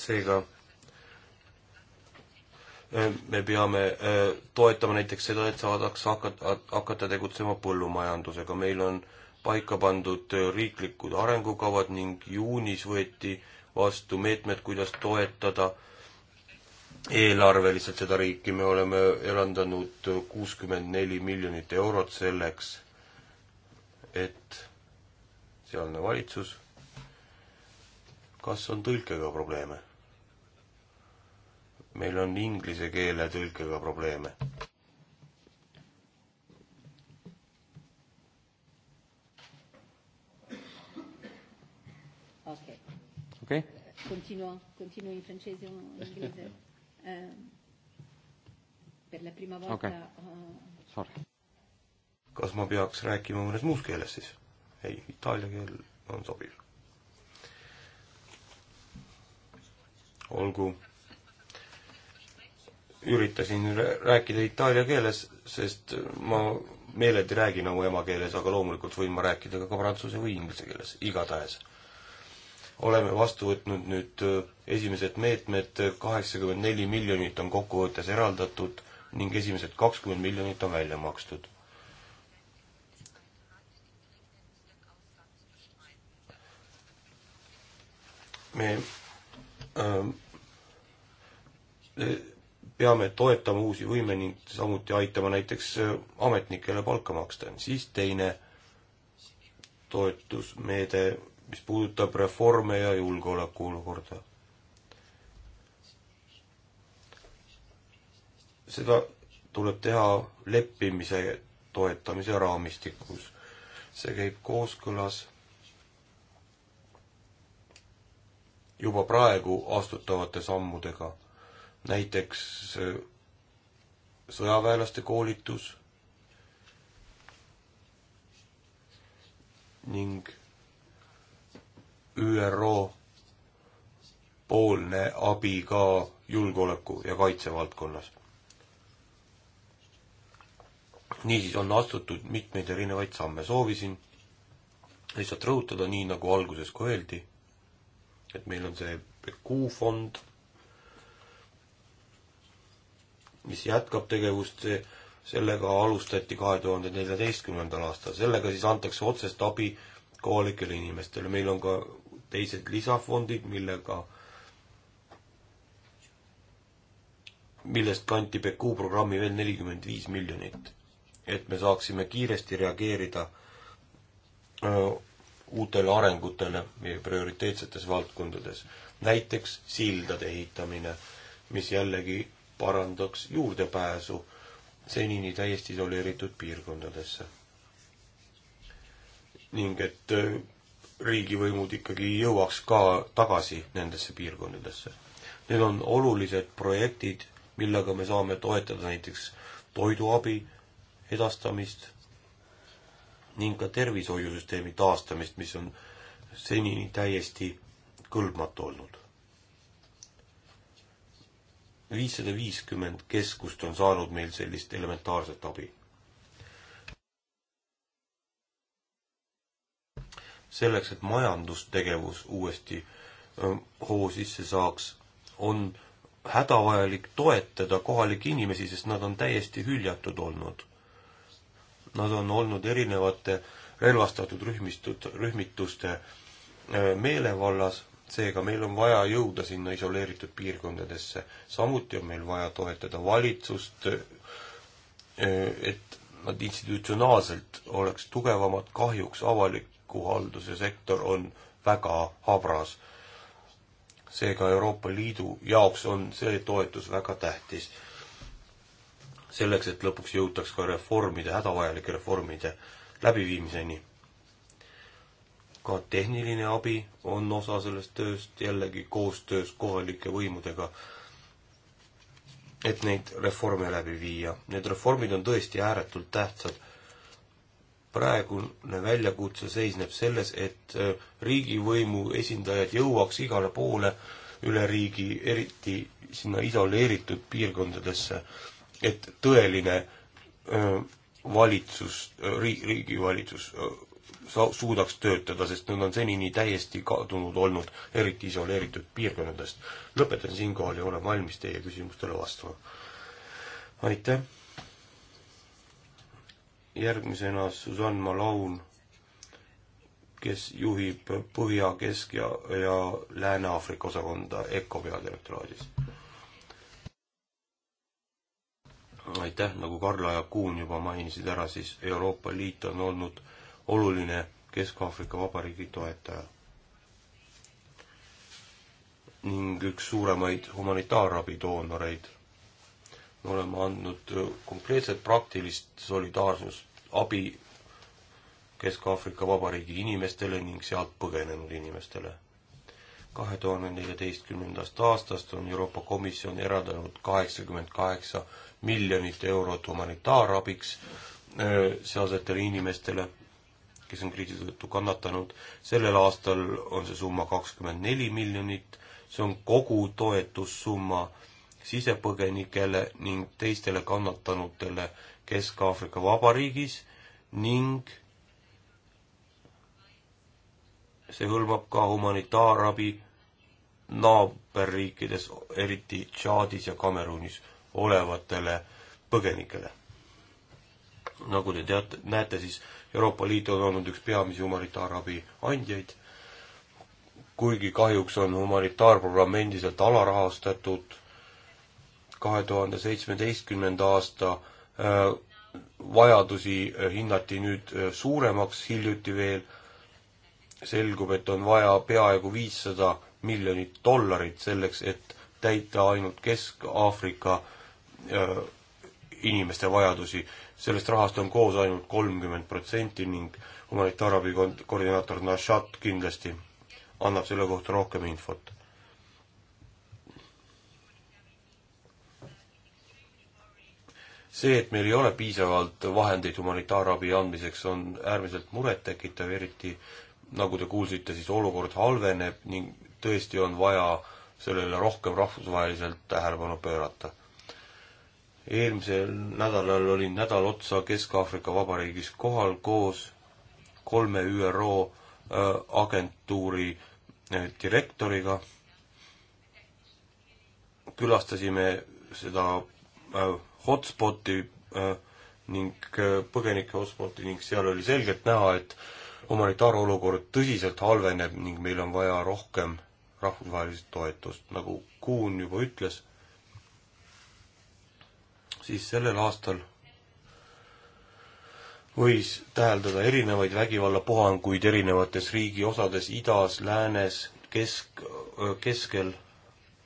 seega äh, me peame toetama näiteks seda, et saadaks hakata, hakata tegutsema põllumajandusega, meil on äh, paika pandud riiklikud arengukavad ning juunis võeti vastu meetmed, kuidas toetada eelarveliselt seda riiki, me oleme erandanud kuuskümmend neli miljonit eurot selleks, et sealne valitsus, kas on tõlkega probleeme? meil on inglise keele tõlkega probleeme. Ok? Continuo, continuo in francese o in inglese. Eh, per la prima volta okay. uh... Eh, Sorry. kas ma peaks rääkima mõnes muus keeles siis? ei, itaalia keel on sobiv. olgu. üritasin rääkida itaalia keeles, sest ma meeleldi räägin oma emakeeles, aga loomulikult võin ma rääkida ka, ka prantsuse või inglise keeles, igatahes oleme vastu võtnud nüüd esimesed meetmed, kaheksakümmend neli miljonit on kokkuvõttes eraldatud ning esimesed kakskümmend miljonit on välja makstud. me äh, peame toetama uusi võime ning samuti aitama näiteks ametnikele palka maksta. siis teine toetusmeede mis puudutab reforme ja julgeolekuolukorda. seda tuleb teha leppimise toetamise raamistikus. see käib kooskõlas juba praegu astutavate sammudega, näiteks äh, sõjaväelaste koolitus ning ÜRO poolne abi ka julgeoleku ja kaitse valdkonnas. niisiis on astutud mitmeid erinevaid samme, soovisin lihtsalt rõhutada, nii nagu alguses ka öeldi, et meil on see kuufond, mis jätkab tegevust, see, sellega alustati kahe tuhande neljateistkümnendal aastal, sellega siis antakse otsest abi kohalikele inimestele, meil on ka teised lisafondid, millega, millest kanti BQ programmi veel nelikümmend viis miljonit. et me saaksime kiiresti reageerida öö, uutele arengutele meie prioriteetsetes valdkondades. näiteks sildade ehitamine, mis jällegi parandaks juurdepääsu senini täiesti isoleeritud piirkondadesse. ning et riigivõimud ikkagi jõuaks ka tagasi nendesse piirkondadesse. Need on olulised projektid, millega me saame toetada näiteks toiduabi edastamist ning ka tervishoiusüsteemi taastamist, mis on senini täiesti kõlbmatu olnud. viissada viiskümmend keskust on saanud meil sellist elementaarset abi selleks, et majandustegevus uuesti hoo sisse saaks, on hädavajalik toetada kohalikke inimesi, sest nad on täiesti hüljatud olnud. Nad on olnud erinevate relvastatud rühmistud, rühmituste meelevallas, seega meil on vaja jõuda sinna isoleeritud piirkondadesse. samuti on meil vaja toetada valitsust, et nad institutsionaalselt oleks tugevamad, kahjuks avalik isikuhalduse sektor on väga habras. seega Euroopa Liidu jaoks on see toetus väga tähtis. selleks, et lõpuks jõutaks ka reformide, hädavajalike reformide läbiviimiseni. ka tehniline abi on osa sellest tööst jällegi koostöös kohalike võimudega et neid reforme läbi viia. Need reformid on tõesti ääretult tähtsad praegune väljakutse seisneb selles, et äh, riigivõimu esindajad jõuaks igale poole üle riigi, eriti sinna isoleeritud piirkondadesse, et tõeline äh, valitsus, äh, riigi, riigivalitsus suudaks töötada, sest nad on senini täiesti kadunud olnud, eriti isoleeritud piirkonnadest. lõpetan siinkohal ja olen valmis teie küsimustele vastama. aitäh! järgmisena Susanne Malaun, kes juhib Põhja, Kesk ja, ja Lääne-Aafrika osakonda EKO peadirektoraadis. aitäh, nagu Karla ja Kuhn juba mainisid ära, siis Euroopa Liit on olnud oluline Kesk-Aafrika Vabariigi toetaja ning üks suuremaid humanitaarabi doonoreid. me oleme andnud konkreetset praktilist solidaarsust abi Kesk-Aafrika Vabariigi inimestele ning sealt põgenenud inimestele. kahe tuhande neljateistkümnendast aastast on Euroopa Komisjon eraldanud kaheksakümmend kaheksa miljonit eurot humanitaarabiks sealsetele inimestele, kes on kriisi tõttu kannatanud. sellel aastal on see summa kakskümmend neli miljonit, see on kogu toetussumma sisepõgenikele ning teistele kannatanutele äh, Kesk-Aafrika Vabariigis ning see hõlmab ka humanitaarabi naaberriikides, eriti Tšaadis ja Kamerunis olevatele põgenikele. nagu te teate, näete, siis Euroopa Liit on olnud üks peamisi humanitaarabi andjaid, kuigi kahjuks on humanitaarprogramm endiselt alarahastatud, kahe tuhande seitsmeteistkümnenda aasta Äh, vajadusi äh, hinnati nüüd äh, suuremaks hiljuti veel, selgub, et on vaja peaaegu viissada miljonit dollarit selleks, et täita ainult Kesk-Aafrika inimeste vajadusi. sellest rahast on koos ainult kolmkümmend protsenti ning humanitaarabi koordinaator Nashat kindlasti annab selle kohta rohkem infot see, et meil ei ole piisavalt vahendeid humanitaarabi andmiseks, on äärmiselt murettekitav, eriti nagu te kuulsite, siis olukord halveneb ning tõesti on vaja sellele rohkem rahvusvaheliselt tähelepanu pöörata. eelmisel nädalal olin nädal otsa Kesk-Aafrika Vabariigis kohal koos kolme ÜRO äh, agentuuri äh, direktoriga. külastasime seda äh, hotspoti äh, ning äh, põgenike hotspoti ning seal oli selgelt näha, et humanitaarolukord tõsiselt halveneb ning meil on vaja rohkem rahvusvahelist toetust, nagu Kuhn juba ütles, siis sellel aastal võis täheldada erinevaid vägivallapuhanguid erinevates riigi osades, idas, läänes, kesk, äh, keskel,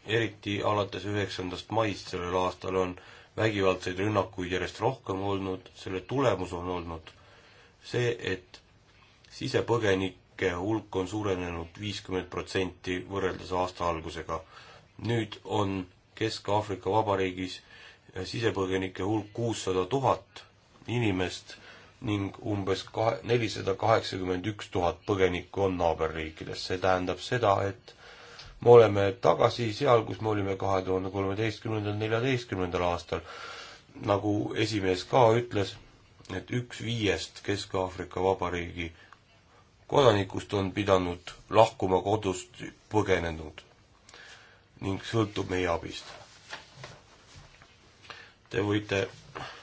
eriti alates üheksandast maist sellel aastal on vägivaldseid rünnakuid järjest rohkem olnud, selle tulemus on olnud see, et sisepõgenike hulk on suurenenud viiskümmend protsenti võrreldes aasta algusega. nüüd on Kesk-Aafrika Vabariigis sisepõgenike hulk kuussada tuhat inimest ning umbes kahe, nelisada kaheksakümmend üks tuhat põgenikku on naaberriikides. see tähendab seda, et me oleme tagasi seal, kus me olime kahe tuhande kolmeteistkümnendal, neljateistkümnendal aastal. nagu esimees ka ütles, et üks viiest Kesk-Aafrika Vabariigi kodanikust on pidanud lahkuma kodust põgenenud ning sõltub meie abist. Te võite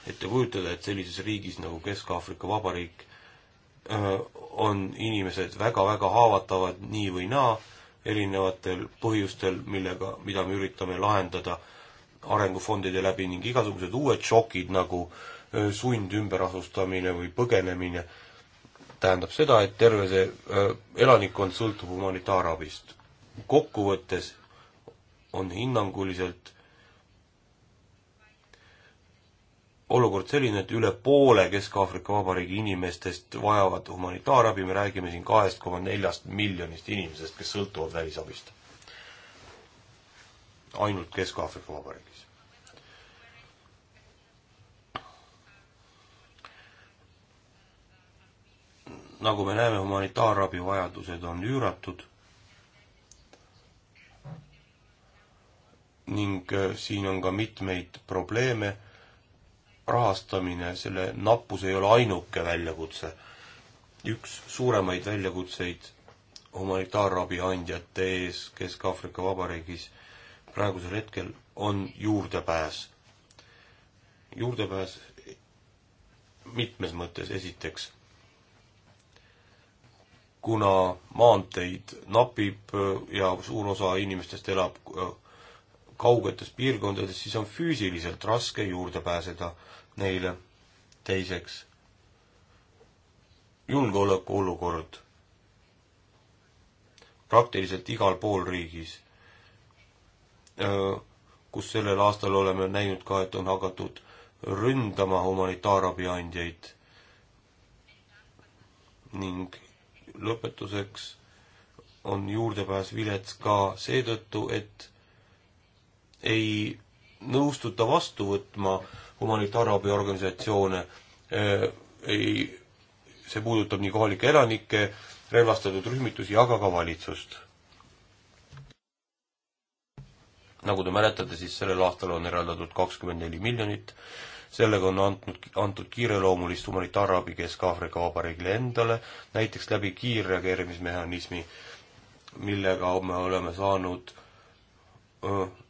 ette kujutada, et sellises riigis nagu Kesk-Aafrika Vabariik äh, on inimesed väga-väga haavatavad nii või naa erinevatel põhjustel, millega, mida me üritame lahendada arengufondide läbi ning igasugused uued šokid nagu sundümberasustamine või põgenemine tähendab seda, et terve see elanikkond sõltub humanitaarabist. kokkuvõttes on hinnanguliselt olukord selline, et üle poole Kesk-Aafrika Vabariigi inimestest vajavad humanitaarabi, me räägime siin kahest koma neljast miljonist inimesest, kes sõltuvad välisabist. ainult Kesk-Aafrika Vabariigis. nagu me näeme, humanitaarabi vajadused on üüratud ning äh, siin on ka mitmeid probleeme rahastamine, selle nappus ei ole ainuke väljakutse. üks suuremaid väljakutseid humanitaarabi andjate ees Kesk-Aafrika Vabariigis praegusel hetkel on juurdepääs. juurdepääs mitmes mõttes, esiteks kuna maanteid napib ja suur osa inimestest elab kaugetes piirkondades, siis on füüsiliselt raske juurde pääseda neile. teiseks, julgeolekuolukord praktiliselt igal pool riigis, kus sellel aastal oleme näinud ka, et on hakatud ründama humanitaarabi andjaid ning lõpetuseks on juurdepääs vilets ka seetõttu, et ei nõustuta vastu võtma humanitaarabi organisatsioone, äh, ei, see puudutab nii kohalikke elanikke, relvastatud rühmitusi, aga ka valitsust. nagu te mäletate, siis sellel aastal on eraldatud kakskümmend neli miljonit, sellega on antud, antud kiireloomulist humanitaarabi Kesk-Aafrika Vabariigile endale, näiteks läbi kiirreageerimismehhanismi, millega me oleme saanud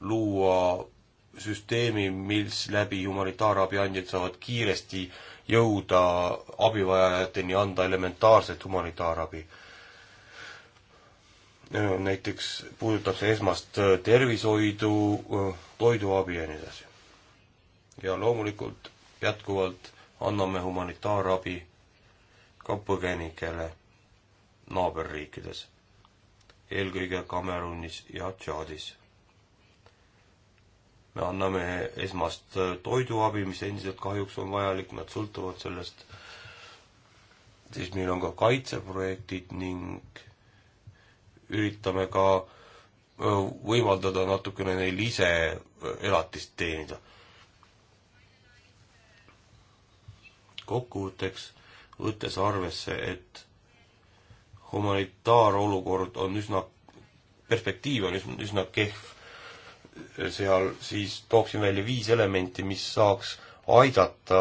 luua süsteemi, mis läbi humanitaarabi andjad saavad kiiresti jõuda abivajajateni, anda elementaarset humanitaarabi. näiteks puudutab see esmast tervishoidu, toiduabi ja nii edasi. ja loomulikult jätkuvalt anname humanitaarabi ka põgenikele naaberriikides, eelkõige Kamerunis ja Tšaadis me anname esmast äh, toiduabi, mis endiselt kahjuks on vajalik, nad sõltuvad sellest, siis meil on ka kaitseprojektid ning üritame ka äh, võimaldada natukene neil ise äh, elatist teenida. kokkuvõtteks, võttes arvesse, et humanitaarolukord on üsna, perspektiiv on üsna, üsna kehv seal, siis tooksin välja viis elementi, mis saaks aidata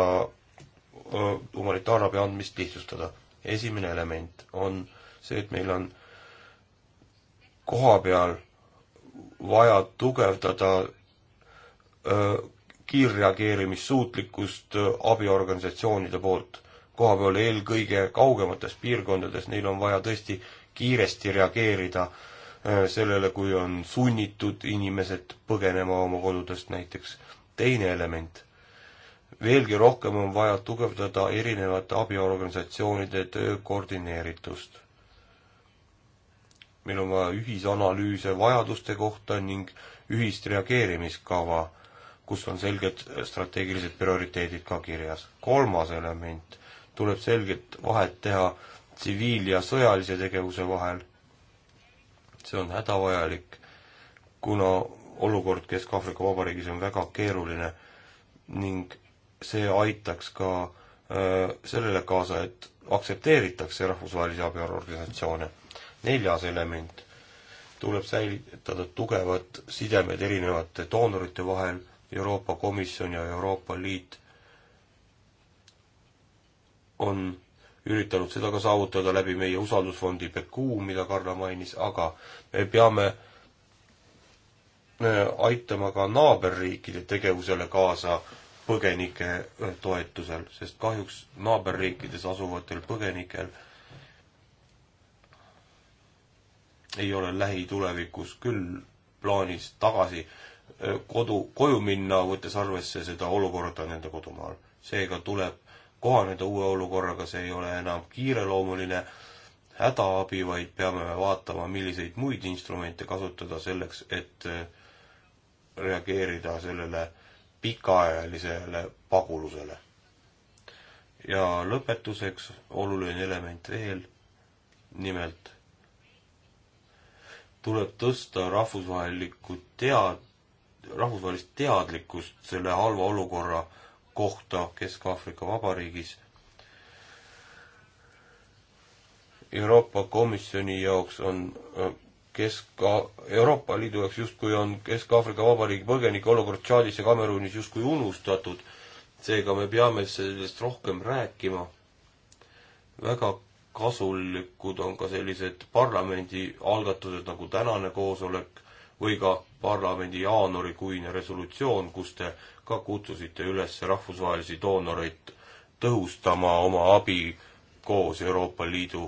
humanitaarabi andmist lihtsustada. esimene element on see, et meil on kohapeal vaja tugevdada kiirreageerimissuutlikkust abiorganisatsioonide poolt. kohapeal eelkõige kaugemates piirkondades, neil on vaja tõesti kiiresti reageerida äh, Äh, sellele, kui on sunnitud inimesed põgenema oma kodudest näiteks. teine element, veelgi rohkem on vaja tugevdada erinevate abiorganisatsioonide töö koordineeritust. meil on vaja ühisanalüüse vajaduste kohta ning ühist reageerimiskava, kus on selged strateegilised prioriteedid ka kirjas. kolmas element, tuleb selgelt vahet teha tsiviil- ja sõjalise tegevuse vahel see on hädavajalik, kuna olukord Kesk-Aafrika Vabariigis on väga keeruline ning see aitaks ka äh, sellele kaasa, et aktsepteeritakse rahvusvahelise abi organisatsioone. neljas element, tuleb säilitada tugevad sidemed erinevate doonorite vahel, Euroopa Komisjon ja Euroopa Liit on üritanud seda ka saavutada läbi meie usaldusfondi PECU, mida Karla mainis, aga me peame äh, aitama ka naaberriikide tegevusele kaasa põgenike äh, toetusel, sest kahjuks naaberriikides asuvatel põgenikel ei ole lähitulevikus küll plaanis tagasi äh, kodu, koju minna, võttes arvesse seda olukorda nende kodumaal. seega tuleb kohaneda uue olukorraga, see ei ole enam kiireloomuline hädaabi, vaid peame vaatama, milliseid muid instrumente kasutada selleks, et eh, reageerida sellele pikaajalisele pagulusele. ja lõpetuseks oluline element veel, nimelt tuleb tõsta rahvusvahelikku tead-, rahvusvahelist teadlikkust selle halva olukorra äh, kohta Kesk-Aafrika Vabariigis. Euroopa Komisjoni jaoks on äh, Kesk-, Euroopa Liidu jaoks justkui on Kesk-Aafrika Vabariigi põgenike olukord Tšaadis ja Kameruunis justkui unustatud, seega me peame sellest rohkem rääkima. väga kasulikud on ka sellised parlamendi algatused nagu tänane koosolek või ka parlamendi jaanuarikuine resolutsioon, kus te ka kutsusite üles rahvusvahelisi doonoreid tõhustama oma abi koos Euroopa Liidu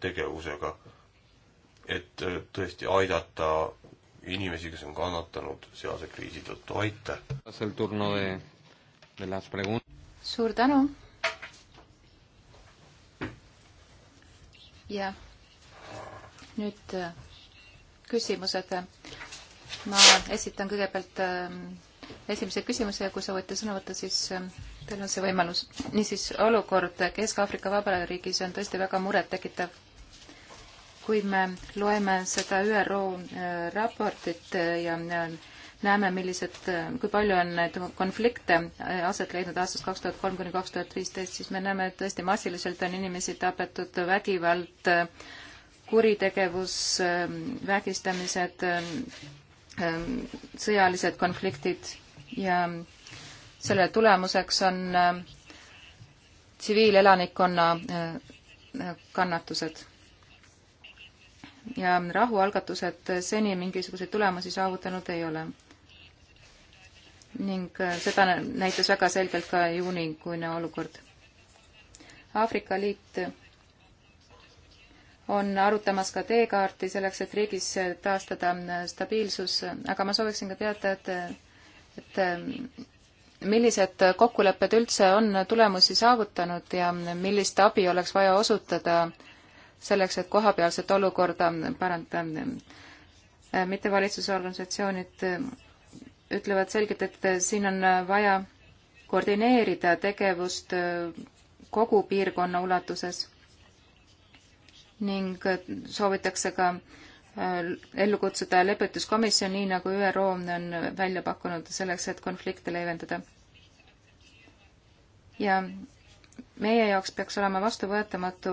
tegevusega. et tõesti aidata inimesi, kes on kannatanud sealse kriisi tõttu, aitäh! suur tänu! jah, nüüd küsimused. ma esitan kõigepealt ähm, esimese küsimuse ja kui soovite sõna võtta, siis ähm, teil on see võimalus. niisiis, olukord Kesk-Aafrika Vabariigis on tõesti väga murettekitav. kui me loeme seda ÜRO äh, raportit äh, ja äh, näeme, millised, kui palju on neid konflikte aset leidnud aastast kaks tuhat kolm kuni kaks tuhat viisteist, siis me näeme, et tõesti massiliselt on inimesi tapetud, vägivald äh, kuritegevus, ähm, vägistamised, ähm, ähm, sõjalised konfliktid ja selle tulemuseks on tsiviilelanikkonna äh, äh, kannatused. ja rahualgatused äh, seni mingisuguseid tulemusi saavutanud ei ole. ning seda näitas väga selgelt ka juunikuine olukord. Aafrika Liit on arutamas ka teekaarti selleks, et riigis taastada stabiilsus, aga ma sooviksin ka teada, et, et millised kokkulepped üldse on tulemusi saavutanud ja millist abi oleks vaja osutada selleks, et kohapealset olukorda parandada. mittevalitsusorganisatsioonid ütlevad selgelt, et siin on vaja koordineerida tegevust kogu piirkonna ulatuses ning soovitakse ka äh, ellu kutsuda lepituskomisjon, nii nagu ÜRO on välja pakkunud selleks, et konflikte leevendada. ja meie jaoks peaks olema vastuvõetamatu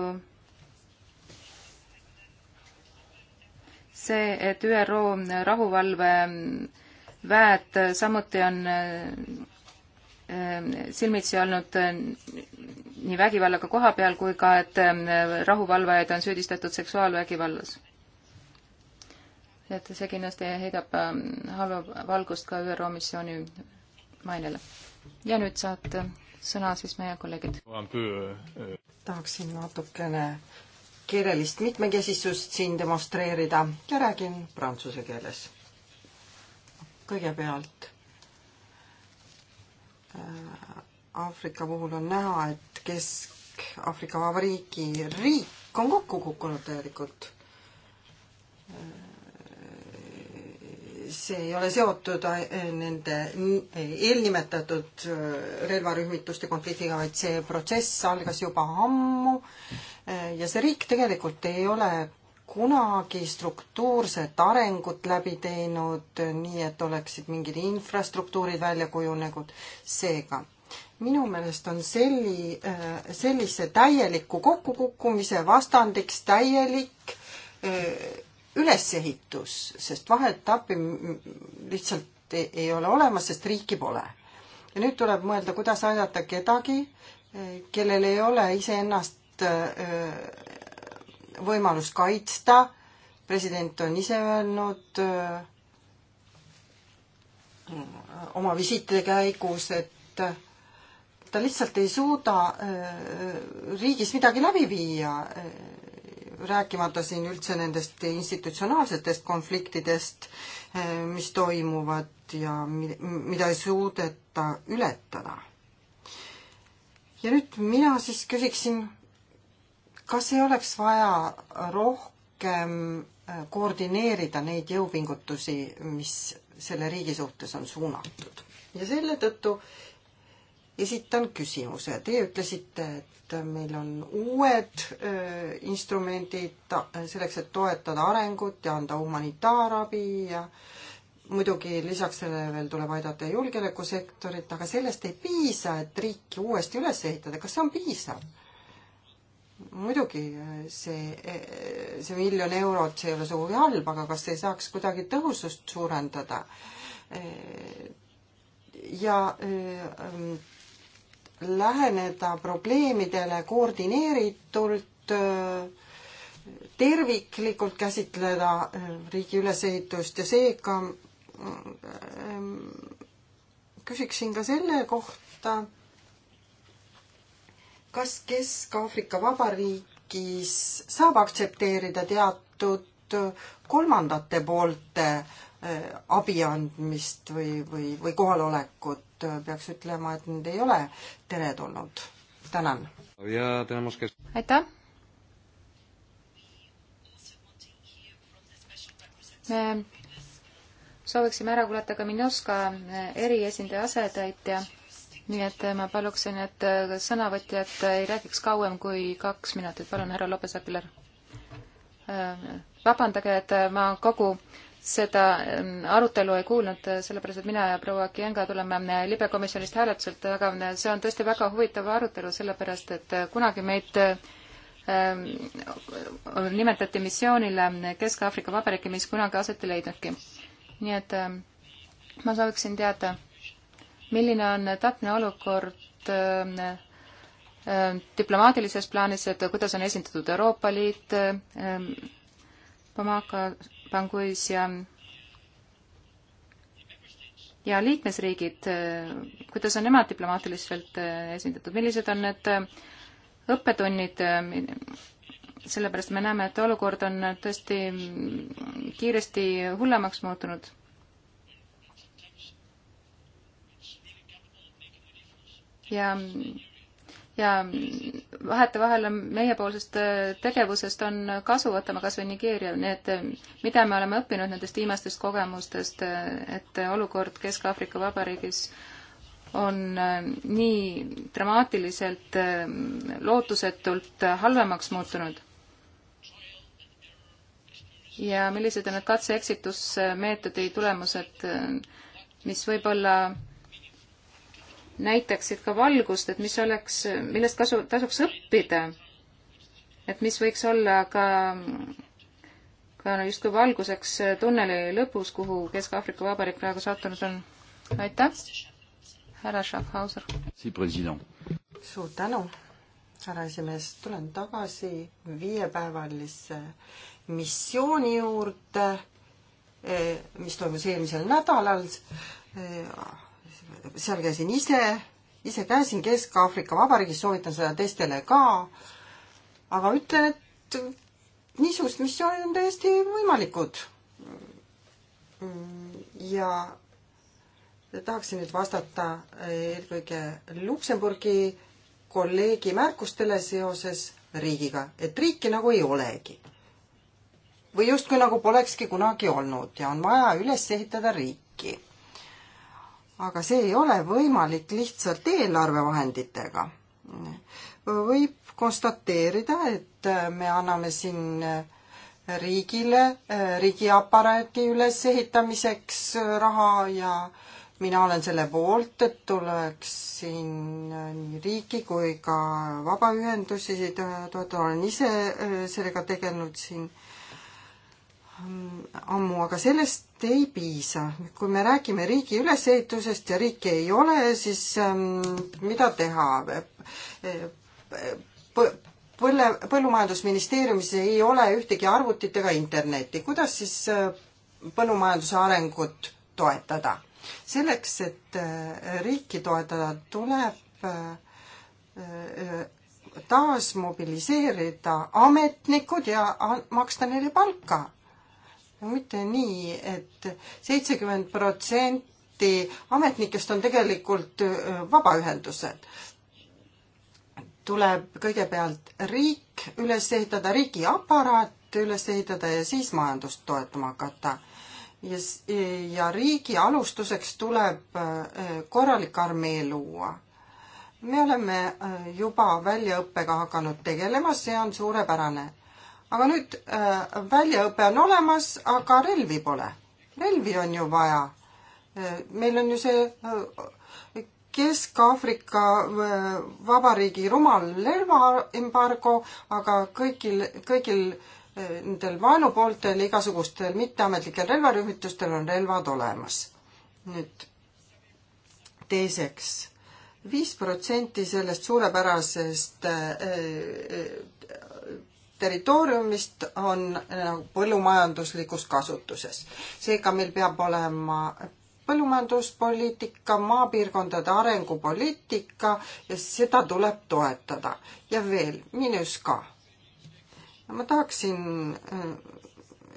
see, et ÜRO rahuvalveväed samuti on äh, silmitsi olnud nii vägivallaga koha peal kui ka, et ähm, rahuvalvajaid on süüdistatud seksuaalvägivallas. et see kindlasti heidab ähm, halba valgust ka ÜRO missiooni mainele. ja nüüd saad sõna siis meie kolleegid. Euh, euh, tahaksin natukene keelelist mitmekesisust siin demonstreerida ja räägin prantsuse keeles. kõigepealt äh, Aafrika puhul on näha, et Kesk-Aafrika Vabariigi riik on kokku kukkunud täielikult. see ei ole seotud nende eelnimetatud relvarühmituste konfliktiga, vaid see protsess algas juba ammu ja see riik tegelikult ei ole kunagi struktuurset arengut läbi teinud, nii et oleksid mingid infrastruktuurid välja kujunenud. seega minu meelest on selli, äh, sellise täieliku kokkukukkumise vastandiks täielik äh, ülesehitus, sest vaheetappi lihtsalt e, ei ole olemas, sest riiki pole. ja nüüd tuleb mõelda, kuidas aidata kedagi, äh, kellel ei ole iseennast võimalust kaitsta, president on ise öelnud oma visiitide käigus, et ta lihtsalt ei suuda äh, riigis midagi läbi viia, äh, rääkimata siin üldse nendest institutsionaalsetest konfliktidest, äh, mis toimuvad ja mida ei suudeta ületada. ja nüüd mina siis küsiksin, kas ei oleks vaja rohkem koordineerida neid jõupingutusi, mis selle riigi suhtes on suunatud ja selle tõttu äh, esitan küsimuse. Teie ütlesite, et meil on uued äh, instrumendid selleks, et toetada arengut ja anda humanitaarabi ja muidugi lisaks sellele veel tuleb aidata julgeolekusektorit, aga sellest ei piisa, et riiki uuesti üles ehitada. kas see on piisav? muidugi äh, see, äh, see miljon eurot, see ei ole sugugi halb, aga kas ei saaks kuidagi tõhusust suurendada? ja ähm, läheneda probleemidele koordineeritult, terviklikult käsitleda äh, riigi ülesehitust ja seega äh, küsiksin ka selle kohta, kas Kesk-Aafrika Vabariigis saab aktsepteerida teatud kolmandate poolte äh, Äh, abi andmist või, või, või kohalolekut, äh, peaks ütlema, et need ei ole teretulnud. tänan! aitäh! me sooviksime ära kuulata ka Minoska äh, eriesindaja asetäitja, nii et ma paluksin, et sõnavõtjad ei räägiks kauem kui kaks minutit. palun, härra Lopes-Apilar. vabandage, et ma kogu äh, seda ähm, arutelu ei kuulnud, äh, sellepärast et mina ja proua Kienga tuleme äh, libekomisjonist hääletuselt, aga äh, see on tõesti väga huvitav arutelu, sellepärast et kunagi meid ähm, nimetati missioonile Kesk-Aafrika Vabariiki, mis kunagi aset ei leidnudki. nii et ähm, ma sooviksin teada, milline on täpne olukord ähm, ähm diplomaatilises plaanis, et kuidas on esindatud Euroopa Liit, Pamaka ähm, Banguis ja ja liikmesriigid, kuidas on nemad diplomaatiliselt eh, esindatud, millised on need eh, õppetunnid, eh, sellepärast me näeme, et olukord on tõesti mm, kiiresti hullemaks muutunud. ja mm, ja vahetevahel meiepoolsest äh, tegevusest on kasu, võtame kas või Nigeeria, nii et äh, mida me oleme õppinud nendest viimastest kogemustest, äh, et olukord Kesk-Aafrika Vabariigis on nii dramaatiliselt lootusetult halvemaks muutunud? ja millised on need katse-eksitusmeetodi tulemused, mis võib-olla näitaksid ka valgust, et mis oleks, millest kasu, tasuks õppida. et mis võiks olla ka, ka no justkui valguseks tunneli lõpus, kuhu Kesk-Aafrika Vabariik praegu sattunud on. aitäh, härra Schaffhauser. suur tänu, härra esimees, tulen tagasi viiepäevalise missiooni juurde, eh, mis toimus eelmisel nädalal eh, seal käisin ise, ise käisin Kesk-Aafrika Vabariigis, soovitan seda teistele ka. aga ütlen, et niisugused missioonid on täiesti võimalikud. ja tahaksin nüüd vastata eelkõige Luksemburgi kolleegi märkustele seoses riigiga, et riiki nagu ei olegi. või justkui nagu polekski kunagi olnud ja on vaja üles ehitada riiki aga see ei ole võimalik lihtsalt eelarvevahenditega. võib konstateerida, et me anname siin riigile, riigiaparaadi ülesehitamiseks raha ja mina olen selle poolt, et tuleks siin nii riiki kui ka vabaühendusi toetada, olen ise sellega tegelenud siin ammu, aga sellest ei piisa. kui me räägime riigi ülesehitusest ja riiki ei ole, siis ähm, mida teha? põlle, põllumajandusministeeriumis ei ole ühtegi arvutit ega internetti. kuidas siis äh, põllumajanduse arengut toetada? selleks, et äh, riiki toetada, tuleb äh, taas mobiliseerida ametnikud ja maksta neile palka mitte nii et, et seitsekümmend protsenti ametnikest on tegelikult vabaühendused. tuleb kõigepealt riik üles ehitada, riigiaparaat üles ehitada ja siis majandust toetama hakata. ja, ja riigi alustuseks tuleb korralik armee luua me oleme juba väljaõppega hakanud tegelema, see on suurepärane aga nüüd äh, väljaõpe on olemas, aga relvi pole. relvi on ju vaja. Äh, meil on ju see äh, Kesk-Aafrika äh, Vabariigi rumal relvaembargo, aga kõigil, kõigil äh, nendel vaenupooltel, igasugustel mitteametlikel relvarühmitustel on relvad olemas. nüüd teiseks, viis protsenti sellest suurepärasest äh, äh, territooriumist on äh, põllumajanduslikus kasutuses. seega meil peab olema põllumajanduspoliitika, maapiirkondade arengupoliitika ja seda tuleb toetada. ja veel, miinus ka. ma tahaksin äh,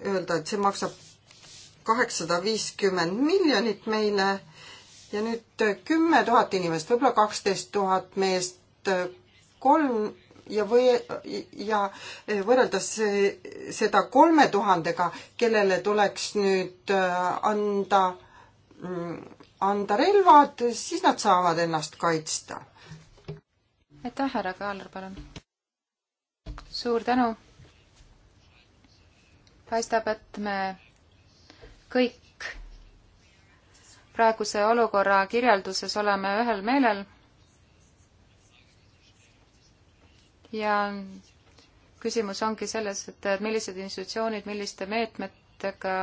öelda, et see maksab kaheksasada viiskümmend miljonit meile ja nüüd äh, kümme tuhat inimest, võib-olla kaksteist tuhat meest, kolm ja või, ja võrreldes seda kolme tuhandega, kellele tuleks nüüd äh, anda, mm, anda relvad, siis nad saavad ennast kaitsta. aitäh, härra Kaalar, palun. suur tänu. paistab, et me kõik praeguse olukorra kirjelduses oleme ühel meelel ja küsimus ongi selles, et millised institutsioonid milliste meetmetega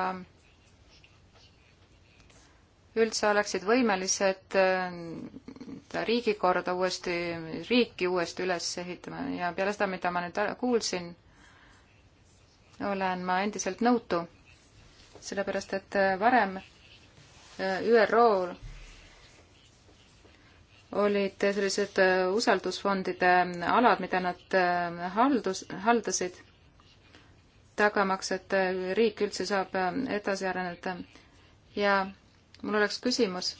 üldse oleksid võimelised äh, riigikorda uuesti, riiki uuesti üles ehitama ja peale seda, mida ma nüüd kuulsin, olen ma endiselt nõutu, sellepärast et äh, varem äh, ÜRO olid sellised äh, usaldusfondide alad, mida nad äh, haldus, haldasid, tagamaks, et äh, riik üldse saab edasi areneda. ja mul oleks küsimus,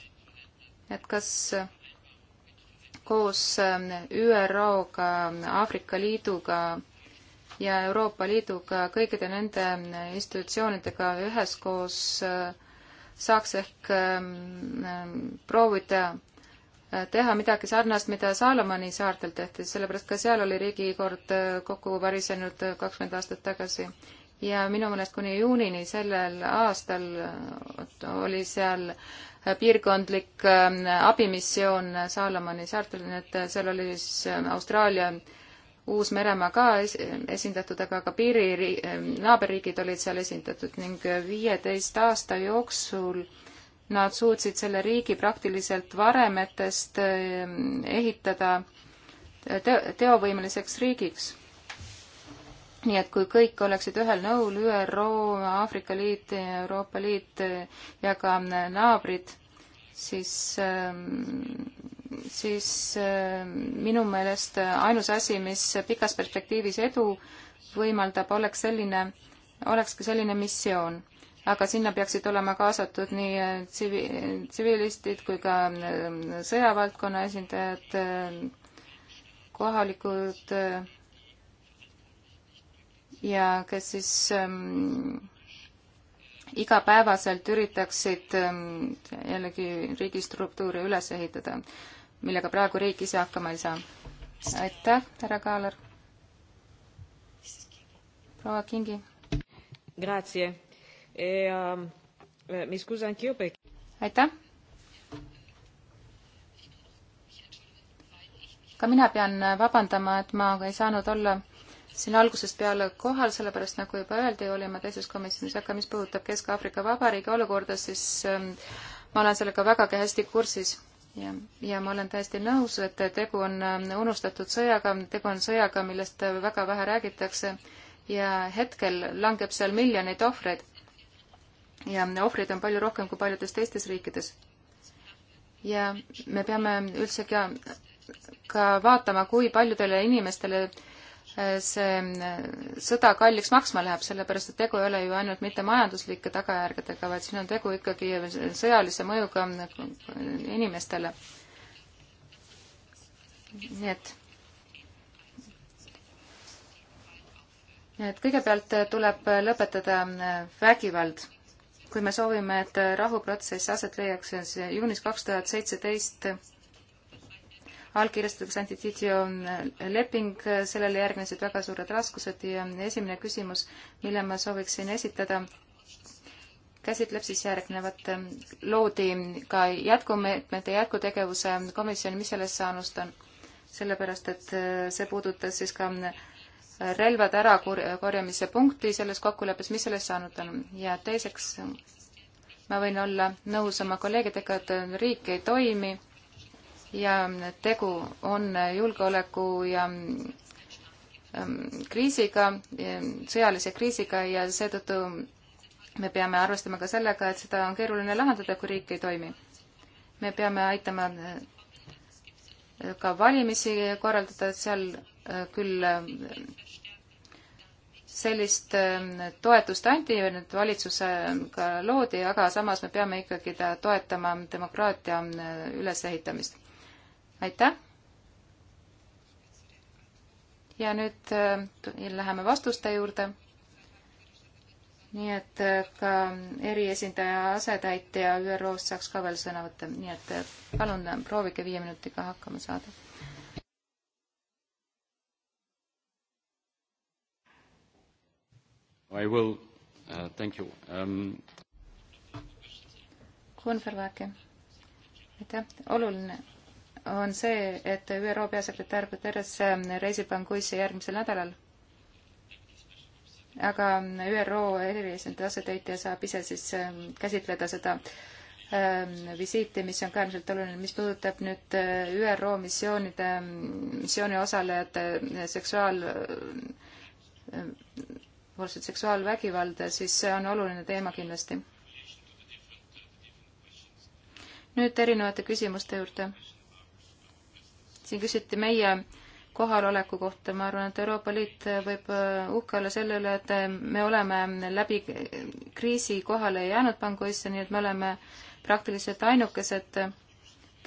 et kas koos ÜRO-ga, Aafrika Liiduga ja Euroopa Liiduga, kõikide nende institutsioonidega üheskoos saaks ehk ähm, proovida teha midagi sarnast, mida Saalomoni saartel tehti, sellepärast ka seal oli riigikord äh, kokku varisenud äh, kakskümmend aastat tagasi. ja minu meelest kuni juunini sellel aastal äh, oli seal piirkondlik abimissioon Saalomoni saartel, nii et seal oli siis Austraalia Uus-Meremaa ka esindatud, aga ka piiri, naaberriigid olid seal esindatud ning viieteist aasta jooksul äh, nad suutsid selle riigi praktiliselt varemetest ehm, ehitada te teovõimeliseks riigiks. nii et kui kõik oleksid ühel nõul, ÜRO, Aafrika Liit, Euroopa Liit ja ka naabrid, siis, ehm, siis ehm, minu meelest ainus asi, mis pikas perspektiivis edu võimaldab, oleks selline, olekski selline missioon aga sinna peaksid olema kaasatud nii äh, tsivi-, tsivilistid kui ka äh, sõjavaldkonna esindajad, äh, kohalikud ja kes siis ähm, igapäevaselt üritaksid ähm, jällegi riigistruktuuri üles ehitada, millega praegu riik ise hakkama ei saa. aitäh, härra Kaalar. proua Kingi. Grazie mi scuso anch'io perché... aitäh! ka mina pean vabandama, et ma ei saanud olla siin algusest peale kohal, sellepärast nagu juba öeldi, olin ma teises komisjonis, aga mis puudutab Kesk-Aafrika Vabariigi olukorda, siis ähm, ma olen sellega vägagi hästi kursis ja, ja ma olen täiesti nõus, et tegu on ähm, unustatud sõjaga, tegu on sõjaga, millest väga vähe räägitakse ja hetkel langeb seal miljoneid ohvreid ja ohvreid on palju rohkem kui paljudes teistes riikides. ja me peame üldse ka, ka vaatama, kui paljudele inimestele äh, see äh, sõda kalliks maksma läheb, sellepärast et tegu ei ole ju ainult mitte majanduslike tagajärgedega, vaid siin on tegu ikkagi sõjalise mõjuga inimestele. nii et et kõigepealt tuleb lõpetada äh, vägivald kui me soovime, et rahuprotsess aset leiaks, siis juunis kaks tuhat seitseteist allkirjastatakse Antititio leping, sellele järgnesid väga suured raskused ja esimene küsimus, mille ma sooviksin esitada, käsitleb siis järgnevat. loodi ka jätkumeetmete, jätkutegevuse komisjon, mis sellest saanud on? sellepärast, et see puudutas siis ka relvade ärakorjamise punkti selles kokkuleppes, mis sellest saanud on. ja teiseks, ma võin olla nõus oma kolleegidega, et riik ei toimi ja tegu on julgeoleku ja ähm, kriisiga, sõjalise kriisiga ja seetõttu me peame arvestama ka sellega, et seda on keeruline lahendada, kui riik ei toimi. me peame aitama ka valimisi korraldada, et seal äh, küll äh, sellist äh, toetust anti, nüüd valitsus ka loodi, aga samas me peame ikkagi toetama demokraatia ülesehitamist. aitäh! ja nüüd läheme vastuste juurde nii et äh, ka eriesindaja asetäitja ÜRO-st saaks ka veel sõna võtta, nii et äh, palun äh, proovige viie minutiga hakkama saada. I will uh,, thank you um.... Kunferväki, aitäh, oluline on see, et ÜRO peasekretär Guterres reisib Anguisse järgmisel nädalal aga ÜRO eriesindaja asetäitja saab ise siis ähm, käsitleda seda ähm, visiiti, mis on ka äärmiselt oluline, mis puudutab nüüd äh, ÜRO missioonide, missiooni osalejate äh, seksuaal, võrdselt äh, seksuaalvägivalda, siis see on oluline teema kindlasti. nüüd erinevate küsimuste juurde. siin küsiti meie äh, kohaloleku kohta, ma arvan, et Euroopa Liit võib äh, uhke olla selle üle, et äh, me oleme läbi kriisi kohale jäänud panguisse, nii et me oleme praktiliselt ainukesed,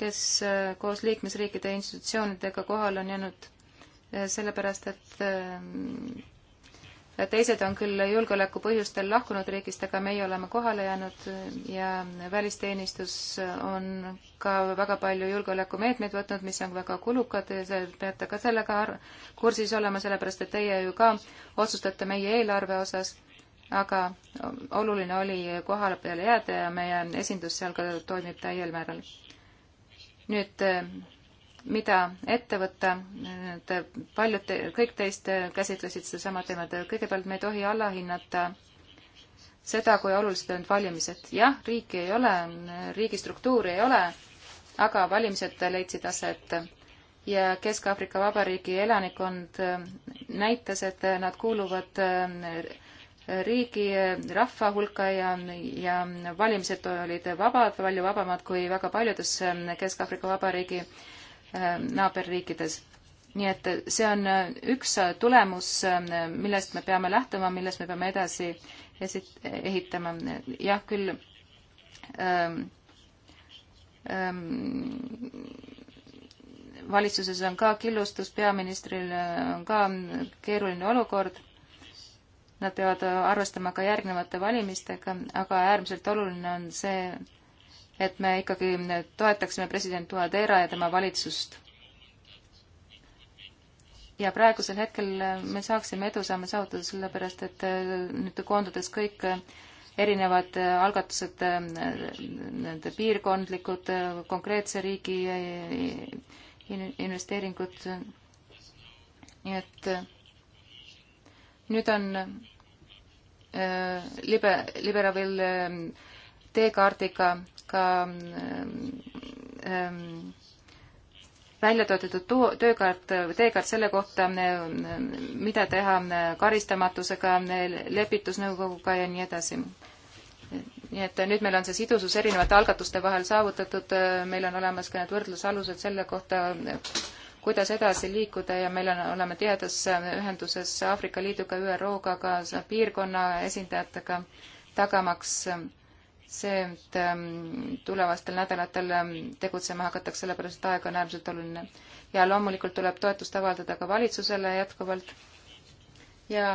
kes äh, koos liikmesriikide institutsioonidega kohale on jäänud, sellepärast et teised on küll julgeoleku põhjustel lahkunud riigist, aga meie oleme kohale jäänud ja välisteenistus on ka väga palju julgeolekumeetmeid võtnud, mis on väga kulukad ja te peate ka sellega kursis olema, sellepärast et teie ju ka otsustate meie eelarve osas, aga oluline oli kohale peale jääda ja meie esindus seal ka toimib täiel määral. nüüd mida ette võtta, et paljud te,, kõik teist käsitlesid sedasama teemat, kõigepealt me ei tohi allahinnata seda, kui olulised on valimised. jah, riiki ei ole, riigistruktuuri ei ole, aga valimised leidsid aset ja Kesk-Aafrika Vabariigi elanikkond näitas, et nad kuuluvad äh, riigi äh, rahva hulka ja, ja valimised olid vabad, palju vabamad kui väga paljudes äh, Kesk-Aafrika Vabariigi äh, Ähm, naaberriikides. nii et see on äh, üks äh, tulemus, ähm, millest me peame lähtuma, millest me peame edasi esit-, ehitama. jah, küll ähm, ähm, valitsuses on ka killustus, peaministril äh, on ka mm, keeruline olukord. Nad peavad arvestama ka järgnevate valimistega, aga äärmiselt oluline on see, et me ikkagi toetaksime president Duadera ja tema valitsust. ja praegusel hetkel me saaksime edusamme saavutada sellepärast, et eh, nüüd koondades kõik eh, erinevad eh, algatused, nende piirkondlikud, konkreetse riigi investeeringud, nii et nüüd on libe, liberavil teekaardiga ka ähm, ähm välja toodud töökaart, teekaart selle kohta, ähm, mida teha ähm, karistamatusega, lepitusnõukoguga ja nii edasi. nii et nüüd meil on see sidusus erinevate algatuste vahel saavutatud, äh, meil on olemas ka need võrdlusalused selle kohta, äh, kuidas edasi liikuda ja meil on, oleme tihedas äh, ühenduses Aafrika Liiduga, ÜRO-ga, ka piirkonna esindajatega, tagamaks see, et ähm, tulevastel nädalatel ähm, tegutsema hakatakse, sellepärast et aeg on äärmiselt oluline. ja loomulikult tuleb toetust avaldada ka valitsusele jätkuvalt ja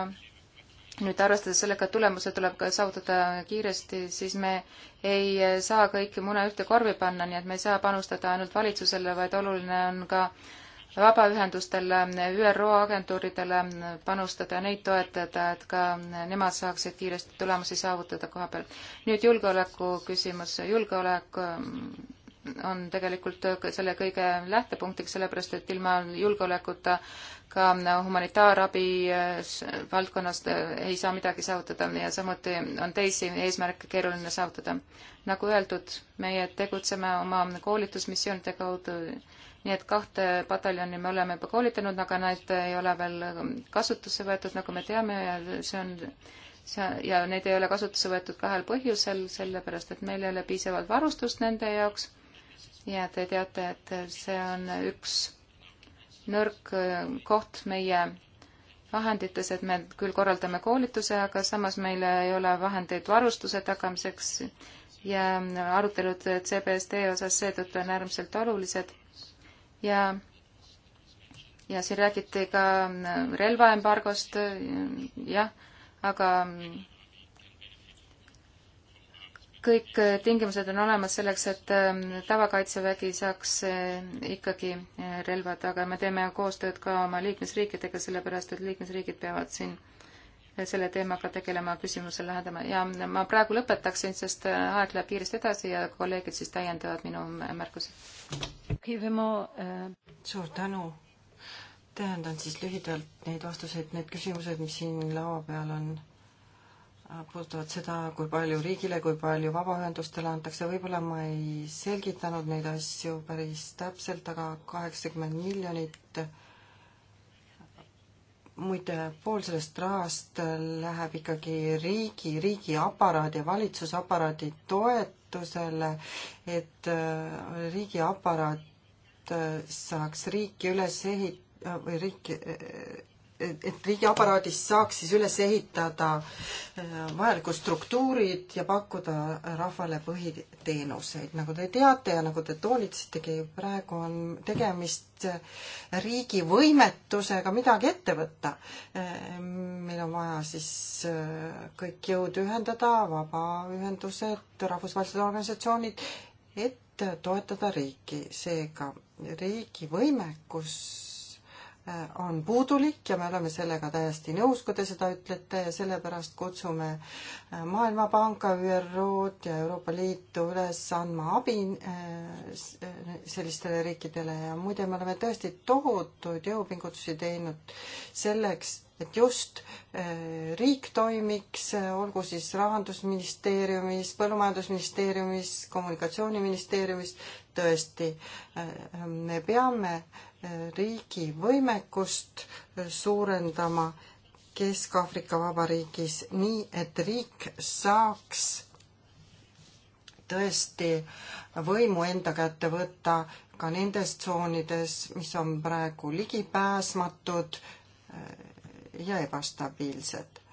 nüüd arvestades sellega, et tulemused tuleb ka saavutada kiiresti, siis me ei saa kõiki mune ühte korvi panna, nii et me ei saa panustada ainult valitsusele, vaid oluline on ka äh, vabaühendustele, ÜRO agentuuridele panustada ja neid toetada, et ka nemad saaksid kiiresti tulemusi saavutada koha peal. nüüd julgeoleku küsimus, julgeolek mm, on tegelikult selle kõige lähtepunktiks, sellepärast et ilma julgeolekuta ka humanitaarabi valdkonnas ei saa midagi saavutada ja samuti on teisi eesmärke keeruline saavutada. nagu öeldud, meie tegutseme oma koolitusmissioonide kaudu nii et kahte pataljoni me oleme juba koolitanud, aga neid ei ole veel kasutusse võetud, nagu me teame ja see on see ja neid ei ole kasutusse võetud kahel põhjusel, sellepärast et meil ei ole piisavalt varustust nende jaoks ja te teate, et see on üks nõrk koht meie vahendites, et me küll korraldame koolituse, aga samas meil ei ole vahendeid varustuse tagamiseks ja arutelud CBSD osas seetõttu on äärmiselt olulised ja, ja siin räägiti ka äh, relvaembargost, äh, jah, aga mm, kõik äh, tingimused on olemas selleks, et ähm, tavakaitsevägi saaks ikkagi relvad, aga me teeme koostööd ka oma liikmesriikidega, sellepärast et liikmesriigid peavad siin äh, selle teemaga tegelema, küsimuse lahendama ja ma praegu lõpetaksin, sest aeg läheb kiiresti edasi ja kolleegid siis täiendavad minu märkusi. Uh, suur tänu. tähendan siis lühidalt neid vastuseid, need küsimused, mis siin laua peal on, äh, puudutavad seda, kui palju riigile, kui palju vabaühendustele antakse, võib-olla ma ei selgitanud neid asju päris täpselt, aga kaheksakümmend miljonit muide, pool sellest rahast läheb ikkagi riigi, riigiaparaadi ja valitsusaparaadi toetusele, et äh, riigiaparaat äh, saaks riiki üles ehit- või riiki äh, et riigiaparaadis saaks siis üles ehitada äh, vajalikud struktuurid ja pakkuda rahvale põhiteenuseid. nagu te teate ja nagu te toonitasitegi, praegu on tegemist äh, riigi võimetusega midagi ette võtta. Äh, meil on vaja siis kõik jõud ühendada, vabaühendused, rahvusvahelised organisatsioonid, et toetada riiki. seega riigi võimekus Äh, on puudulik ja me oleme sellega täiesti nõus, kui te seda ütlete ja sellepärast kutsume äh, Maailmapanka, ÜRO-d ja Euroopa Liitu üles andma abi äh, sellistele riikidele ja muide, me oleme tõesti tohutuid jõupingutusi teinud selleks, et just riik toimiks, olgu siis Rahandusministeeriumis, Põllumajandusministeeriumis, Kommunikatsiooniministeeriumis, tõesti, me peame riigi võimekust suurendama Kesk-Aafrika Vabariigis nii, et riik saaks tõesti võimu enda kätte võtta ka nendes tsoonides, mis on praegu ligipääsmatud ja ebastabiilsed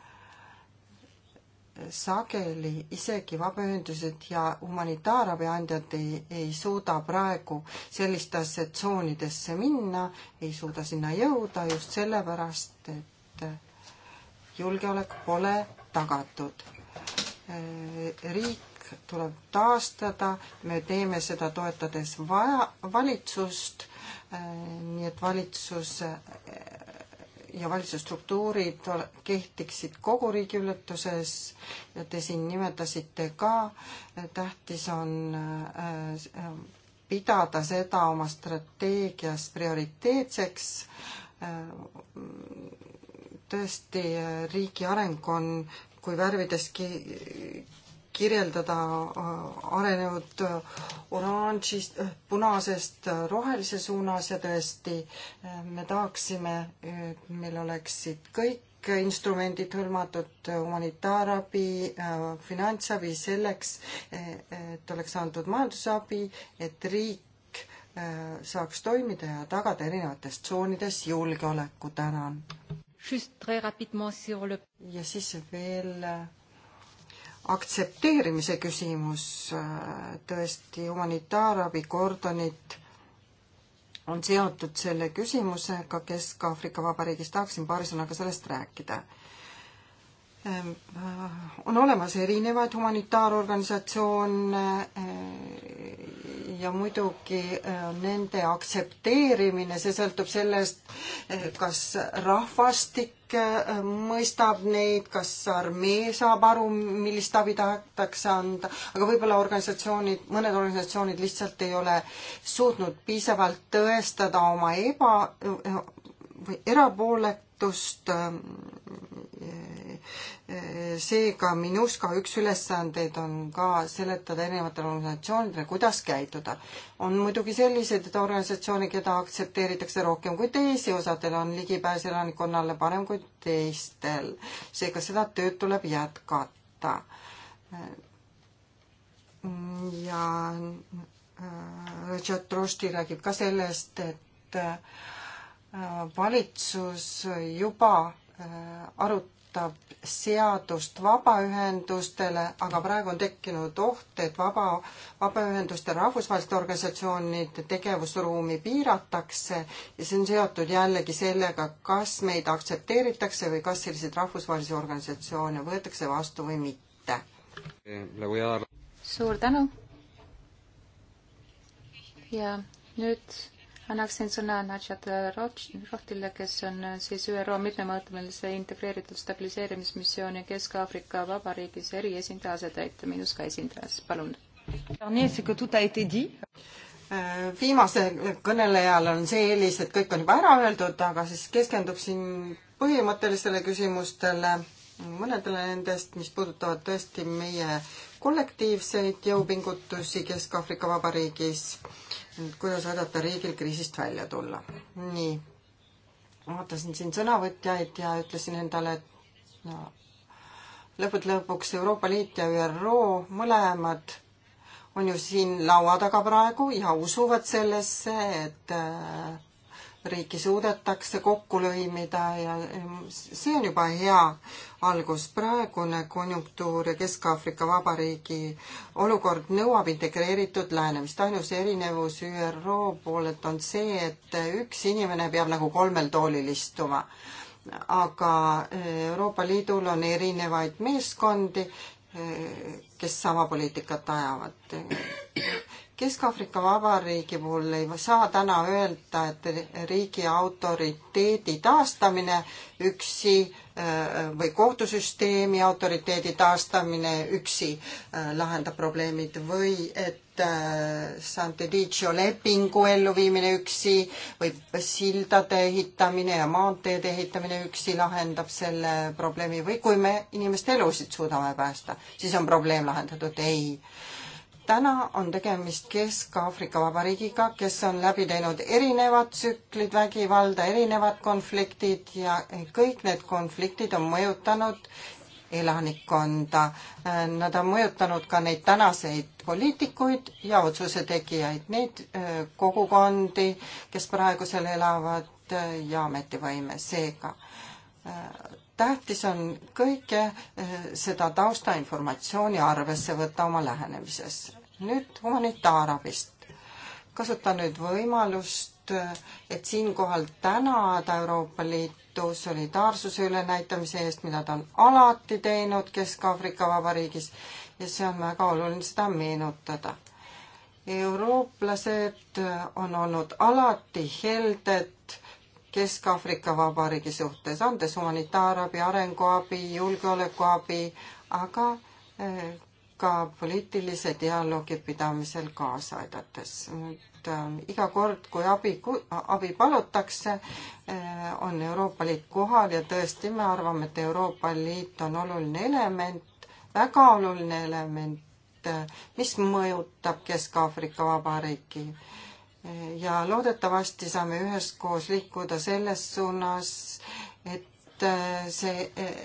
sageli isegi vabaühendused ja humanitaarabi andjad ei, ei suuda praegu sellistesse tsoonidesse minna, ei suuda sinna jõuda just sellepärast, et julgeolek pole tagatud. riik tuleb taastada, me teeme seda toetades vaja, valitsust, nii et valitsus ja valitsusstruktuurid kehtiksid kogu riigi ulatuses ja te siin nimetasite ka, tähtis on äh, pidada seda oma strateegias prioriteetseks. Äh, tõesti, riigi areng on kui värvides ki-, kirjeldada äh, arenenud äh, oranžist, äh, punasest rohelise suunas ja tõesti me tahaksime, et meil oleksid kõik instrumendid hõlmatud, humanitaarabi, finantsabi selleks, e, et oleks antud majandusabi, et riik saaks toimida ja tagada erinevates tsoonides julgeoleku. tänan. ja siis veel aktsepteerimise küsimus, tõesti humanitaarabikordonid on seotud selle küsimusega Kesk-Aafrika Vabariigis, tahaksin paari sõnaga sellest rääkida. Ehm, äh, on olemas erinevaid humanitaarorganisatsioone eh, ja muidugi äh, nende aktsepteerimine, see sõltub sellest, äh, kas rahvastik äh, mõistab neid, kas armee saab aru, millist abi tahetakse anda, aga võib-olla organisatsioonid, mõned organisatsioonid lihtsalt ei ole suutnud piisavalt tõestada oma eba, või erapooletust seega Minuska üks ülesandeid on ka seletada erinevatele organisatsioonidele, kuidas käituda. on muidugi selliseid organisatsioone, keda aktsepteeritakse rohkem kui teisi, osadel on ligipääs elanikkonnale parem kui teistel. seega seda tööd tuleb jätkata. ja äh, Richard Trosti räägib ka sellest, et äh, valitsus juba äh, arut-, puudutab seadust vabaühendustele, aga praegu on tekkinud oht, et vaba, vabaühenduste rahvusvaheliste organisatsioonide tegevusruumi piiratakse ja see on seotud jällegi sellega, kas meid aktsepteeritakse või kas selliseid rahvusvahelisi organisatsioone võetakse vastu või mitte. suur tänu! ja nüüd annaksin sõna Nadjad Rohtile, kes on siis ÜRO mitmemõõtmelise integreeritud stabiliseerimismissiooni Kesk-Aafrika Vabariigis eriesindaja asetäitja, minus ka esindajas, palun. viimasel kõnelejal on see eelis, et kõik on juba ära öeldud, aga siis keskenduksin põhimõttelistele küsimustele, mõnedele nendest, mis puudutavad tõesti meie kollektiivseid jõupingutusi Kesk-Aafrika Vabariigis kuidas aidata riigil kriisist välja tulla. nii, vaatasin siin sõnavõtjaid ja ütlesin endale, et no lõppude lõpuks Euroopa Liit ja ÜRO mõlemad on ju siin laua taga praegu ja usuvad sellesse, et äh, riiki suudetakse kokku lõimida ja see on juba hea algus. praegune konjunktuur ja Kesk-Aafrika Vabariigi olukord nõuab integreeritud lähenemist. ainus erinevus ÜRO poolelt on see, et üks inimene peab nagu kolmel toolil istuma aga Euroopa Liidul on erinevaid meeskondi, kes sama poliitikat ajavad. Kesk-Aafrika Vabariigi puhul ei saa täna öelda, et riigi autoriteedi taastamine üksi äh, või kohtusüsteemi autoriteedi taastamine üksi äh, lahendab probleemid või et äh, Santelicio lepingu elluviimine üksi või sildade ehitamine ja maanteede ehitamine üksi lahendab selle probleemi või kui me inimeste elusid suudame päästa, siis on probleem lahendatud. ei täna on tegemist Kesk-Aafrika Vabariigiga, kes on läbi teinud erinevad tsüklid vägivalda, erinevad konfliktid ja kõik need konfliktid on mõjutanud elanikkonda. Nad on mõjutanud ka neid tänaseid poliitikuid ja otsuse tegijaid, neid eh, kogukondi, kes praegusel elavad eh, ja ametivõime. seega eh, tähtis on kõike seda taustainformatsiooni arvesse võtta oma lähenemises nüüd humanitaarabist. kasutan nüüd võimalust, et siinkohal tänada Euroopa Liitu solidaarsuse ülenäitamise eest, mida ta on alati teinud Kesk-Aafrika Vabariigis ja see on väga oluline seda meenutada. eurooplased on olnud alati helded Kesk-Aafrika Vabariigi suhtes, andes humanitaarabi, arenguabi, julgeolekuabi, aga eh, ka poliitilise dialoogi pidamisel kaasa aidates. nüüd äh, iga kord, kui abi, abi palutakse äh,, on Euroopa Liit kohal ja tõesti, me arvame, et Euroopa Liit on oluline element, väga oluline element äh,, mis mõjutab Kesk-Aafrika Vabariiki äh, ja loodetavasti saame üheskoos liikuda selles suunas, et et eh, see, eh,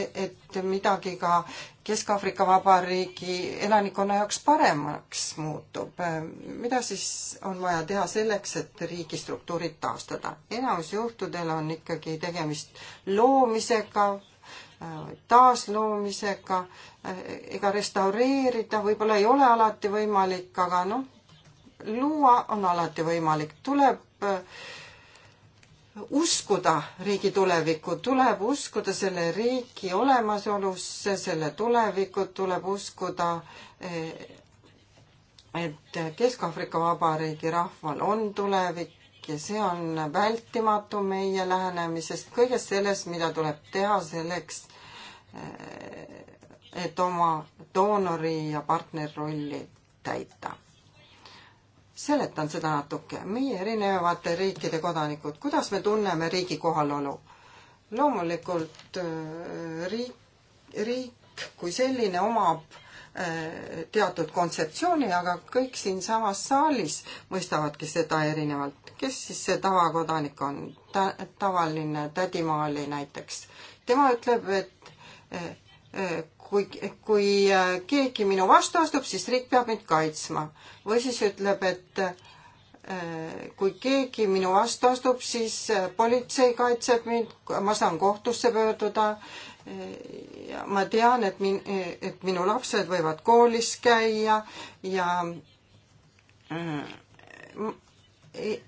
eh, et midagi ka Kesk-Aafrika Vabariigi elanikkonna jaoks paremaks muutub. mida siis on vaja teha selleks, et riigi struktuurid taastada? enamus juhtudel on ikkagi tegemist loomisega, taasloomisega, ega restaureerida võib-olla ei ole alati võimalik, aga noh, luua on alati võimalik, tuleb äh, uskuda riigi tulevikku, tuleb uskuda selle riigi olemasolusse, selle tulevikku, tuleb uskuda, eh, et Kesk-Aafrika Vabariigi rahval on tulevik ja see on vältimatu meie lähenemisest, kõigest sellest, mida tuleb teha selleks, eh, et oma doonori ja partnerrolli täita seletan seda natuke. meie erinevate riikide kodanikud, kuidas me tunneme riigi kohalolu? loomulikult äh, riik, riik kui selline omab äh, teatud kontseptsiooni, aga kõik siinsamas saalis mõistavadki seda erinevalt. kes siis see tavakodanik on Ta,? tavaline tädi Maali näiteks. tema ütleb, et äh, kui, kui äh, keegi minu vastu astub, siis riik peab mind kaitsma. või siis ütleb, et äh, kui keegi minu vastu astub, siis äh, politsei kaitseb mind, ma saan kohtusse pöörduda. ma tean, et min-, et minu lapsed võivad koolis käia ja e-,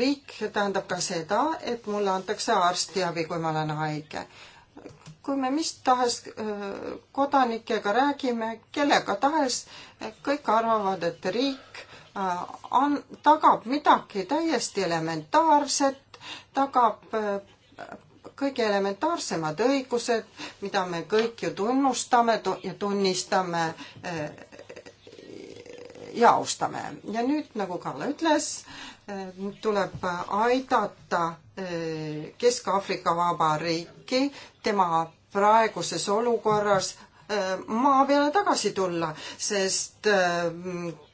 riik tähendab ka seda, et mulle antakse arstiabi, kui ma olen haige kui me mis tahes kodanikega räägime, kellega tahes, kõik arvavad, et riik on, tagab midagi täiesti elementaarset, tagab kõige elementaarsemad õigused, mida me kõik ju tunnustame ja tunnistame ja austame. ja nüüd, nagu Kalle ütles, tuleb aidata eh, Kesk-Aafrika Vabariiki tema praeguses olukorras eh, maa peale tagasi tulla, sest eh,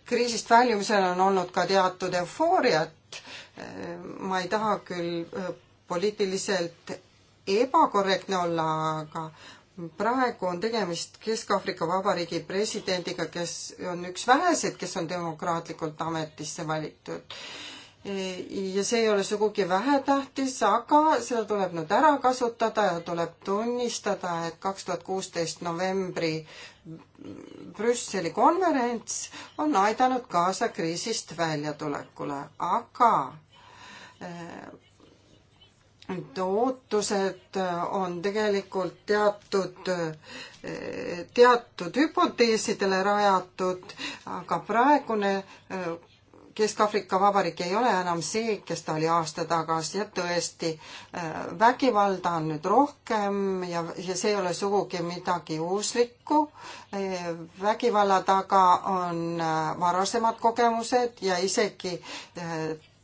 kriisist väljumisel on olnud ka teatud eufooriat. ma ei taha küll poliitiliselt ebakorrektne olla, aga praegu on tegemist Kesk-Aafrika Vabariigi presidendiga, kes on üks väheseid, kes on demokraatlikult ametisse valitud ja see ei ole sugugi vähetähtis, aga seda tuleb nüüd ära kasutada ja tuleb tunnistada, et kaks tuhat kuusteist novembri Brüsseli konverents on aidanud kaasa kriisist väljatulekule, aga et eh, ootused on tegelikult teatud, eh, teatud hüpoteesidele rajatud, aga praegune eh, Kesk-Aafrika Vabariik ei ole enam see, kes ta oli aasta tagasi ja tõesti, äh, vägivalda on nüüd rohkem ja, ja see ei ole sugugi midagi uuslikku. Äh, vägivalla taga on äh, varasemad kogemused ja isegi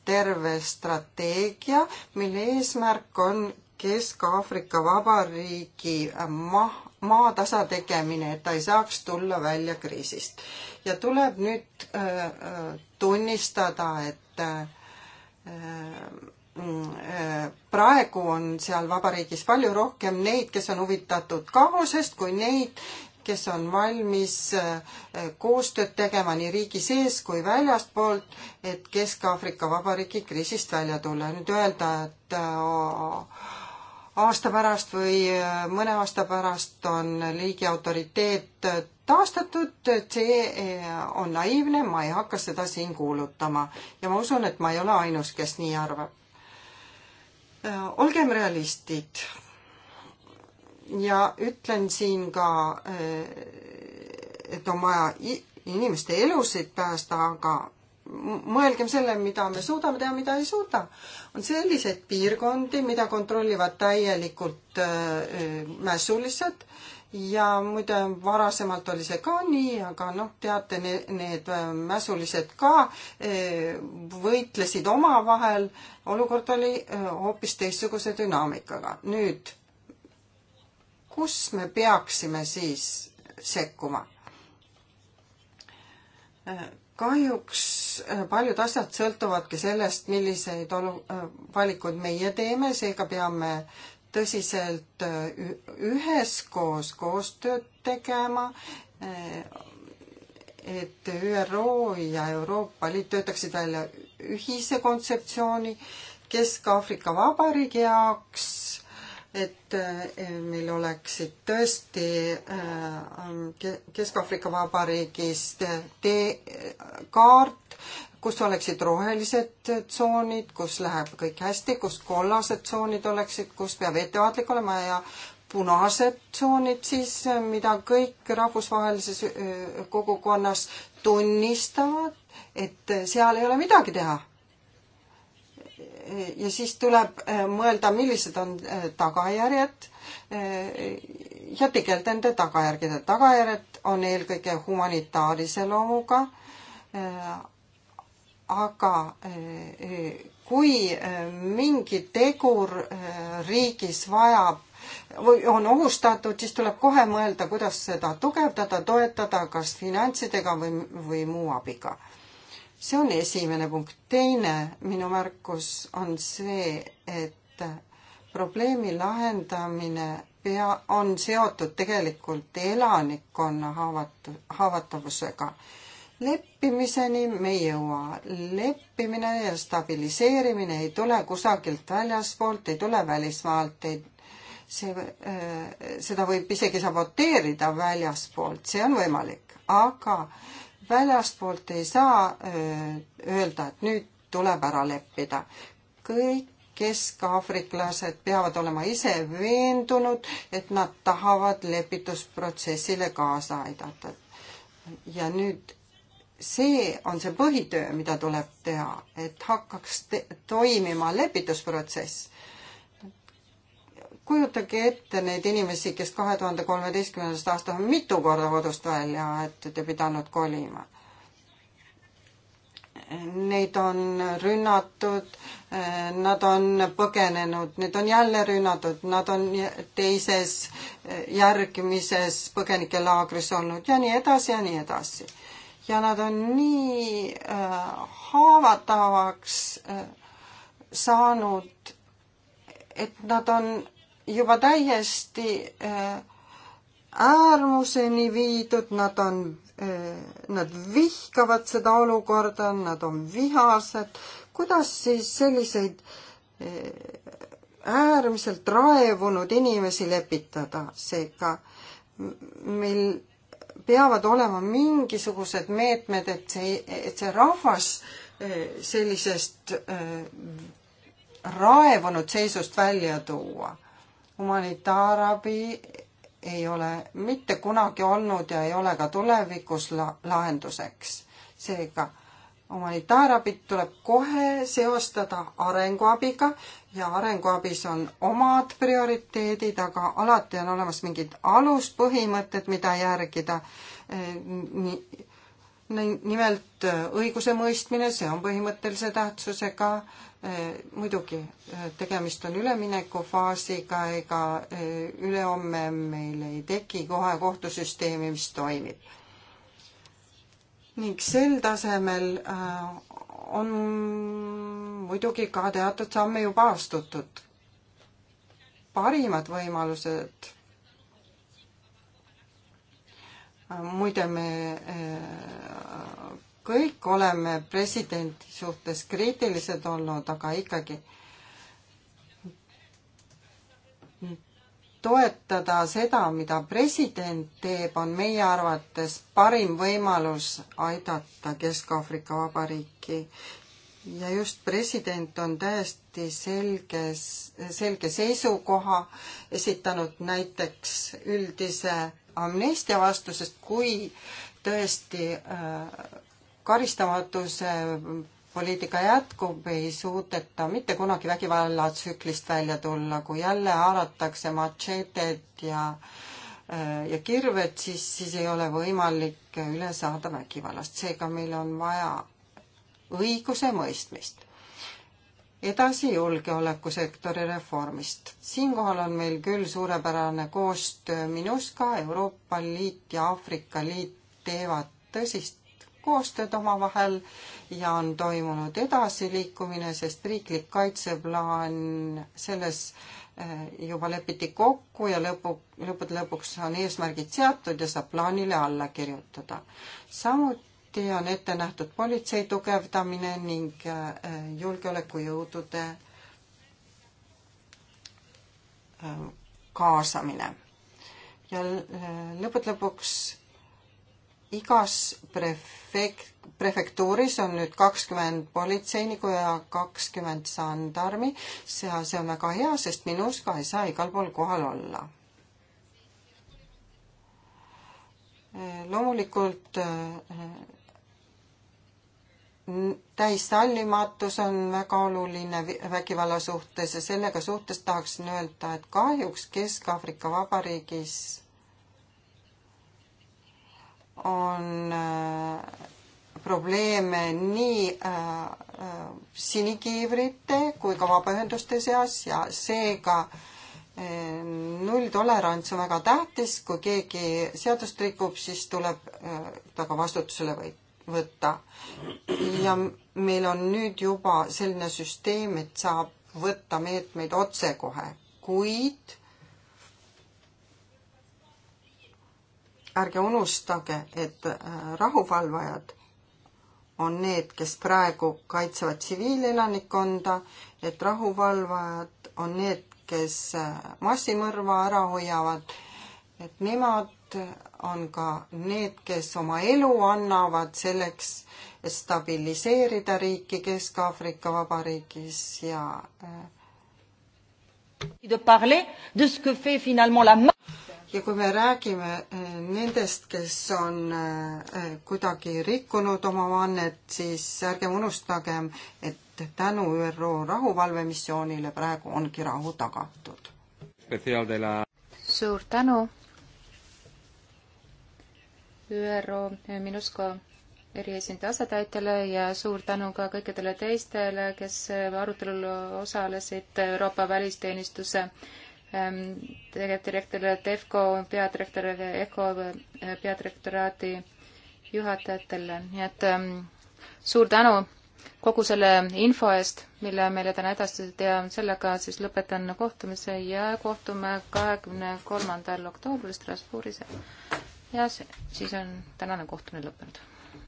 terve strateegia, mille eesmärk on Kesk-Aafrika Vabariigi maha maatasa tegemine, et ta ei saaks tulla välja kriisist. ja tuleb nüüd äh, tunnistada, et äh, äh, praegu on seal vabariigis palju rohkem neid, kes on huvitatud kaosest, kui neid, kes on valmis äh, koostööd tegema nii riigi sees kui väljastpoolt, et Kesk-Aafrika Vabariigi kriisist välja tulla. nüüd öelda, et aasta pärast või mõne aasta pärast on liigi autoriteet taastatud, see eh, on naiivne, ma ei hakka seda siin kuulutama ja ma usun, et ma ei ole ainus, kes nii arvab. Eh, olgem realistid. ja ütlen siin ka, eh, et on vaja inimeste elusid päästa, aga mõelgem selle, mida me suudame teha, mida ei suuda. on selliseid piirkondi, mida kontrollivad täielikult mässulised ja muide, varasemalt oli see ka nii, aga noh, teate, need äh, mässulised ka äh, võitlesid omavahel, olukord oli äh, hoopis teistsuguse dünaamikaga. nüüd, kus me peaksime siis sekkuma? kahjuks paljud asjad sõltuvadki sellest, milliseid olu-, valikuid meie teeme, seega peame tõsiselt äh, üheskoos koostööd tegema, äh, et ÜRO ja Euroopa Liit töötaksid välja ühise kontseptsiooni Kesk-Aafrika Vabariigi jaoks, et äh, meil oleksid tõesti Kesk-Aafrika Vabariigist kaart, kus oleksid rohelised tsoonid, kus läheb kõik hästi, kus kollased tsoonid oleksid, kus peab ettevaatlik olema ja punased tsoonid siis, mida kõik rahvusvahelises kogukonnas tunnistavad, et seal ei ole midagi teha. ja siis tuleb äh, mõelda, millised on äh, tagajärjed äh, ja tegeleda nende tagajärgede. tagajärjed on eelkõige humanitaarise loomuga aga eh, eh, kui eh, mingi tegur riigis vajab või on ohustatud, siis tuleb kohe mõelda, kuidas seda tugevdada, toetada, kas finantsidega või, või muu abiga. see on esimene punkt. teine minu märkus on see, et probleemi lahendamine pea, on seotud tegelikult elanikkonna haavatu, haavatavusega leppimiseni me ei jõua. leppimine ja stabiliseerimine ei tule kusagilt väljaspoolt, ei tule välismaalt, ei, see, äh, seda võib isegi saboteerida väljaspoolt, see on võimalik, aga väljaspoolt ei saa äh, öelda, et nüüd tuleb ära leppida. kõik keskaafriklased peavad olema ise veendunud, et nad tahavad lepitusprotsessile kaasa aidata. ja nüüd see on see põhitöö, mida tuleb teha, et hakkaks te toimima lepitusprotsess. kujutage ette neid inimesi, kes kahe tuhande kolmeteistkümnendast aastast on mitu korda kodust välja aetud ja pidanud kolima. Neid on rünnatud, nad on põgenenud, nüüd on jälle rünnatud, nad on teises järgmises põgenikelaagris olnud ja nii edasi ja nii edasi ja nad on nii äh, haavatavaks äh, saanud, et nad on juba täiesti äh, äärmuseni viidud, nad on äh,, nad vihkavad seda olukorda, nad on vihased. kuidas siis selliseid äh, äärmiselt raevunud inimesi lepitada, seega meil peavad olema mingisugused meetmed, et see, et see rahvas eh, sellisest eh, raevunud seisust välja tuua. humanitaarabi ei ole mitte kunagi olnud ja ei ole ka tulevikus la-, lahenduseks. seega humanitaarabid tuleb kohe seostada arenguabiga ja arenguabis on omad prioriteedid, aga alati on olemas mingid aluspõhimõtted, mida järgida. nimelt õigusemõistmine, see on põhimõttelise tähtsusega. muidugi tegemist on üleminekufaasiga, ega ülehomme meil ei teki kohe kohtusüsteemi, mis toimib ning sel tasemel äh, on muidugi ka teatud samme juba astutud. parimad võimalused äh, muide, me äh, kõik oleme presidendi suhtes kriitilised olnud, aga ikkagi äh, toetada seda, mida president teeb, on meie arvates parim võimalus aidata Kesk-Aafrika Vabariiki. ja just president on täiesti selges, selge seisukoha esitanud näiteks üldise amnestia vastu, sest kui tõesti äh, karistamatuse poliitika jätkub, ei suudeta mitte kunagi vägivallatsüklist välja tulla, kui jälle haaratakse matšeeted ja äh, ja kirved, siis, siis ei ole võimalik üle saada vägivallast, seega meil on vaja õigusemõistmist. edasi julgeolekusektori reformist. siinkohal on meil küll suurepärane koostöö MINUSCA, Euroopa Liit ja Aafrika Liit teevad tõsist koostööd omavahel ja on toimunud edasiliikumine, sest riiklik kaitseplaan selles eh, juba lepiti kokku ja lõpu, lõppude lõpuks on eesmärgid seatud ja saab plaanile alla kirjutada. samuti on ette nähtud politsei tugevdamine ning eh, julgeolekujõudude eh, kaasamine. ja lõppude lõpuks igas prefekt, prefektuuris on nüüd kakskümmend politseinikku ja kakskümmend sandarmi. see, see on väga hea, sest Minuska ei saa igal pool kohal olla. loomulikult äh, täissallimatus on väga oluline vägivalla suhtes ja sellega suhtes tahaksin öelda, et kahjuks Kesk-Aafrika Vabariigis on äh, probleeme nii äh, äh, sinikiivrite kui ka vabaühenduste seas ja seega nulltolerants on väga tähtis, kui keegi seadust rikub, siis tuleb ta ka vastutusele võita võtta. ja meil on nüüd juba selline süsteem, et saab võtta meetmeid otsekohe, kuid ärge unustage, et äh, rahuvalvajad on need, kes praegu kaitsevad tsiviilelanikkonda, et rahuvalvajad on need, kes äh, massimõrva ära hoiavad, et nemad on ka need, kes oma elu annavad selleks, et stabiliseerida riiki Kesk-Aafrika Vabariigis ja äh, de parler de ce que fait finalement la ja kui me räägime eh, nendest, kes on eh, kuidagi rikkunud oma vannet, siis ärgem unustagem, et tänu ÜRO rahuvalvemissioonile praegu ongi rahu tagatud. suur tänu ÜRO Minusko eriesindaja asetäitjale ja suur tänu ka kõikidele teistele, kes arutelul osalesid Euroopa välisteenistuse äh, Ähm, tegevdirektorile, TEFCO peadirektorile, ECO äh, peadirektoraadi juhatajatele, nii et ähm, suur tänu kogu selle info eest, mille meile täna edastasite ja sellega siis lõpetan kohtumise ja kohtume kahekümne kolmandal oktoobril Strasbourgis. ja see, siis on tänane kohtumine lõppenud